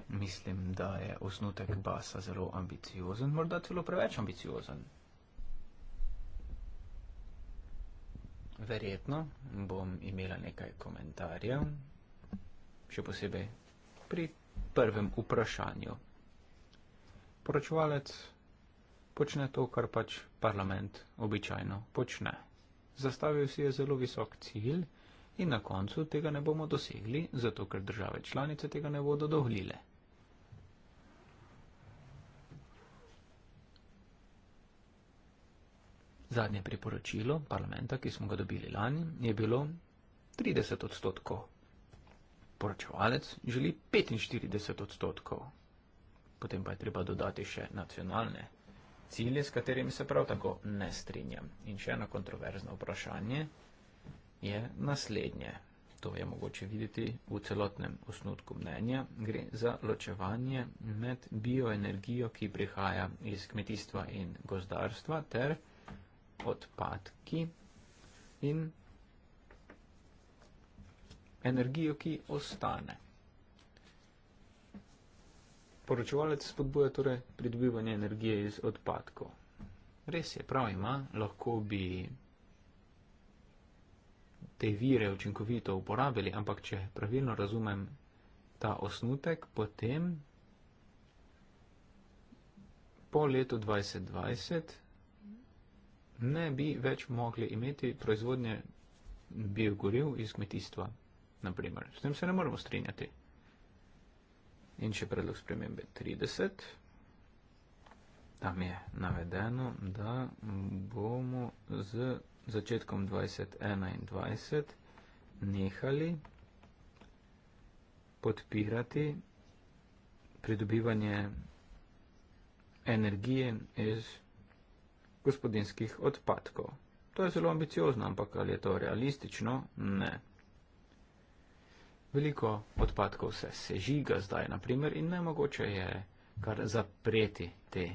Mislim, da je osnutek basa zelo ambiciozen, morda celo preveč ambiciozen. Verjetno bom imela nekaj komentarjev, še posebej pri prvem vprašanju. Poročevalec počne to, kar pač parlament običajno počne. Zastavil si je zelo visok cilj in na koncu tega ne bomo dosegli, zato ker države članice tega ne bodo dovolile. Zadnje priporočilo parlamenta, ki smo ga dobili lani, je bilo 30 odstotkov. Poročevalec želi 45 odstotkov. Potem pa je treba dodati še nacionalne cilje, s katerimi se prav tako ne strinjam. In še eno kontroverzno vprašanje je naslednje. To je mogoče videti v celotnem osnutku mnenja. Gre za ločevanje med bioenergijo, ki prihaja iz kmetijstva in gozdarstva, ter odpadki in energijo, ki ostane. Poročevalec spodbuja torej pridobivanje energije iz odpadkov. Res je, prav ima, lahko bi te vire učinkovito uporabili, ampak če pravilno razumem ta osnutek, potem po letu 2020 ne bi več mogli imeti proizvodnje biogoriv iz kmetijstva, naprimer. S tem se ne moremo strinjati. In še predlog spremembe 30. Tam je navedeno, da bomo z začetkom 2021 nehali podpirati pridobivanje energije iz gospodinskih odpadkov. To je zelo ambiciozno, ampak ali je to realistično? Ne. Veliko odpadkov se sežiga zdaj, naprimer, in nemogoče je kar zapreti te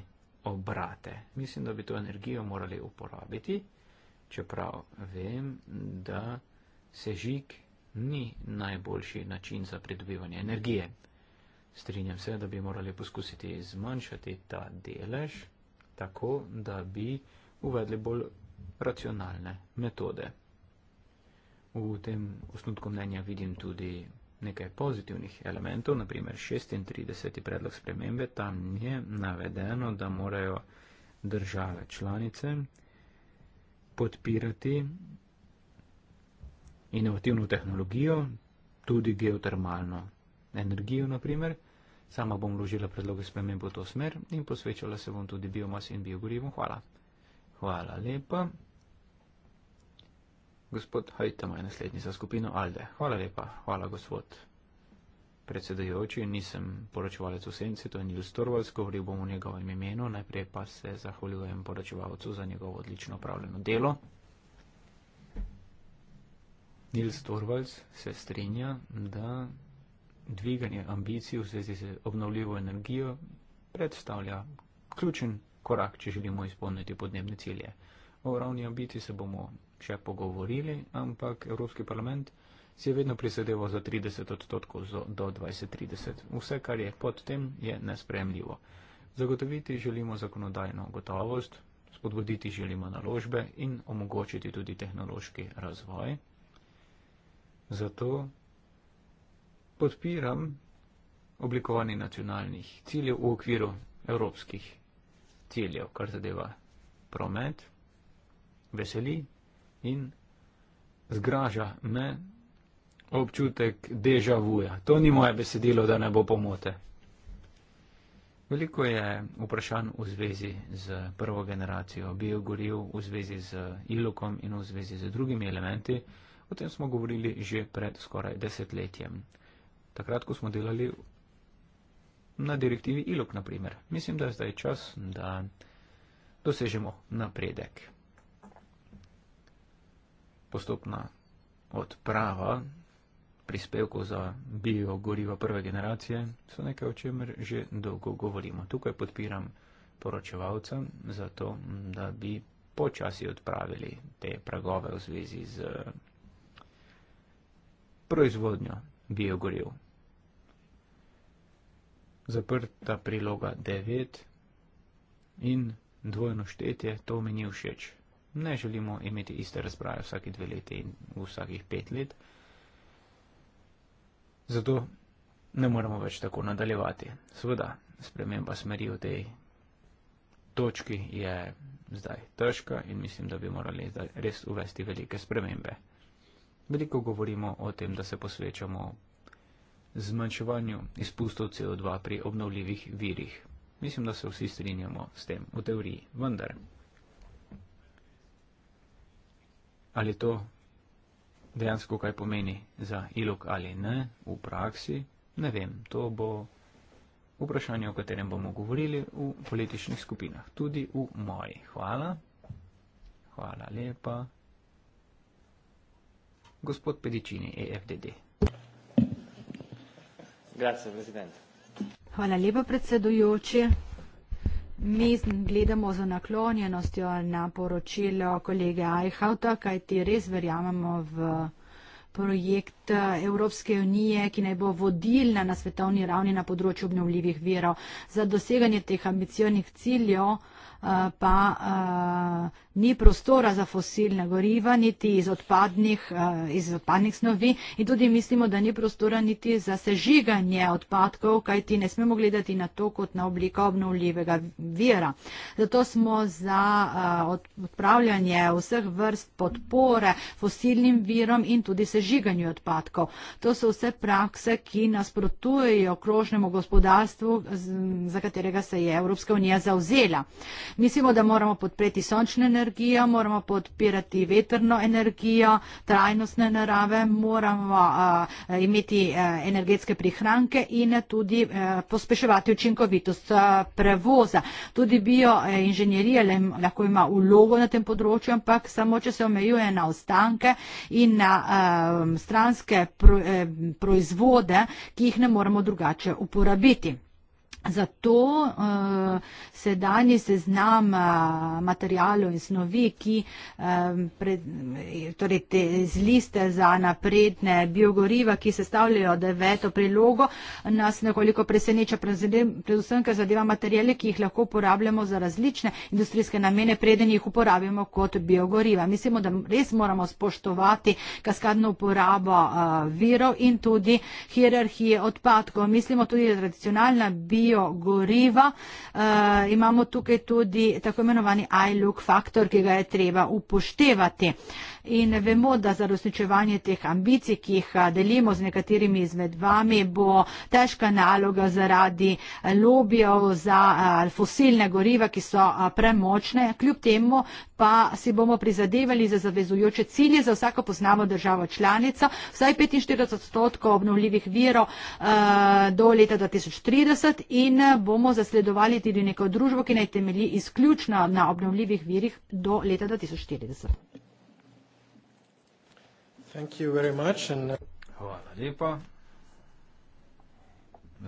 obrate. Mislim, da bi to energijo morali uporabiti, čeprav vem, da sežig ni najboljši način za pridobivanje energije. Strinjam se, da bi morali poskusiti zmanjšati ta delež tako, da bi uvedli bolj racionalne metode. V tem osnutku mnenja vidim tudi nekaj pozitivnih elementov, naprimer 36. predlog spremembe, tam je navedeno, da morajo države članice podpirati inovativno tehnologijo, tudi geotermalno energijo, naprimer, Sama bom vložila predloge spremembo v to smer in posvečala se bom tudi biomas in biogorivom. Hvala. Hvala lepa. Gospod Hajtama je naslednji za skupino Alde. Hvala lepa. Hvala, gospod predsedajoči. Nisem poročevalec v senci, to je Nils Torvalds, govoril bom o njegovem imenu. Najprej pa se zahvaljujem poročevalcu za njegovo odlično upravljeno delo. Nils Torvalds se strinja, da dviganje ambicij v zvezi z obnovljivo energijo predstavlja ključen korak, če želimo izpolniti podnebne cilje. O ravni ambicij se bomo še pogovorili, ampak Evropski parlament si je vedno prisedeval za 30 odstotkov do 2030. Vse, kar je pod tem, je nespremljivo. Zagotoviti želimo zakonodajno gotovost, spodbuditi želimo naložbe in omogočiti tudi tehnološki razvoj. Zato podpiram oblikovanje nacionalnih ciljev v okviru evropskih ciljev, kar zadeva promet, veseli in zgraža me občutek deja vuja. To ni moje besedilo, da ne bo pomote. Veliko je vprašanj v zvezi z prvo generacijo biogoriv, v zvezi z ilokom in v zvezi z drugimi elementi. O tem smo govorili že pred skoraj desetletjem takrat, ko smo delali na direktivi ILUK, naprimer. Mislim, da je zdaj čas, da dosežemo napredek. Postopna odprava prispevkov za biogoriva prve generacije so nekaj, o čemer že dolgo govorimo. Tukaj podpiram poročevalca za to, da bi počasi odpravili te pragove v zvezi z proizvodnjo biogoriv zaprta priloga 9 in dvojno štetje, to mi ni všeč. Ne želimo imeti iste razprave vsake dve leti in vsakih pet let. Zato ne moremo več tako nadaljevati. Sveda, sprememba smeri v tej točki je zdaj težka in mislim, da bi morali res uvesti velike spremembe. Veliko govorimo o tem, da se posvečamo zmanjševanju izpustov CO2 pri obnovljivih virih. Mislim, da se vsi strinjamo s tem v teoriji, vendar. Ali to dejansko kaj pomeni za ilok ali ne v praksi, ne vem. To bo vprašanje, o katerem bomo govorili v političnih skupinah, tudi v moji. Hvala. Hvala lepa. Gospod Pedičini, EFDD. Grazie, presidente. Hvala lepa, predsedujoči. Mi gledamo z naklonjenostjo na poročilo kolege Eichauta, kaj ti res verjamemo v projekt eh, Evropske unije, ki naj bo vodilna na svetovni ravni na področju obnovljivih virov. Za doseganje teh ambicijonih ciljev Eh, pa eh, ni prostora za fosilna goriva, niti iz odpadnih, eh, iz odpadnih snovi in tudi mislimo, da ni prostora niti za sežiganje odpadkov, kaj ti ne smemo gledati na to kot na obliko obnovljivega vira. Zato smo za odpravljanje vseh vrst podpore fosilnim virom in tudi sežiganju odpadkov. To so vse prakse, ki nasprotujejo krožnemu gospodarstvu, za katerega se je Evropska unija zauzela. Mislimo, da moramo podpreti sončno energijo, moramo podpirati veterno energijo, trajnostne narave, moramo uh, imeti uh, energetske prihranke in tudi uh, pospeševati učinkovitost uh, prevoza. Tudi bioinženjerija uh, lahko ima ulogo na tem področju, ampak samo, če se omejuje na ostanke in na uh, stranske pro, uh, proizvode, ki jih ne moramo drugače uporabiti. Zato uh, sedanji seznam uh, eh, materijalov in snovi, ki um, pred, torej te zliste za napredne biogoriva, ki sestavljajo deveto prilogo, nas nekoliko preseneča, predvsem, ker zadeva materijale, ki jih lahko uporabljamo za različne industrijske namene, preden jih uporabimo kot biogoriva. Mislimo, da res moramo spoštovati kaskadno uporabo uh, virov in tudi hierarhije odpadkov. Mislimo tudi, da tradicionalna biogoriva bio goriva. E, eh, imamo tukaj tudi tako imenovani iLook faktor, ki ga je treba upoštevati. E, in vemo, da za različevanje teh ambicij, ki jih delimo z nekaterimi izmed vami, bo težka naloga zaradi lobijev za fosilne goriva, ki so premočne. Kljub temu pa si bomo prizadevali za zavezujoče cilje za vsako poznavo državo članico, vsaj 45 odstotkov obnovljivih virov do leta 2030 in bomo zasledovali tudi neko družbo, ki naj temelji izključno na obnovljivih virih do leta 2040. Thank you very much and... Uh, Hvala lepa.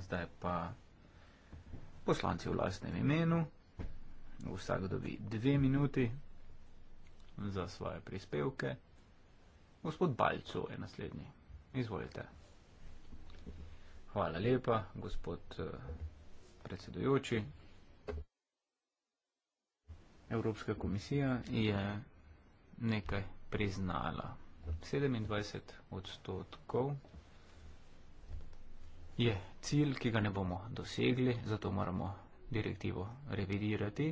Zdaj pa poslanci v lastnem imenu. Vsak dobi dve minuti za svoje prispevke. Gospod Balco je naslednji. Izvolite. Hvala lepa, gospod uh, predsedujoči. Evropska komisija je nekaj priznala 27 odstotkov je cilj, ki ga ne bomo dosegli, zato moramo direktivo revidirati,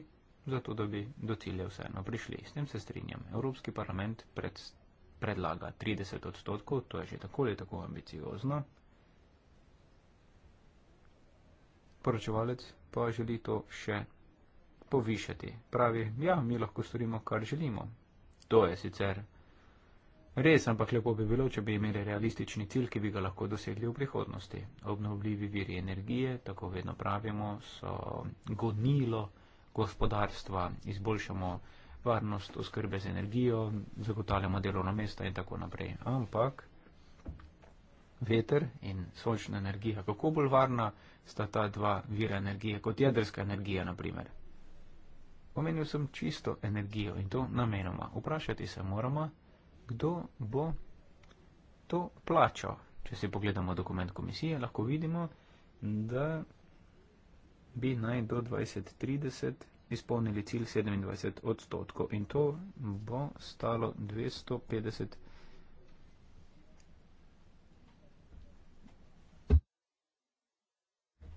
zato da bi do cilja vseeno prišli. S tem se strinjam. Evropski parlament pred, predlaga 30 odstotkov, to je že tako ali tako ambiciozno. Poročevalec pa želi to še povišati. Pravi, ja, mi lahko storimo, kar želimo. To je sicer. Res, ampak lepo bi bilo, če bi imeli realistični cilj, ki bi ga lahko dosegli v prihodnosti. Obnovljivi viri energije, tako vedno pravimo, so gonilo gospodarstva, izboljšamo varnost oskrbe z energijo, zagotavljamo delovno mesto in tako naprej. Ampak veter in sončna energija, kako bolj varna sta ta dva vira energije kot jedrska energija, naprimer. Omenil sem čisto energijo in to namenoma. Vprašati se moramo, kdo bo to plačal. Če si pogledamo dokument komisije, lahko vidimo, da bi naj do 2030 izpolnili cilj 27 odstotkov in to bo stalo 250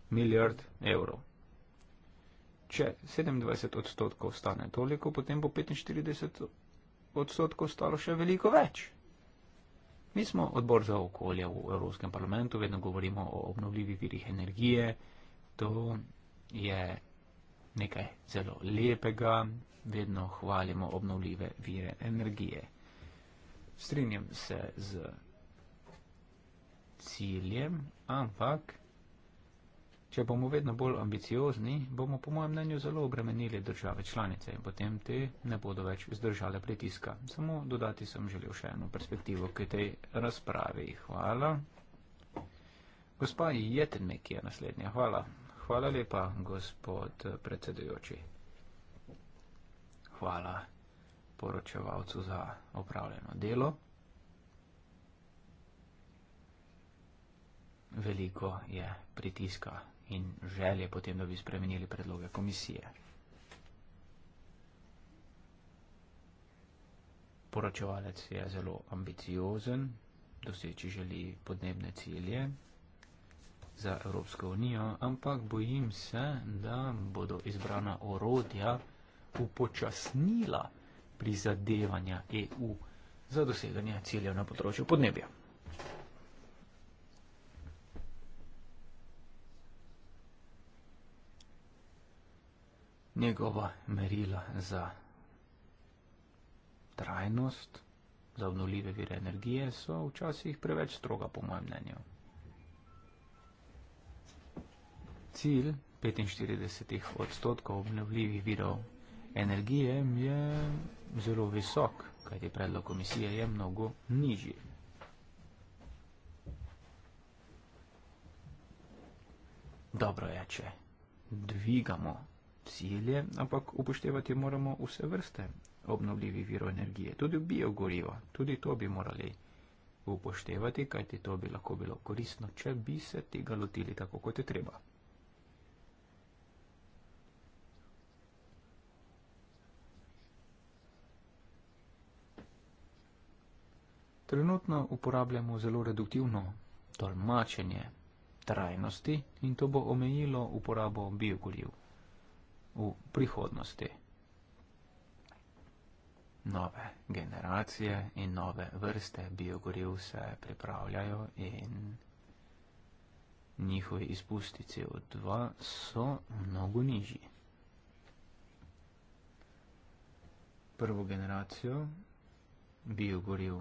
milijard evrov. Če 27 odstotkov stane toliko, potem bo 45 odstotkov odstotkov stalo še veliko več. Mi smo odbor za okolje v Evropskem parlamentu, vedno govorimo o obnovljivih virih energije. To je nekaj zelo lepega, vedno hvalimo obnovljive vire energije. Strinjam se z ciljem, ampak Če bomo vedno bolj ambiciozni, bomo po mojem mnenju zelo obremenili države članice in potem te ne bodo več zdržale pritiska. Samo dodati sem želel še eno perspektivo k tej razpravi. Hvala. Gospa Jetenmek je naslednja. Hvala. Hvala lepa, gospod predsedujoči. Hvala poročevalcu za opravljeno delo. Veliko je pritiska in želje potem, da bi spremenili predloge komisije. Poročevalec je zelo ambiciozen, doseči želi podnebne cilje za Evropsko unijo, ampak bojim se, da bodo izbrana orodja upočasnila prizadevanja EU za doseganje ciljev na področju podnebja. njegova merila za trajnost, za obnovljive vire energije so včasih preveč stroga, po mojem mnenju. Cilj 45 odstotkov obnovljivih virov energije je zelo visok, kajti predlog komisije je mnogo nižji. Dobro je, če dvigamo cilje, ampak upoštevati moramo vse vrste obnovljivih virov energije, tudi biogoriva, tudi to bi morali upoštevati, kajti to bi lahko bilo koristno, če bi se tega lotili tako, kot je treba. Trenutno uporabljamo zelo reduktivno tolmačenje trajnosti in to bo omejilo uporabo biogoriv v prihodnosti. Nove generacije in nove vrste biogoriv se pripravljajo in njihovi izpusti CO2 so mnogo nižji. Prvo generacijo biogoriv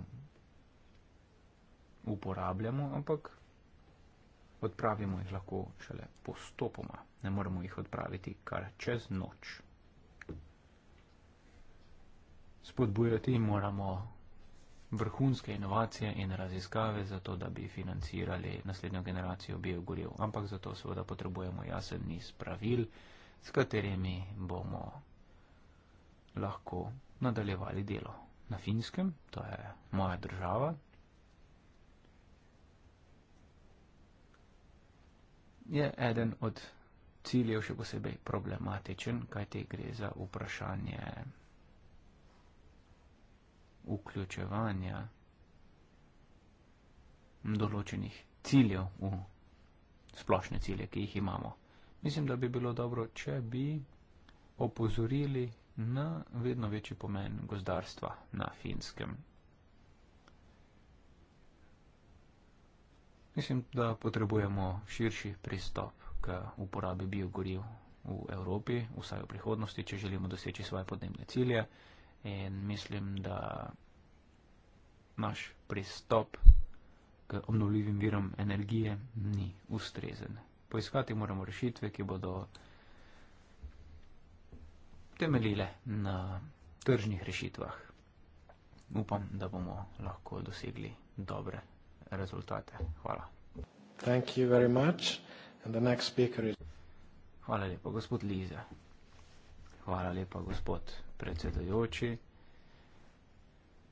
uporabljamo, ampak Odpravimo jih lahko šele postopoma, ne moremo jih odpraviti kar čez noč. Spodbujati moramo vrhunske inovacije in raziskave, zato da bi financirali naslednjo generacijo biogorjev, ampak zato seveda potrebujemo jasen niz pravil, s katerimi bomo lahko nadaljevali delo. Na finskem, to je moja država, je eden od ciljev še posebej problematičen, kajti gre za vprašanje vključevanja določenih ciljev v splošne cilje, ki jih imamo. Mislim, da bi bilo dobro, če bi opozorili na vedno večji pomen gozdarstva na finskem. Mislim, da potrebujemo širši pristop k uporabi biogoriv v Evropi, vsaj v prihodnosti, če želimo doseči svoje podnebne cilje. In mislim, da naš pristop k obnovljivim virom energije ni ustrezen. Poiskati moramo rešitve, ki bodo temeljile na tržnih rešitvah. Upam, da bomo lahko dosegli dobre rezultate. Hvala. Thank you very much. And the next speaker is... Hvala lepa, gospod Liza. Hvala lepa, gospod predsedajoči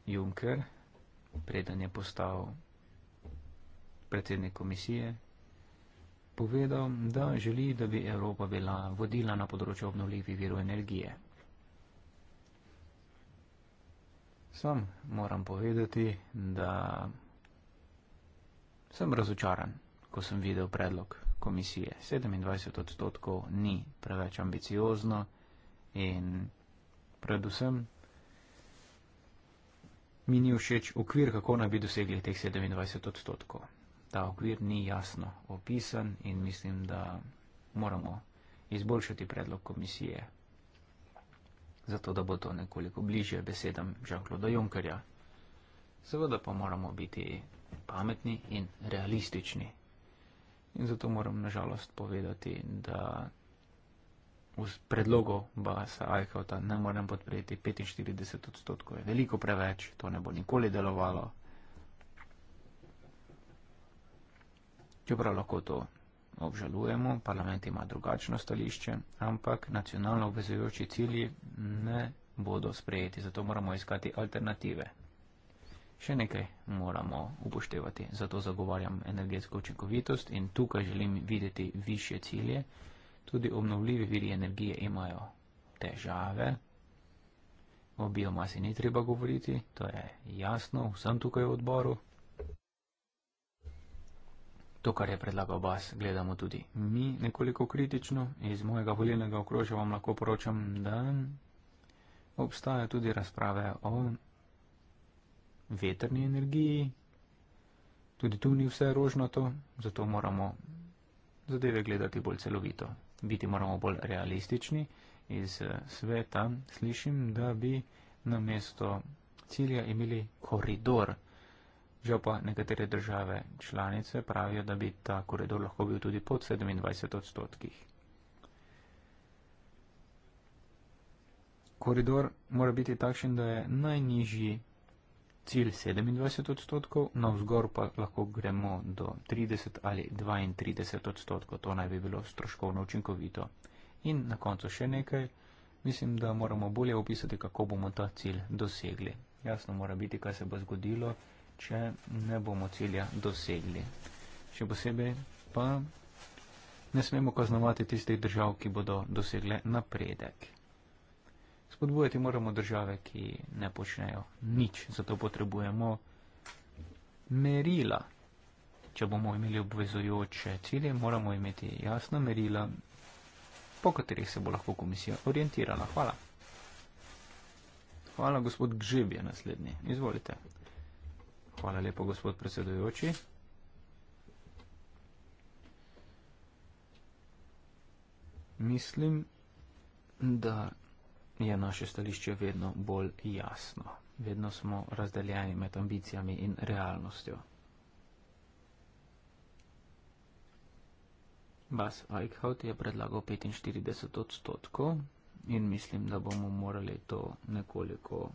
Juncker, preden je postal predsednik komisije, povedal, da želi, da bi Evropa bila vodila na področju obnovljivih virov energije. Sam moram povedati, da sem razočaran, ko sem videl predlog komisije. 27 odstotkov ni preveč ambiciozno in predvsem mi ni všeč okvir, kako naj bi dosegli teh 27 odstotkov. Ta okvir ni jasno opisan in mislim, da moramo izboljšati predlog komisije, zato da bo to nekoliko bliže besedam Žankloda Junkerja. Seveda pa moramo biti pametni in realistični. In zato moram nažalost povedati, da v predlogu Basa Ajkauta ne morem podpreti 45 odstotkov. Je veliko preveč, to ne bo nikoli delovalo. Čeprav lahko to obžalujemo, parlament ima drugačno stališče, ampak nacionalno obvezujoči cilji ne bodo sprejeti, zato moramo iskati alternative. Še nekaj moramo upoštevati, zato zagovarjam energetsko učinkovitost in tukaj želim videti više cilje. Tudi obnovljivi viri energije imajo težave. O biomasi ni treba govoriti, to je jasno vsem tukaj v odboru. To, kar je predlagal Bas, gledamo tudi mi nekoliko kritično. Iz mojega volilnega okrožja vam lahko poročam, da obstajajo tudi razprave o vetrni energiji. Tudi tu ni vse rožnato, zato moramo zadeve gledati bolj celovito. Biti moramo bolj realistični. Iz eh, sveta slišim, da bi na mesto cilja imeli koridor. Žal pa nekatere države članice pravijo, da bi ta koridor lahko bil tudi pod 27 odstotkih. Koridor mora biti takšen, da je najnižji cilj 27 odstotkov, na vzgor pa lahko gremo do 30 ali 32 odstotkov, to naj bi bilo stroškovno učinkovito. In na koncu še nekaj, mislim, da moramo bolje opisati, kako bomo ta cilj dosegli. Jasno mora biti, kaj se bo zgodilo, če ne bomo cilja dosegli. Še posebej pa ne smemo kaznovati tistih držav, ki bodo dosegle napredek spodbujati moramo države, ki ne počnejo nič. Zato potrebujemo merila. Če bomo imeli obvezujoče cilje, moramo imeti jasna merila, po katerih se bo lahko komisija orientirala. Hvala. Hvala, gospod Gžib je naslednji. Izvolite. Hvala lepo, gospod predsedujoči. Mislim, da je naše stališče vedno bolj jasno. Vedno smo razdeljeni med ambicijami in realnostjo. Bas Eichhout je predlagal 45 odstotkov in mislim, da bomo morali to nekoliko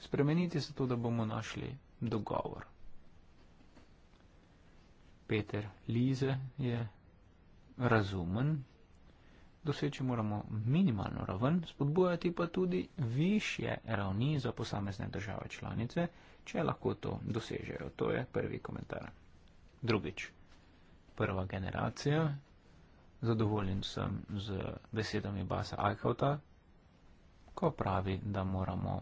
spremeniti, zato da bomo našli dogovor. Peter Lize je razumen, doseči moramo minimalno raven, spodbujati pa tudi više ravni za posamezne države članice, če lahko to dosežejo. To je prvi komentar. Drugič, prva generacija, zadovoljen sem z besedami Basa Eichhauta, ko pravi, da moramo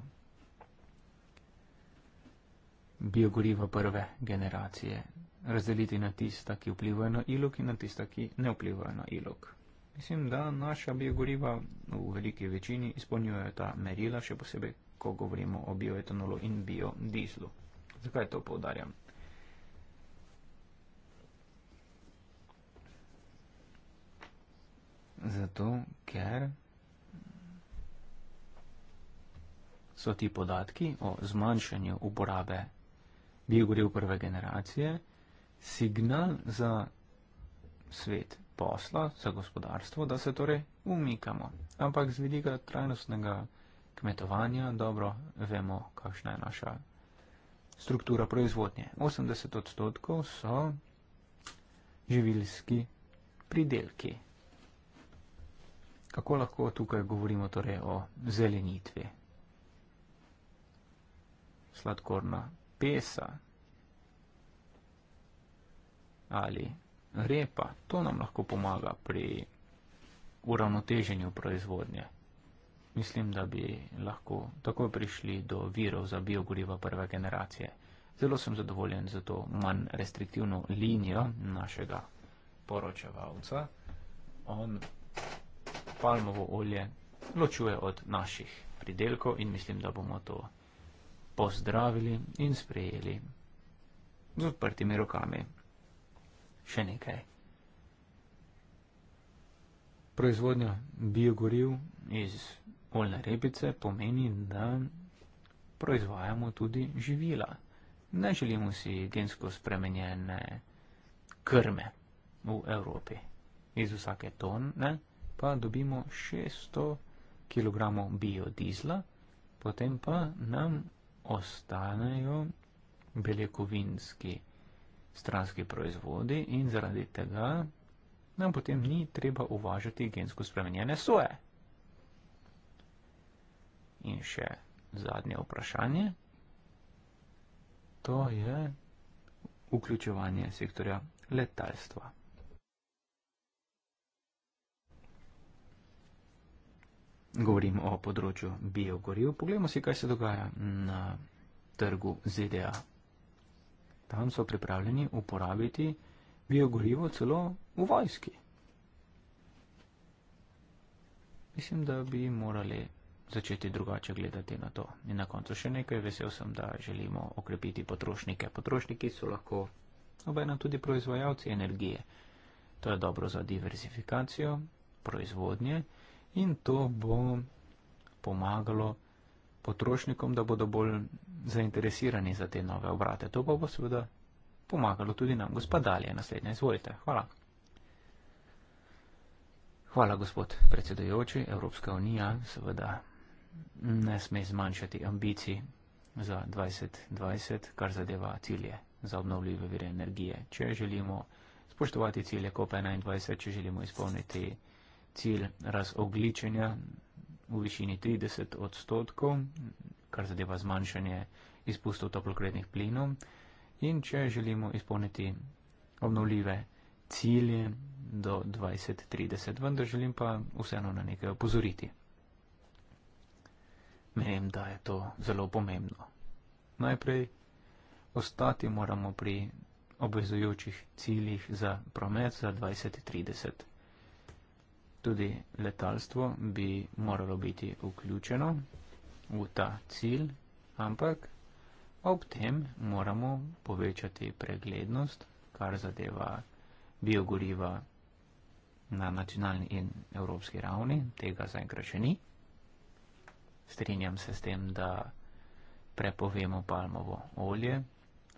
biogoriva prve generacije razdeliti na tista, ki vplivajo na ilok in na tista, ki ne vplivajo na ilok. Mislim, da naša biogoriva v veliki večini izpolnjujejo ta merila, še posebej, ko govorimo o bioetanolu in biodizlu. Zakaj to povdarjam? Zato, ker so ti podatki o zmanjšanju uporabe biogoriv prve generacije signal za svet, posla za gospodarstvo, da se torej umikamo. Ampak z vidika trajnostnega kmetovanja dobro vemo, kakšna je naša struktura proizvodnje. 80 odstotkov so živilski pridelki. Kako lahko tukaj govorimo torej o zelenitvi? Sladkorna pesa ali repa, to nam lahko pomaga pri uravnoteženju proizvodnje. Mislim, da bi lahko takoj prišli do virov za biogoriva prve generacije. Zelo sem zadovoljen za to manj restriktivno linijo našega poročevalca. On palmovo olje ločuje od naših pridelkov in mislim, da bomo to pozdravili in sprejeli z odprtimi rokami še nekaj. Proizvodnja biogoriv iz oljne repice pomeni, da proizvajamo tudi živila. Ne želimo si gensko spremenjene krme v Evropi. Iz vsake tone pa dobimo 600 kg biodizla, potem pa nam ostanejo beljakovinski krme stranski proizvodi in zaradi tega nam potem ni treba uvažati gensko spremenjene soje. In še zadnje vprašanje, to je vključevanje sektorja letalstva. Govorim o področju biogoriv. Poglejmo si, kaj se dogaja na trgu ZDA tam so pripravljeni uporabiti biogorivo celo v vojski. Mislim, da bi morali začeti drugače gledati na to. In na koncu še nekaj, vesel sem, da želimo okrepiti potrošnike. Potrošniki so lahko obenem tudi proizvajalci energije. To je dobro za diversifikacijo proizvodnje in to bo pomagalo potrošnikom, da bodo bolj zainteresirani za te nove obrate. To pa bo seveda pomagalo tudi nam, gospodalje, naslednje. Izvolite. Hvala. Hvala, gospod predsedojoči. Evropska unija seveda ne sme zmanjšati ambicij za 2020, kar zadeva cilje za obnovljive vire energije. Če želimo spoštovati cilje COP21, če želimo izpolniti cilj razogličenja v višini 30 odstotkov, kar zadeva zmanjšanje izpustov toplogrednih plinov. In če želimo izpolniti obnovljive cilje do 2030, vendar želim pa vseeno na nekaj opozoriti. Menim, da je to zelo pomembno. Najprej ostati moramo pri obvezujočih ciljih za promet za 2030 tudi letalstvo bi moralo biti vključeno v ta cilj, ampak ob tem moramo povečati preglednost, kar zadeva biogoriva na nacionalni in evropski ravni. Tega zaenkrat še ni. Strinjam se s tem, da prepovemo palmovo olje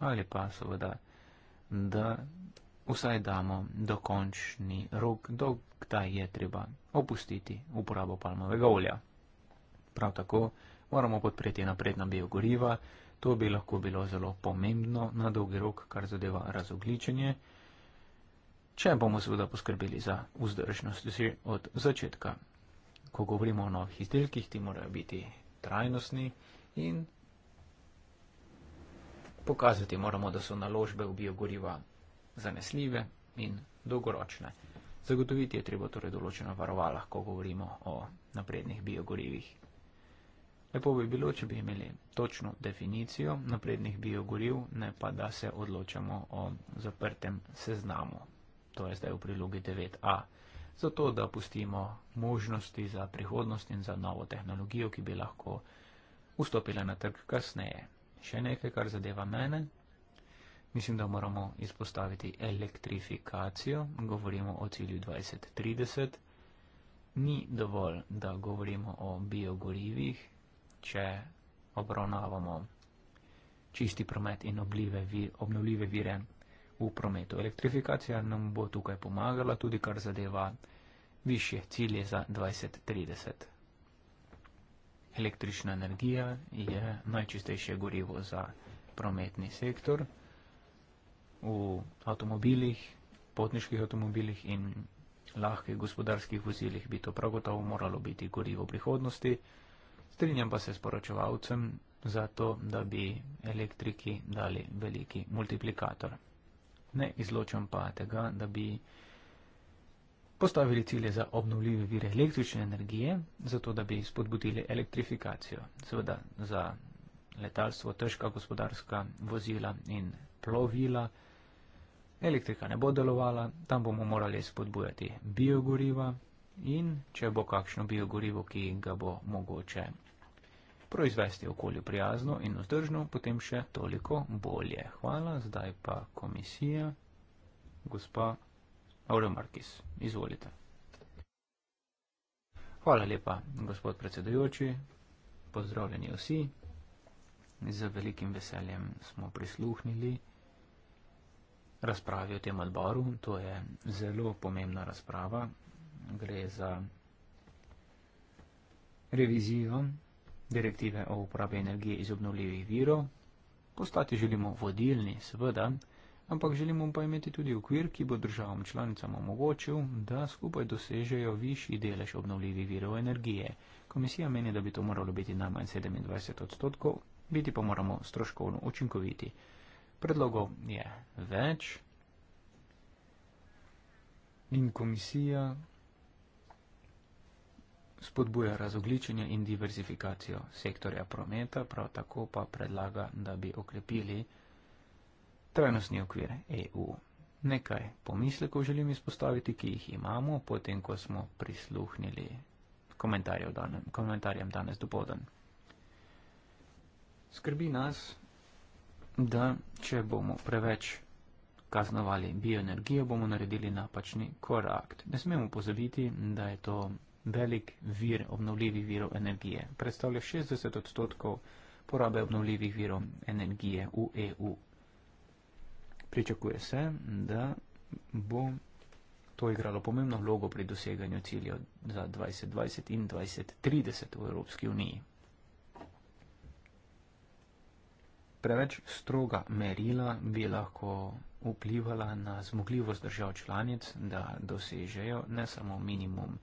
ali pa seveda, da vsaj damo dokončni rok, dok kdaj je treba opustiti uporabo palmovega olja. Prav tako moramo podpreti napredna biogoriva, to bi lahko bilo zelo pomembno na dolgi rok, kar zadeva razogličenje, če bomo seveda poskrbeli za vzdržnost že od začetka. Ko govorimo o novih izdelkih, ti morajo biti trajnostni in pokazati moramo, da so naložbe v biogoriva zanesljive in dolgoročne. Zagotoviti je treba torej določena varovala, ko govorimo o naprednih biogorivih. Lepo bi bilo, če bi imeli točno definicijo naprednih biogoriv, ne pa da se odločamo o zaprtem seznamu. To je zdaj v prilogi 9a. Zato, da pustimo možnosti za prihodnost in za novo tehnologijo, ki bi lahko vstopila na trg kasneje. Še nekaj, kar zadeva mene, Mislim, da moramo izpostaviti elektrifikacijo, govorimo o cilju 2030. Ni dovolj, da govorimo o biogorivih, če obravnavamo čisti promet in obnovljive vire v prometu. Elektrifikacija nam bo tukaj pomagala tudi, kar zadeva više cilje za 2030. Električna energija je najčistejše gorivo za prometni sektor v avtomobilih, potniških avtomobilih in lahkih gospodarskih vozilih bi to prav gotovo moralo biti gorivo v prihodnosti. Strinjam pa se s poročevalcem za to, da bi elektriki dali veliki multiplikator. Ne izločam pa tega, da bi postavili cilje za obnovljive vire električne energije, zato da bi spodbudili elektrifikacijo. Seveda za letalstvo, težka gospodarska vozila in plovila elektrika ne bo delovala, tam bomo morali spodbujati biogoriva in če bo kakšno biogorivo, ki ga bo mogoče proizvesti okolju prijazno in vzdržno, potem še toliko bolje. Hvala, zdaj pa komisija, gospa Auremarkis, izvolite. Hvala lepa, gospod predsedujoči, pozdravljeni vsi. Z velikim veseljem smo prisluhnili razpravi o tem odboru. To je zelo pomembna razprava. Gre za revizijo direktive o uporabi energije iz obnovljivih virov. Postati želimo vodilni, seveda, ampak želimo pa imeti tudi okvir, ki bo državam članicam omogočil, da skupaj dosežejo višji delež obnovljivih virov energije. Komisija meni, da bi to moralo biti najmanj 27 odstotkov, biti pa moramo stroškovno učinkoviti predlogov je več in komisija spodbuja razogličenje in diverzifikacijo sektorja prometa, prav tako pa predlaga, da bi okrepili trajnostni okvir EU. Nekaj pomislekov želim izpostaviti, ki jih imamo, potem ko smo prisluhnili komentarjem danes dopoldan. Skrbi nas, da če bomo preveč kaznovali bioenergijo, bomo naredili napačni korak. Ne smemo pozabiti, da je to velik vir obnovljivih virov energije. Predstavlja 60 odstotkov porabe obnovljivih virov energije v EU. Pričakuje se, da bo to igralo pomembno vlogo pri doseganju ciljev za 2020 in 2030 v Evropski uniji. preveč stroga merila bi lahko vplivala na zmogljivost držav članic, da dosežejo ne samo minimum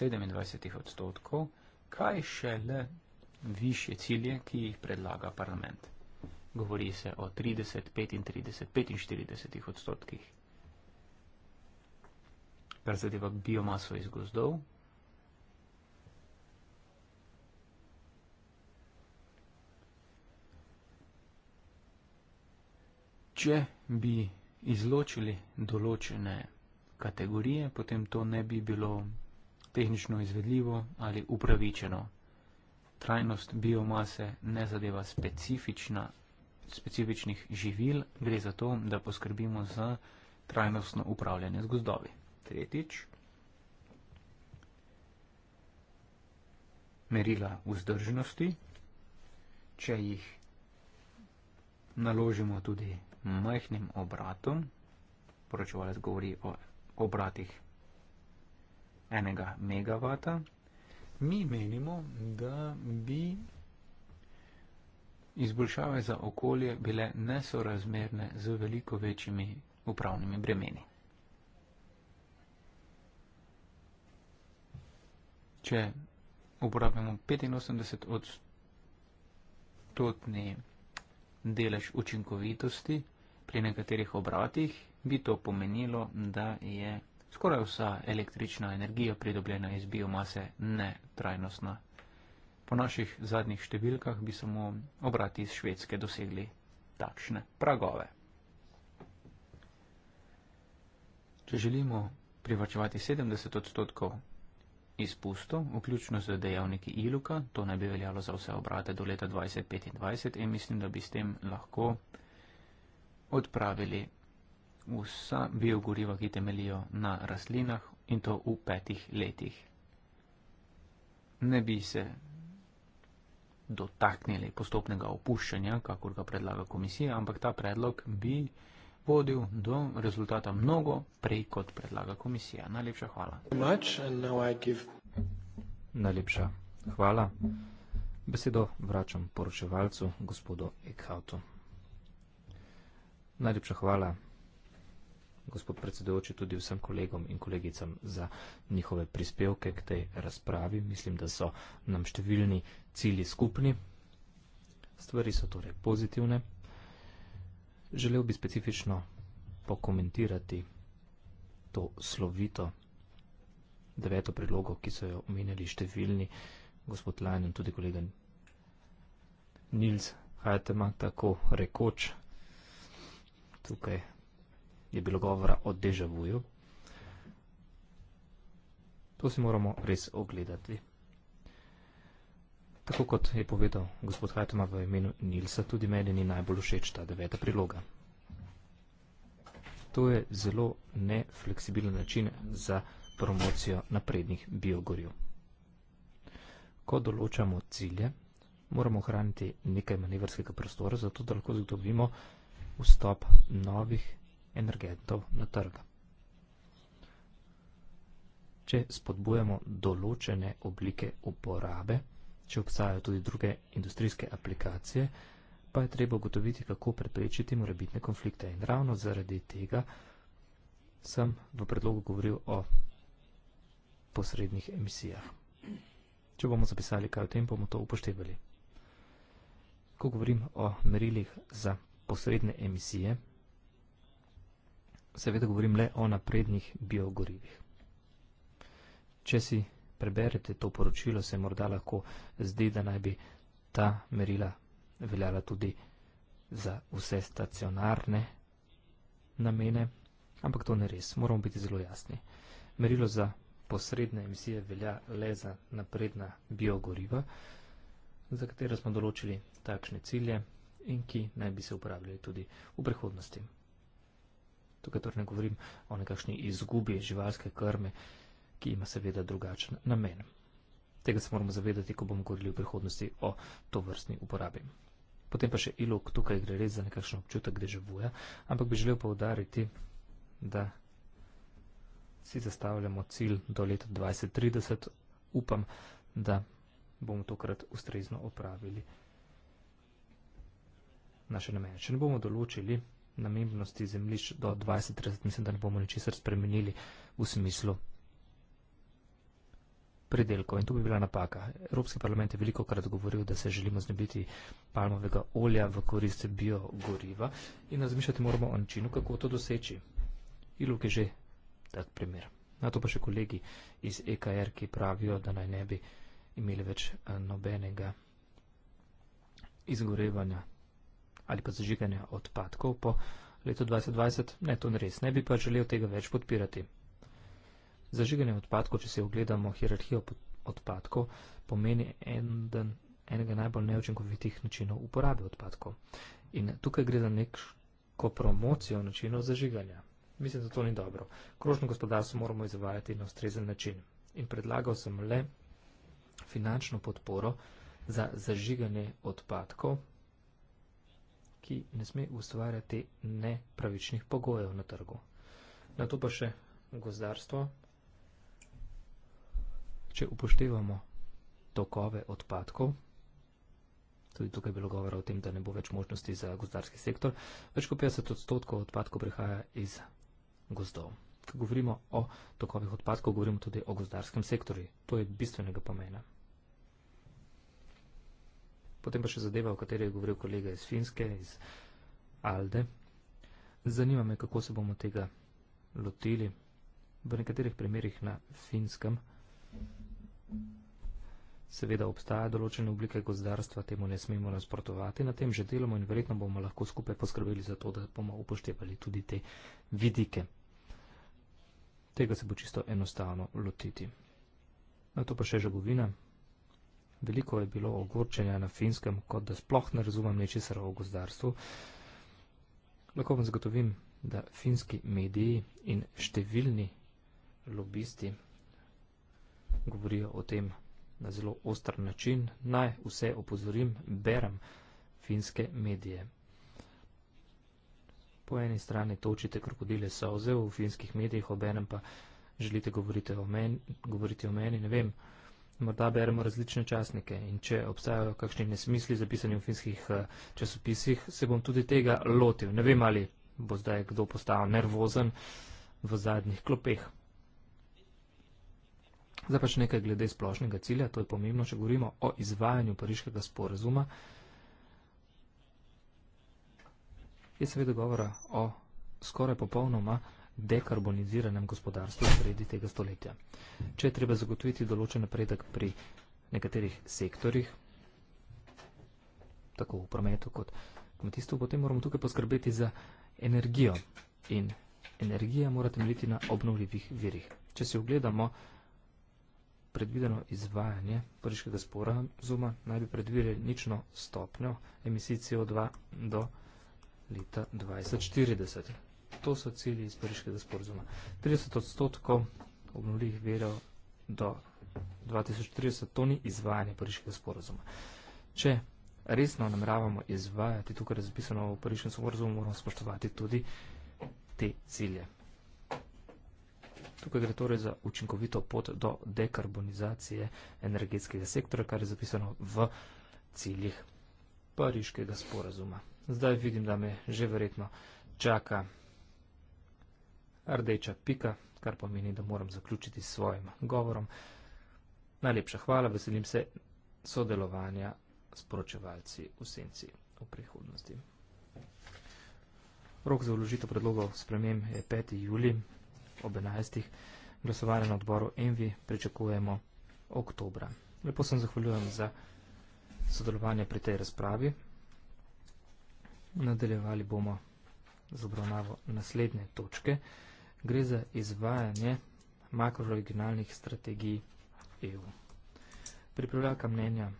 27 odstotkov, kaj še le više cilje, ki jih predlaga parlament. Govori se o 30, 35, 45 odstotkih. Kar zadeva biomaso iz gozdov, če bi izločili določene kategorije, potem to ne bi bilo tehnično izvedljivo ali upravičeno. Trajnost biomase ne zadeva specifična, specifičnih živil, gre za to, da poskrbimo za trajnostno upravljanje z gozdovi. Tretjič, merila vzdržnosti, če jih naložimo tudi majhnim obratom. Poročevalec govori o obratih enega megavata. Mi menimo, da bi izboljšave za okolje bile nesorazmerne z veliko večjimi upravnimi bremeni. Če uporabimo 85 odstotni delež učinkovitosti pri nekaterih obratih, bi to pomenilo, da je skoraj vsa električna energija pridobljena iz biomase netrajnostna. Po naših zadnjih številkah bi samo obrati iz Švedske dosegli takšne pragove. Če želimo privačevati 70 odstotkov izpustov, vključno z dejavniki iluka, to naj bi veljalo za vse obrate do leta 2025 in mislim, da bi s tem lahko odpravili vsa biogoriva, ki temelijo na rastlinah in to v petih letih. Ne bi se dotaknili postopnega opuščanja, kakor ga predlaga komisija, ampak ta predlog bi vodil do rezultata mnogo prej, kot predlaga komisija. Najlepša hvala. Najlepša hvala. Besedo vračam poročevalcu, gospodu Eckhautu. Najlepša hvala, gospod predsedujoči, tudi vsem kolegom in kolegicam za njihove prispevke k tej razpravi. Mislim, da so nam številni cilji skupni. Stvari so torej pozitivne. Želel bi specifično pokomentirati to slovito deveto predlogo, ki so jo omenjali številni, gospod Lajn in tudi kolega Nils Hajtema, tako rekoč, tukaj je bilo govora o deja vuju. To si moramo res ogledati. Tako kot je povedal gospod Hajtoma v imenu Nilsa, tudi meni ni najbolj všeč ta deveta priloga. To je zelo nefleksibilen način za promocijo naprednih biogorjev. Ko določamo cilje, moramo ohraniti nekaj manevrskega prostora, zato da lahko zagotovimo vstop novih energetov na trg. Če spodbujamo določene oblike uporabe, Če obstajajo tudi druge industrijske aplikacije, pa je treba ugotoviti, kako preprečiti morebitne konflikte. In ravno zaradi tega sem v predlogu govoril o posrednih emisijah. Če bomo zapisali kaj o tem, bomo to upoštevali. Ko govorim o merilih za posredne emisije, seveda govorim le o naprednih biogorivih. Če si preberete to poročilo, se morda lahko zdi, da naj bi ta merila veljala tudi za vse stacionarne namene, ampak to ne res, moramo biti zelo jasni. Merilo za posredne emisije velja le za napredna biogoriva, za katera smo določili takšne cilje in ki naj bi se uporabljali tudi v prihodnosti. Tukaj torej ne govorim o nekakšni izgubi živalske krme, ki ima seveda drugačen namen. Tega se moramo zavedati, ko bomo govorili v prihodnosti o to vrstni uporabi. Potem pa še ilok, tukaj gre res za nekakšen občutek deževuja, ampak bi želel povdariti, da si zastavljamo cilj do leta 2030. Upam, da bomo tokrat ustrezno opravili naše namene. Če ne bomo določili namembnosti zemljišč do 2030, mislim, da ne bomo ničesar spremenili v smislu pridelkov in to bi bila napaka. Evropski parlament je veliko krat govoril, da se želimo znebiti palmovega olja v korist biogoriva in razmišljati moramo o načinu, kako to doseči. Iluk je že tak primer. Na to pa še kolegi iz EKR, ki pravijo, da naj ne bi imeli več eh, nobenega izgorevanja ali pa zažiganja odpadkov po letu 2020. Ne, to ni res. Ne bi pa želel tega več podpirati. Zažiganje odpadkov, če si ogledamo hierarhijo odpadkov, pomeni en, enega najbolj neučinkovitih načinov uporabe odpadkov. In tukaj gre za neko promocijo načinov zažiganja. Mislim, da to ni dobro. Krožno gospodarstvo moramo izvajati na ustrezen način. In predlagal sem le finančno podporo za zažiganje odpadkov, ki ne sme ustvarjati nepravičnih pogojev na trgu. Na to pa še gozdarstvo, če upoštevamo tokove odpadkov, tudi tukaj je bilo govora o tem, da ne bo več možnosti za gozdarski sektor, več kot 50 odstotkov odpadkov prihaja iz gozdov. Ko govorimo o tokovih odpadkov, govorimo tudi o gozdarskem sektorju. To je bistvenega pomena. Potem pa še zadeva, o kateri je govoril kolega iz Finske, iz Alde. Zanima me, kako se bomo tega lotili. V nekaterih primerjih na finskem. Seveda obstaja določene oblike gozdarstva, temu ne smemo nasprotovati, na tem že delamo in verjetno bomo lahko skupaj poskrbeli za to, da bomo upoštevali tudi te vidike. Tega se bo čisto enostavno lotiti. Na to pa še žagovina. Veliko je bilo ogorčenja na finskem, kot da sploh ne razumem nečesar o gozdarstvu. Lahko vam zagotovim, da finski mediji in številni lobisti govorijo o tem na zelo ostar način. Naj vse opozorim, berem finske medije. Po eni strani točite krokodile soze v finskih medijih, obenem pa želite govoriti o, meni, govoriti o meni, ne vem. Morda beremo različne časnike in če obstajajo kakšni nesmisli zapisani v finskih eh, časopisih, se bom tudi tega lotil. Ne vem, ali bo zdaj kdo postal nervozen v zadnjih klopeh. Zdaj pa še nekaj glede splošnega cilja, to je pomembno, če govorimo o izvajanju pariškega sporazuma. Je seveda govora o skoraj popolnoma dekarboniziranem gospodarstvu sredi tega stoletja. Če je treba zagotoviti določen napredek pri nekaterih sektorjih, tako v prometu kot kmetijstvu, potem moramo tukaj poskrbeti za energijo. In energija mora temeljiti na obnovljivih virih. Če si ogledamo, predvideno izvajanje pariškega sporazuma naj bi predvidelo nično stopnjo emisij CO2 do leta 2040. To so cilji iz pariškega sporazuma. 30 odstotkov obnovljivih verov do 2030 to ni izvajanje pariškega sporazuma. Če resno nameravamo izvajati to, kar je zapisano v pariškem sporazumu, moramo spoštovati tudi te cilje. Tukaj gre torej za učinkovito pot do dekarbonizacije energetskega sektora, kar je zapisano v ciljih pariškega sporazuma. Zdaj vidim, da me že verjetno čaka rdeča pika, kar pomeni, da moram zaključiti s svojim govorom. Najlepša hvala, veselim se sodelovanja s poročevalci v senci v prihodnosti. Rok za vložitev predlogov sprememb je 5. julij ob 11. glasovanje na odboru Envi pričakujemo oktobra. Lepo sem zahvaljujem za sodelovanje pri tej razpravi. Nadaljevali bomo z obravnavo naslednje točke. Gre za izvajanje makroregionalnih strategij EU. Pripravljaka mnenja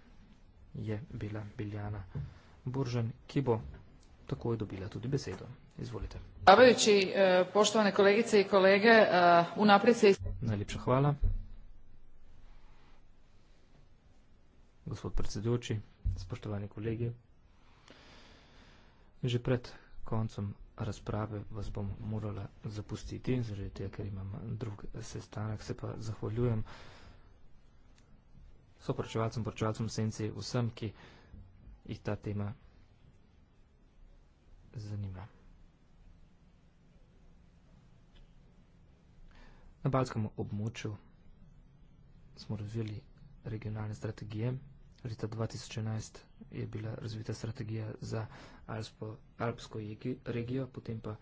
je bila Biljana Buržan, ki bo takoj dobila tudi besedo predsedujoči e, poštovane kolegice in kolege vnaprej e, se najlepša hvala gospod predsedujoči spoštovani kolegi že pred koncem razprave vas bom morala zapustiti zaradi tega ker imam drug sestanek se pa zahvaljujem soporočevalcem poročevalcem senci vsem ki jih ta tema zanima Na balskem območju smo razvili regionalne strategije. Leta 2011 je bila razvita strategija za Alpsko, Alpsko regijo, potem pa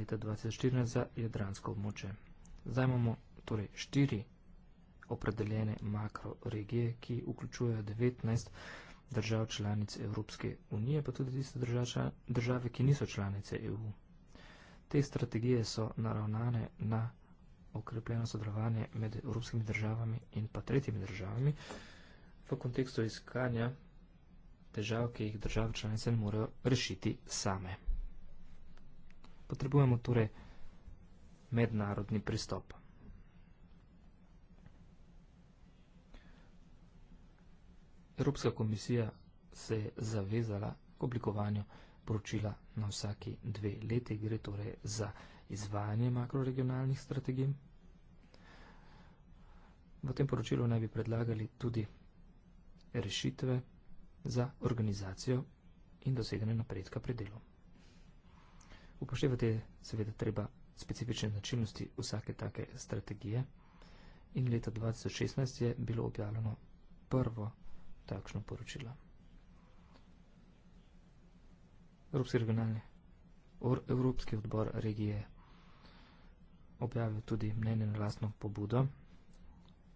leta 2014 za Jadransko območje. Zdaj imamo torej štiri opredeljene makroregije, ki vključujejo 19 držav članic Evropske unije, pa tudi tiste države, ki niso članice EU. Te strategije so naravnane na okrepljeno sodelovanje med evropskimi državami in pa tretjimi državami v kontekstu iskanja težav, ki jih države članice ne morejo rešiti same. Potrebujemo torej mednarodni pristop. Evropska komisija se je zavezala k oblikovanju poročila na vsaki dve leti, gre torej za izvajanje makroregionalnih strategij. V tem poročilu naj bi predlagali tudi rešitve za organizacijo in doseganje napredka pri delu. Upoštevati je seveda treba specifične načinnosti vsake take strategije in leta 2016 je bilo objavljeno prvo takšno poročilo. Evropski regionalni or, Evropski odbor regije objavil tudi mnenje na lastno pobudo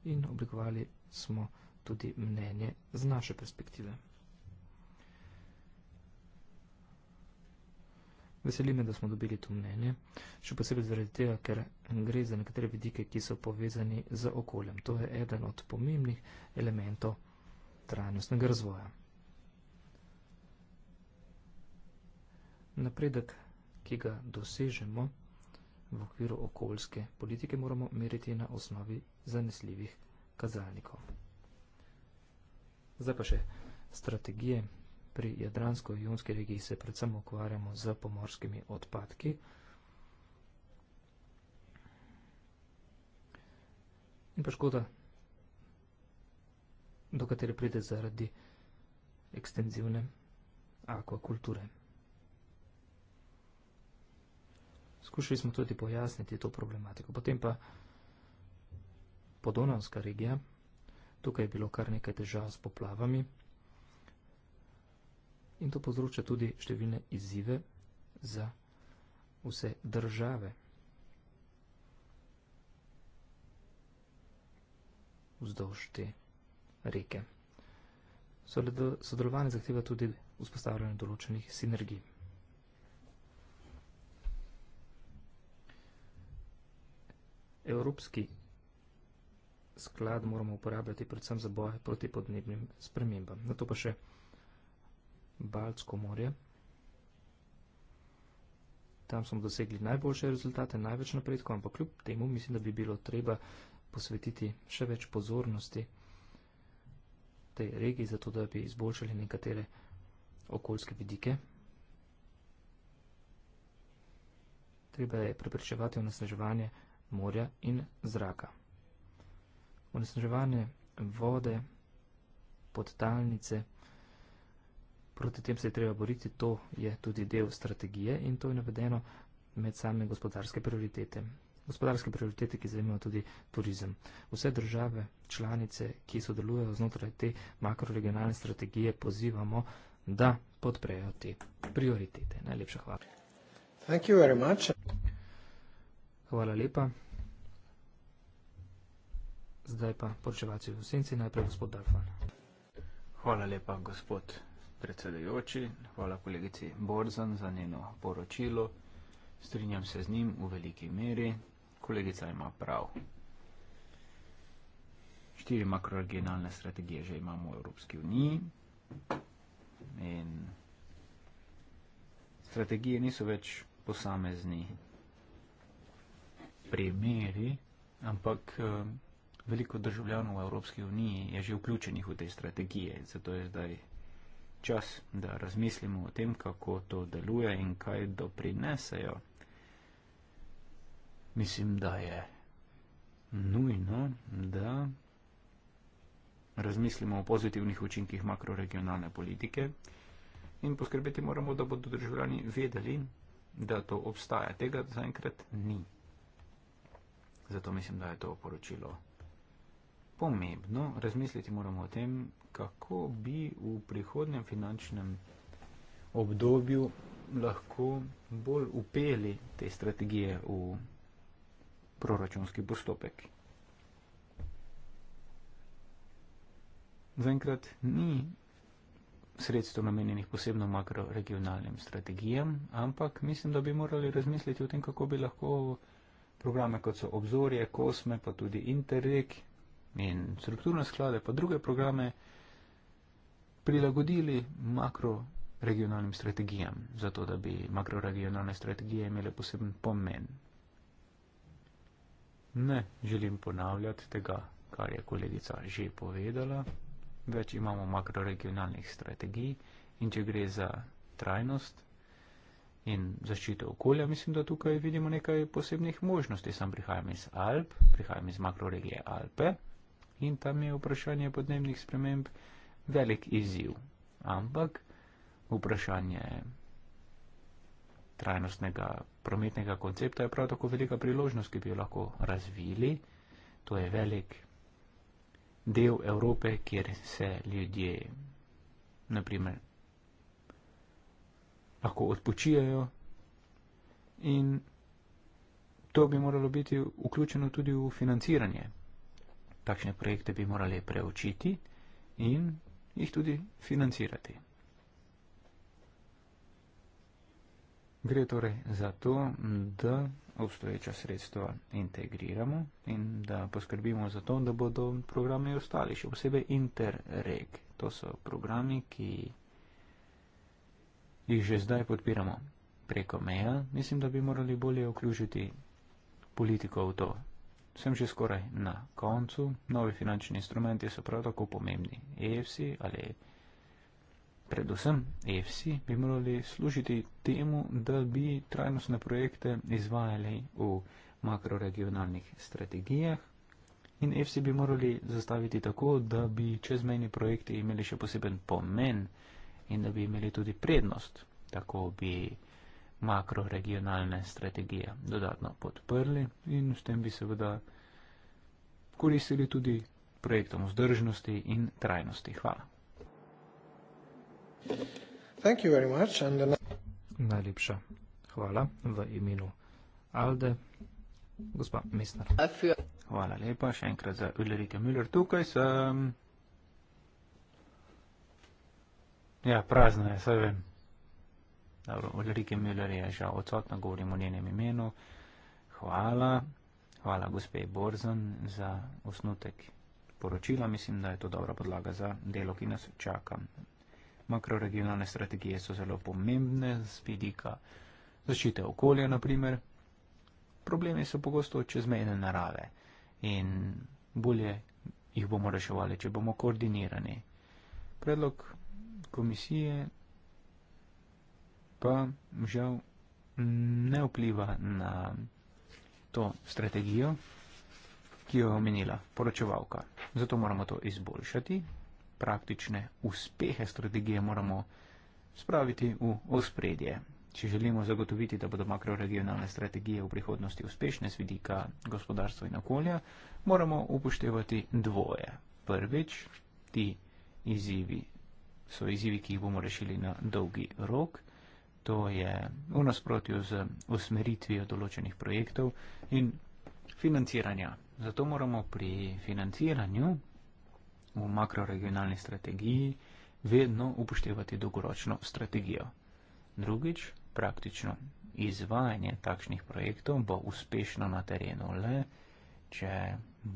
in oblikovali smo tudi mnenje z naše perspektive. Veseli me, da smo dobili to mnenje, še posebej zaradi tega, ker gre za nekatere vidike, ki so povezani z okoljem. To je eden od pomembnih elementov trajnostnega razvoja. Napredek, ki ga dosežemo, v okviru okoljske politike moramo meriti na osnovi zanesljivih kazalnikov. Zdaj pa še strategije. Pri Jadransko-Jonski regiji se predvsem ukvarjamo z pomorskimi odpadki. In pa škoda, do katere pride zaradi ekstenzivne akvakulture. Skušali smo tudi pojasniti to problematiko. Potem pa Podonavska regija, tukaj je bilo kar nekaj težav s poplavami in to povzroča tudi številne izzive za vse države. vzdolž te reke. Sodelovanje zahteva tudi vzpostavljanje določenih sinergij. evropski sklad moramo uporabljati predvsem za boje proti podnebnim spremembam. Na to pa še Baltsko morje. Tam smo dosegli najboljše rezultate, največ napredkov, ampak kljub temu mislim, da bi bilo treba posvetiti še več pozornosti tej regiji, zato da bi izboljšali nekatere okoljske vidike. Treba je preprečevati onesnaževanje morja in zraka. Onesnaževanje vode, podtalnice, proti tem se je treba boriti, to je tudi del strategije in to je navedeno med same gospodarske prioritete. Gospodarske prioritete, ki zanimajo tudi turizem. Vse države, članice, ki sodelujejo znotraj te makroregionalne strategije, pozivamo, da podprejo te prioritete. Najlepša hvala. Thank you very much. Hvala lepa. Zdaj pa počevalci v senci, najprej gospod Darfan. Hvala lepa, gospod predsedajoči. Hvala kolegici Borzan za njeno poročilo. Strinjam se z njim v veliki meri. Kolegica ima prav. Štiri makroregionalne strategije že imamo v Evropski uniji in strategije niso več posamezni primeri, ampak eh, veliko državljanov Evropske unije je že vključenih v te strategije, zato je zdaj čas, da razmislimo o tem, kako to deluje in kaj doprinesejo. Mislim, da je nujno, da razmislimo o pozitivnih učinkih makroregionalne politike in poskrbeti moramo, da bodo državljani vedeli, da to obstaja. Tega zaenkrat ni. Zato mislim, da je to poročilo pomembno. Razmisliti moramo o tem, kako bi v prihodnem finančnem obdobju lahko bolj upeli te strategije v proračunski postopek. Zaenkrat ni sredstvo namenjenih posebno makroregionalnim strategijam, ampak mislim, da bi morali razmisliti o tem, kako bi lahko programe, kot so obzorje, kosme, pa tudi interreg in strukturne sklade, pa druge programe prilagodili makroregionalnim strategijam, zato da bi makroregionalne strategije imele poseben pomen. Ne želim ponavljati tega, kar je kolegica že povedala, več imamo makroregionalnih strategij in če gre za trajnost, In zaščito okolja, mislim, da tukaj vidimo nekaj posebnih možnosti. Sam prihajam iz Alp, prihajam iz makroregije Alpe in tam je vprašanje podnebnih sprememb velik izziv. Ampak vprašanje trajnostnega prometnega koncepta je prav tako velika priložnost, ki bi jo lahko razvili. To je velik del Evrope, kjer se ljudje, naprimer, lahko odpočijajo. In to bi moralo biti vključeno tudi v financiranje. Takšne projekte bi morali preučiti in jih tudi financirati. Gre torej za to, da obstoječa sredstva integriramo in da poskrbimo za to, da bodo programi ostali, še posebej Interreg. To so programi, ki jih že zdaj podpiramo. Preko meja mislim, da bi morali bolje vključiti politiko v to. Sem že skoraj na koncu. Novi finančni instrumenti so prav tako pomembni. EFSI ali predvsem EFSI bi morali služiti temu, da bi trajnostne projekte izvajali v makroregionalnih strategijah. In EFSI bi morali zastaviti tako, da bi čezmejni projekti imeli še poseben pomen in da bi imeli tudi prednost, tako bi makroregionalne strategije dodatno podprli in s tem bi seveda koristili tudi projektom vzdržnosti in trajnosti. Hvala. Thank you very much and the... Najlepša hvala v imenu Alde, gospa Mestner. Hvala lepa še enkrat za Ulrike Müller. Tukaj sem. Ja, prazno je, saj vem. Dobro, Ulrike Müller je žal odsotna, govorim o njenem imenu. Hvala, hvala gospe Borzen za osnutek poročila. Mislim, da je to dobra podlaga za delo, ki nas čaka. Makroregionalne strategije so zelo pomembne z vidika zaščite okolja, naprimer. Problemi so pogosto čezmejne narave in bolje jih bomo reševali, če bomo koordinirani. Predlog komisije pa žal ne vpliva na to strategijo, ki jo je omenila poročevalka. Zato moramo to izboljšati. Praktične uspehe strategije moramo spraviti v ospredje. Če želimo zagotoviti, da bodo makroregionalne strategije v prihodnosti uspešne z vidika gospodarstva in okolja, moramo upoštevati dvoje. Prvič, ti izzivi so izzivi, ki jih bomo rešili na dolgi rok. To je v nasprotju z usmeritvijo določenih projektov in financiranja. Zato moramo pri financiranju v makroregionalni strategiji vedno upoštevati dolgoročno strategijo. Drugič, praktično izvajanje takšnih projektov bo uspešno na terenu le, če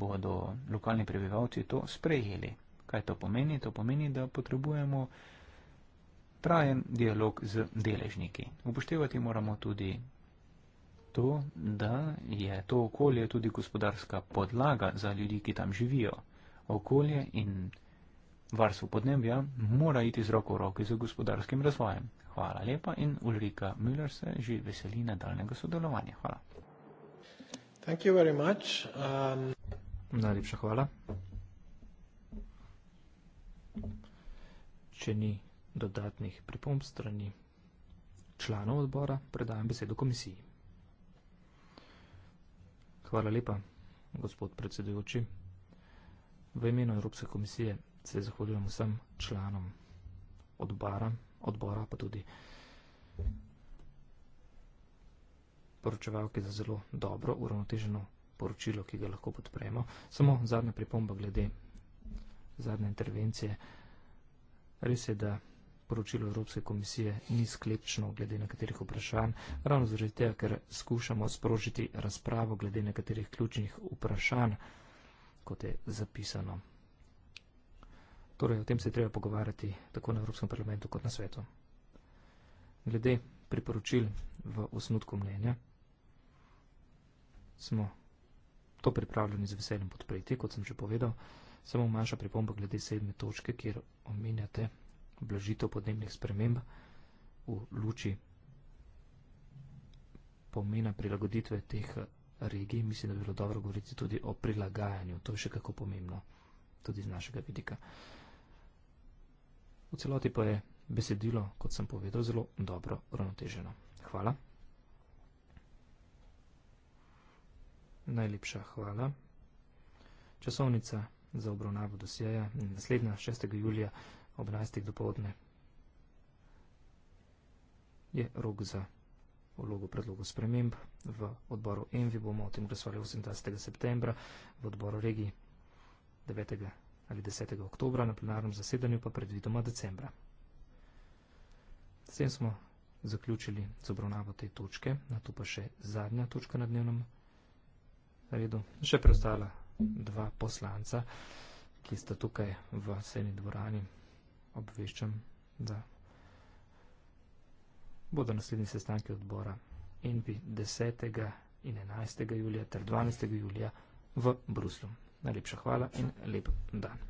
bodo lokalni prebivalci to sprejeli. Kaj to pomeni? To pomeni, da potrebujemo trajen dialog z deležniki. Upoštevati moramo tudi to, da je to okolje tudi gospodarska podlaga za ljudi, ki tam živijo. Okolje in varstvo podnebja mora iti z roko v roki z gospodarskim razvojem. Hvala lepa in Ulrika Müller se že veseli nadaljnega sodelovanja. Hvala. Um... Najlepša hvala. če ni dodatnih pripomb strani članov odbora, predajam besedo komisiji. Hvala lepa, gospod predsedujoči. V imenu Evropske komisije se zahvaljujem vsem članom odbora, odbora pa tudi poročevalke za zelo dobro, uravnoteženo poročilo, ki ga lahko podpremo. Samo zadnja pripomba glede zadnje intervencije. Res je, da poročilo Evropske komisije ni sklepčno glede nekaterih vprašanj, ravno zaradi tega, ker skušamo sprožiti razpravo glede nekaterih ključnih vprašanj, kot je zapisano. Torej, o tem se je treba pogovarjati tako na Evropskem parlamentu kot na svetu. Glede priporočil v osnutku mnenja smo to pripravljeni z veseljem podpreti, kot sem že povedal. Samo manjša pripomba glede sedme točke, kjer omenjate blažitev podnebnih sprememb v luči pomena prilagoditve teh eh, regij, mislim, da bi bilo dobro govoriti tudi o prilagajanju. To je še kako pomembno, tudi z našega vidika. V celoti pa je besedilo, kot sem povedal, zelo dobro uravnoteženo. Hvala. Najlepša hvala. Časovnica 15.30 za obravnavo dosjeja in naslednja 6. julija ob 11. dopoledne je rok za vlogo predlogov sprememb. V odboru Envi bomo o tem glasovali 28. septembra, v odboru regiji 9. ali 10. oktobra, na plenarnem zasedanju pa predvidoma decembra. S tem smo zaključili z obravnavo te točke, na to pa še zadnja točka na dnevnem redu. Še preostala dva poslanca, ki sta tukaj v seni dvorani, obveščam, da bodo naslednji sestanki odbora NP 10. in 11. julija ter 12. julija v Bruslju. Najlepša hvala in lep dan.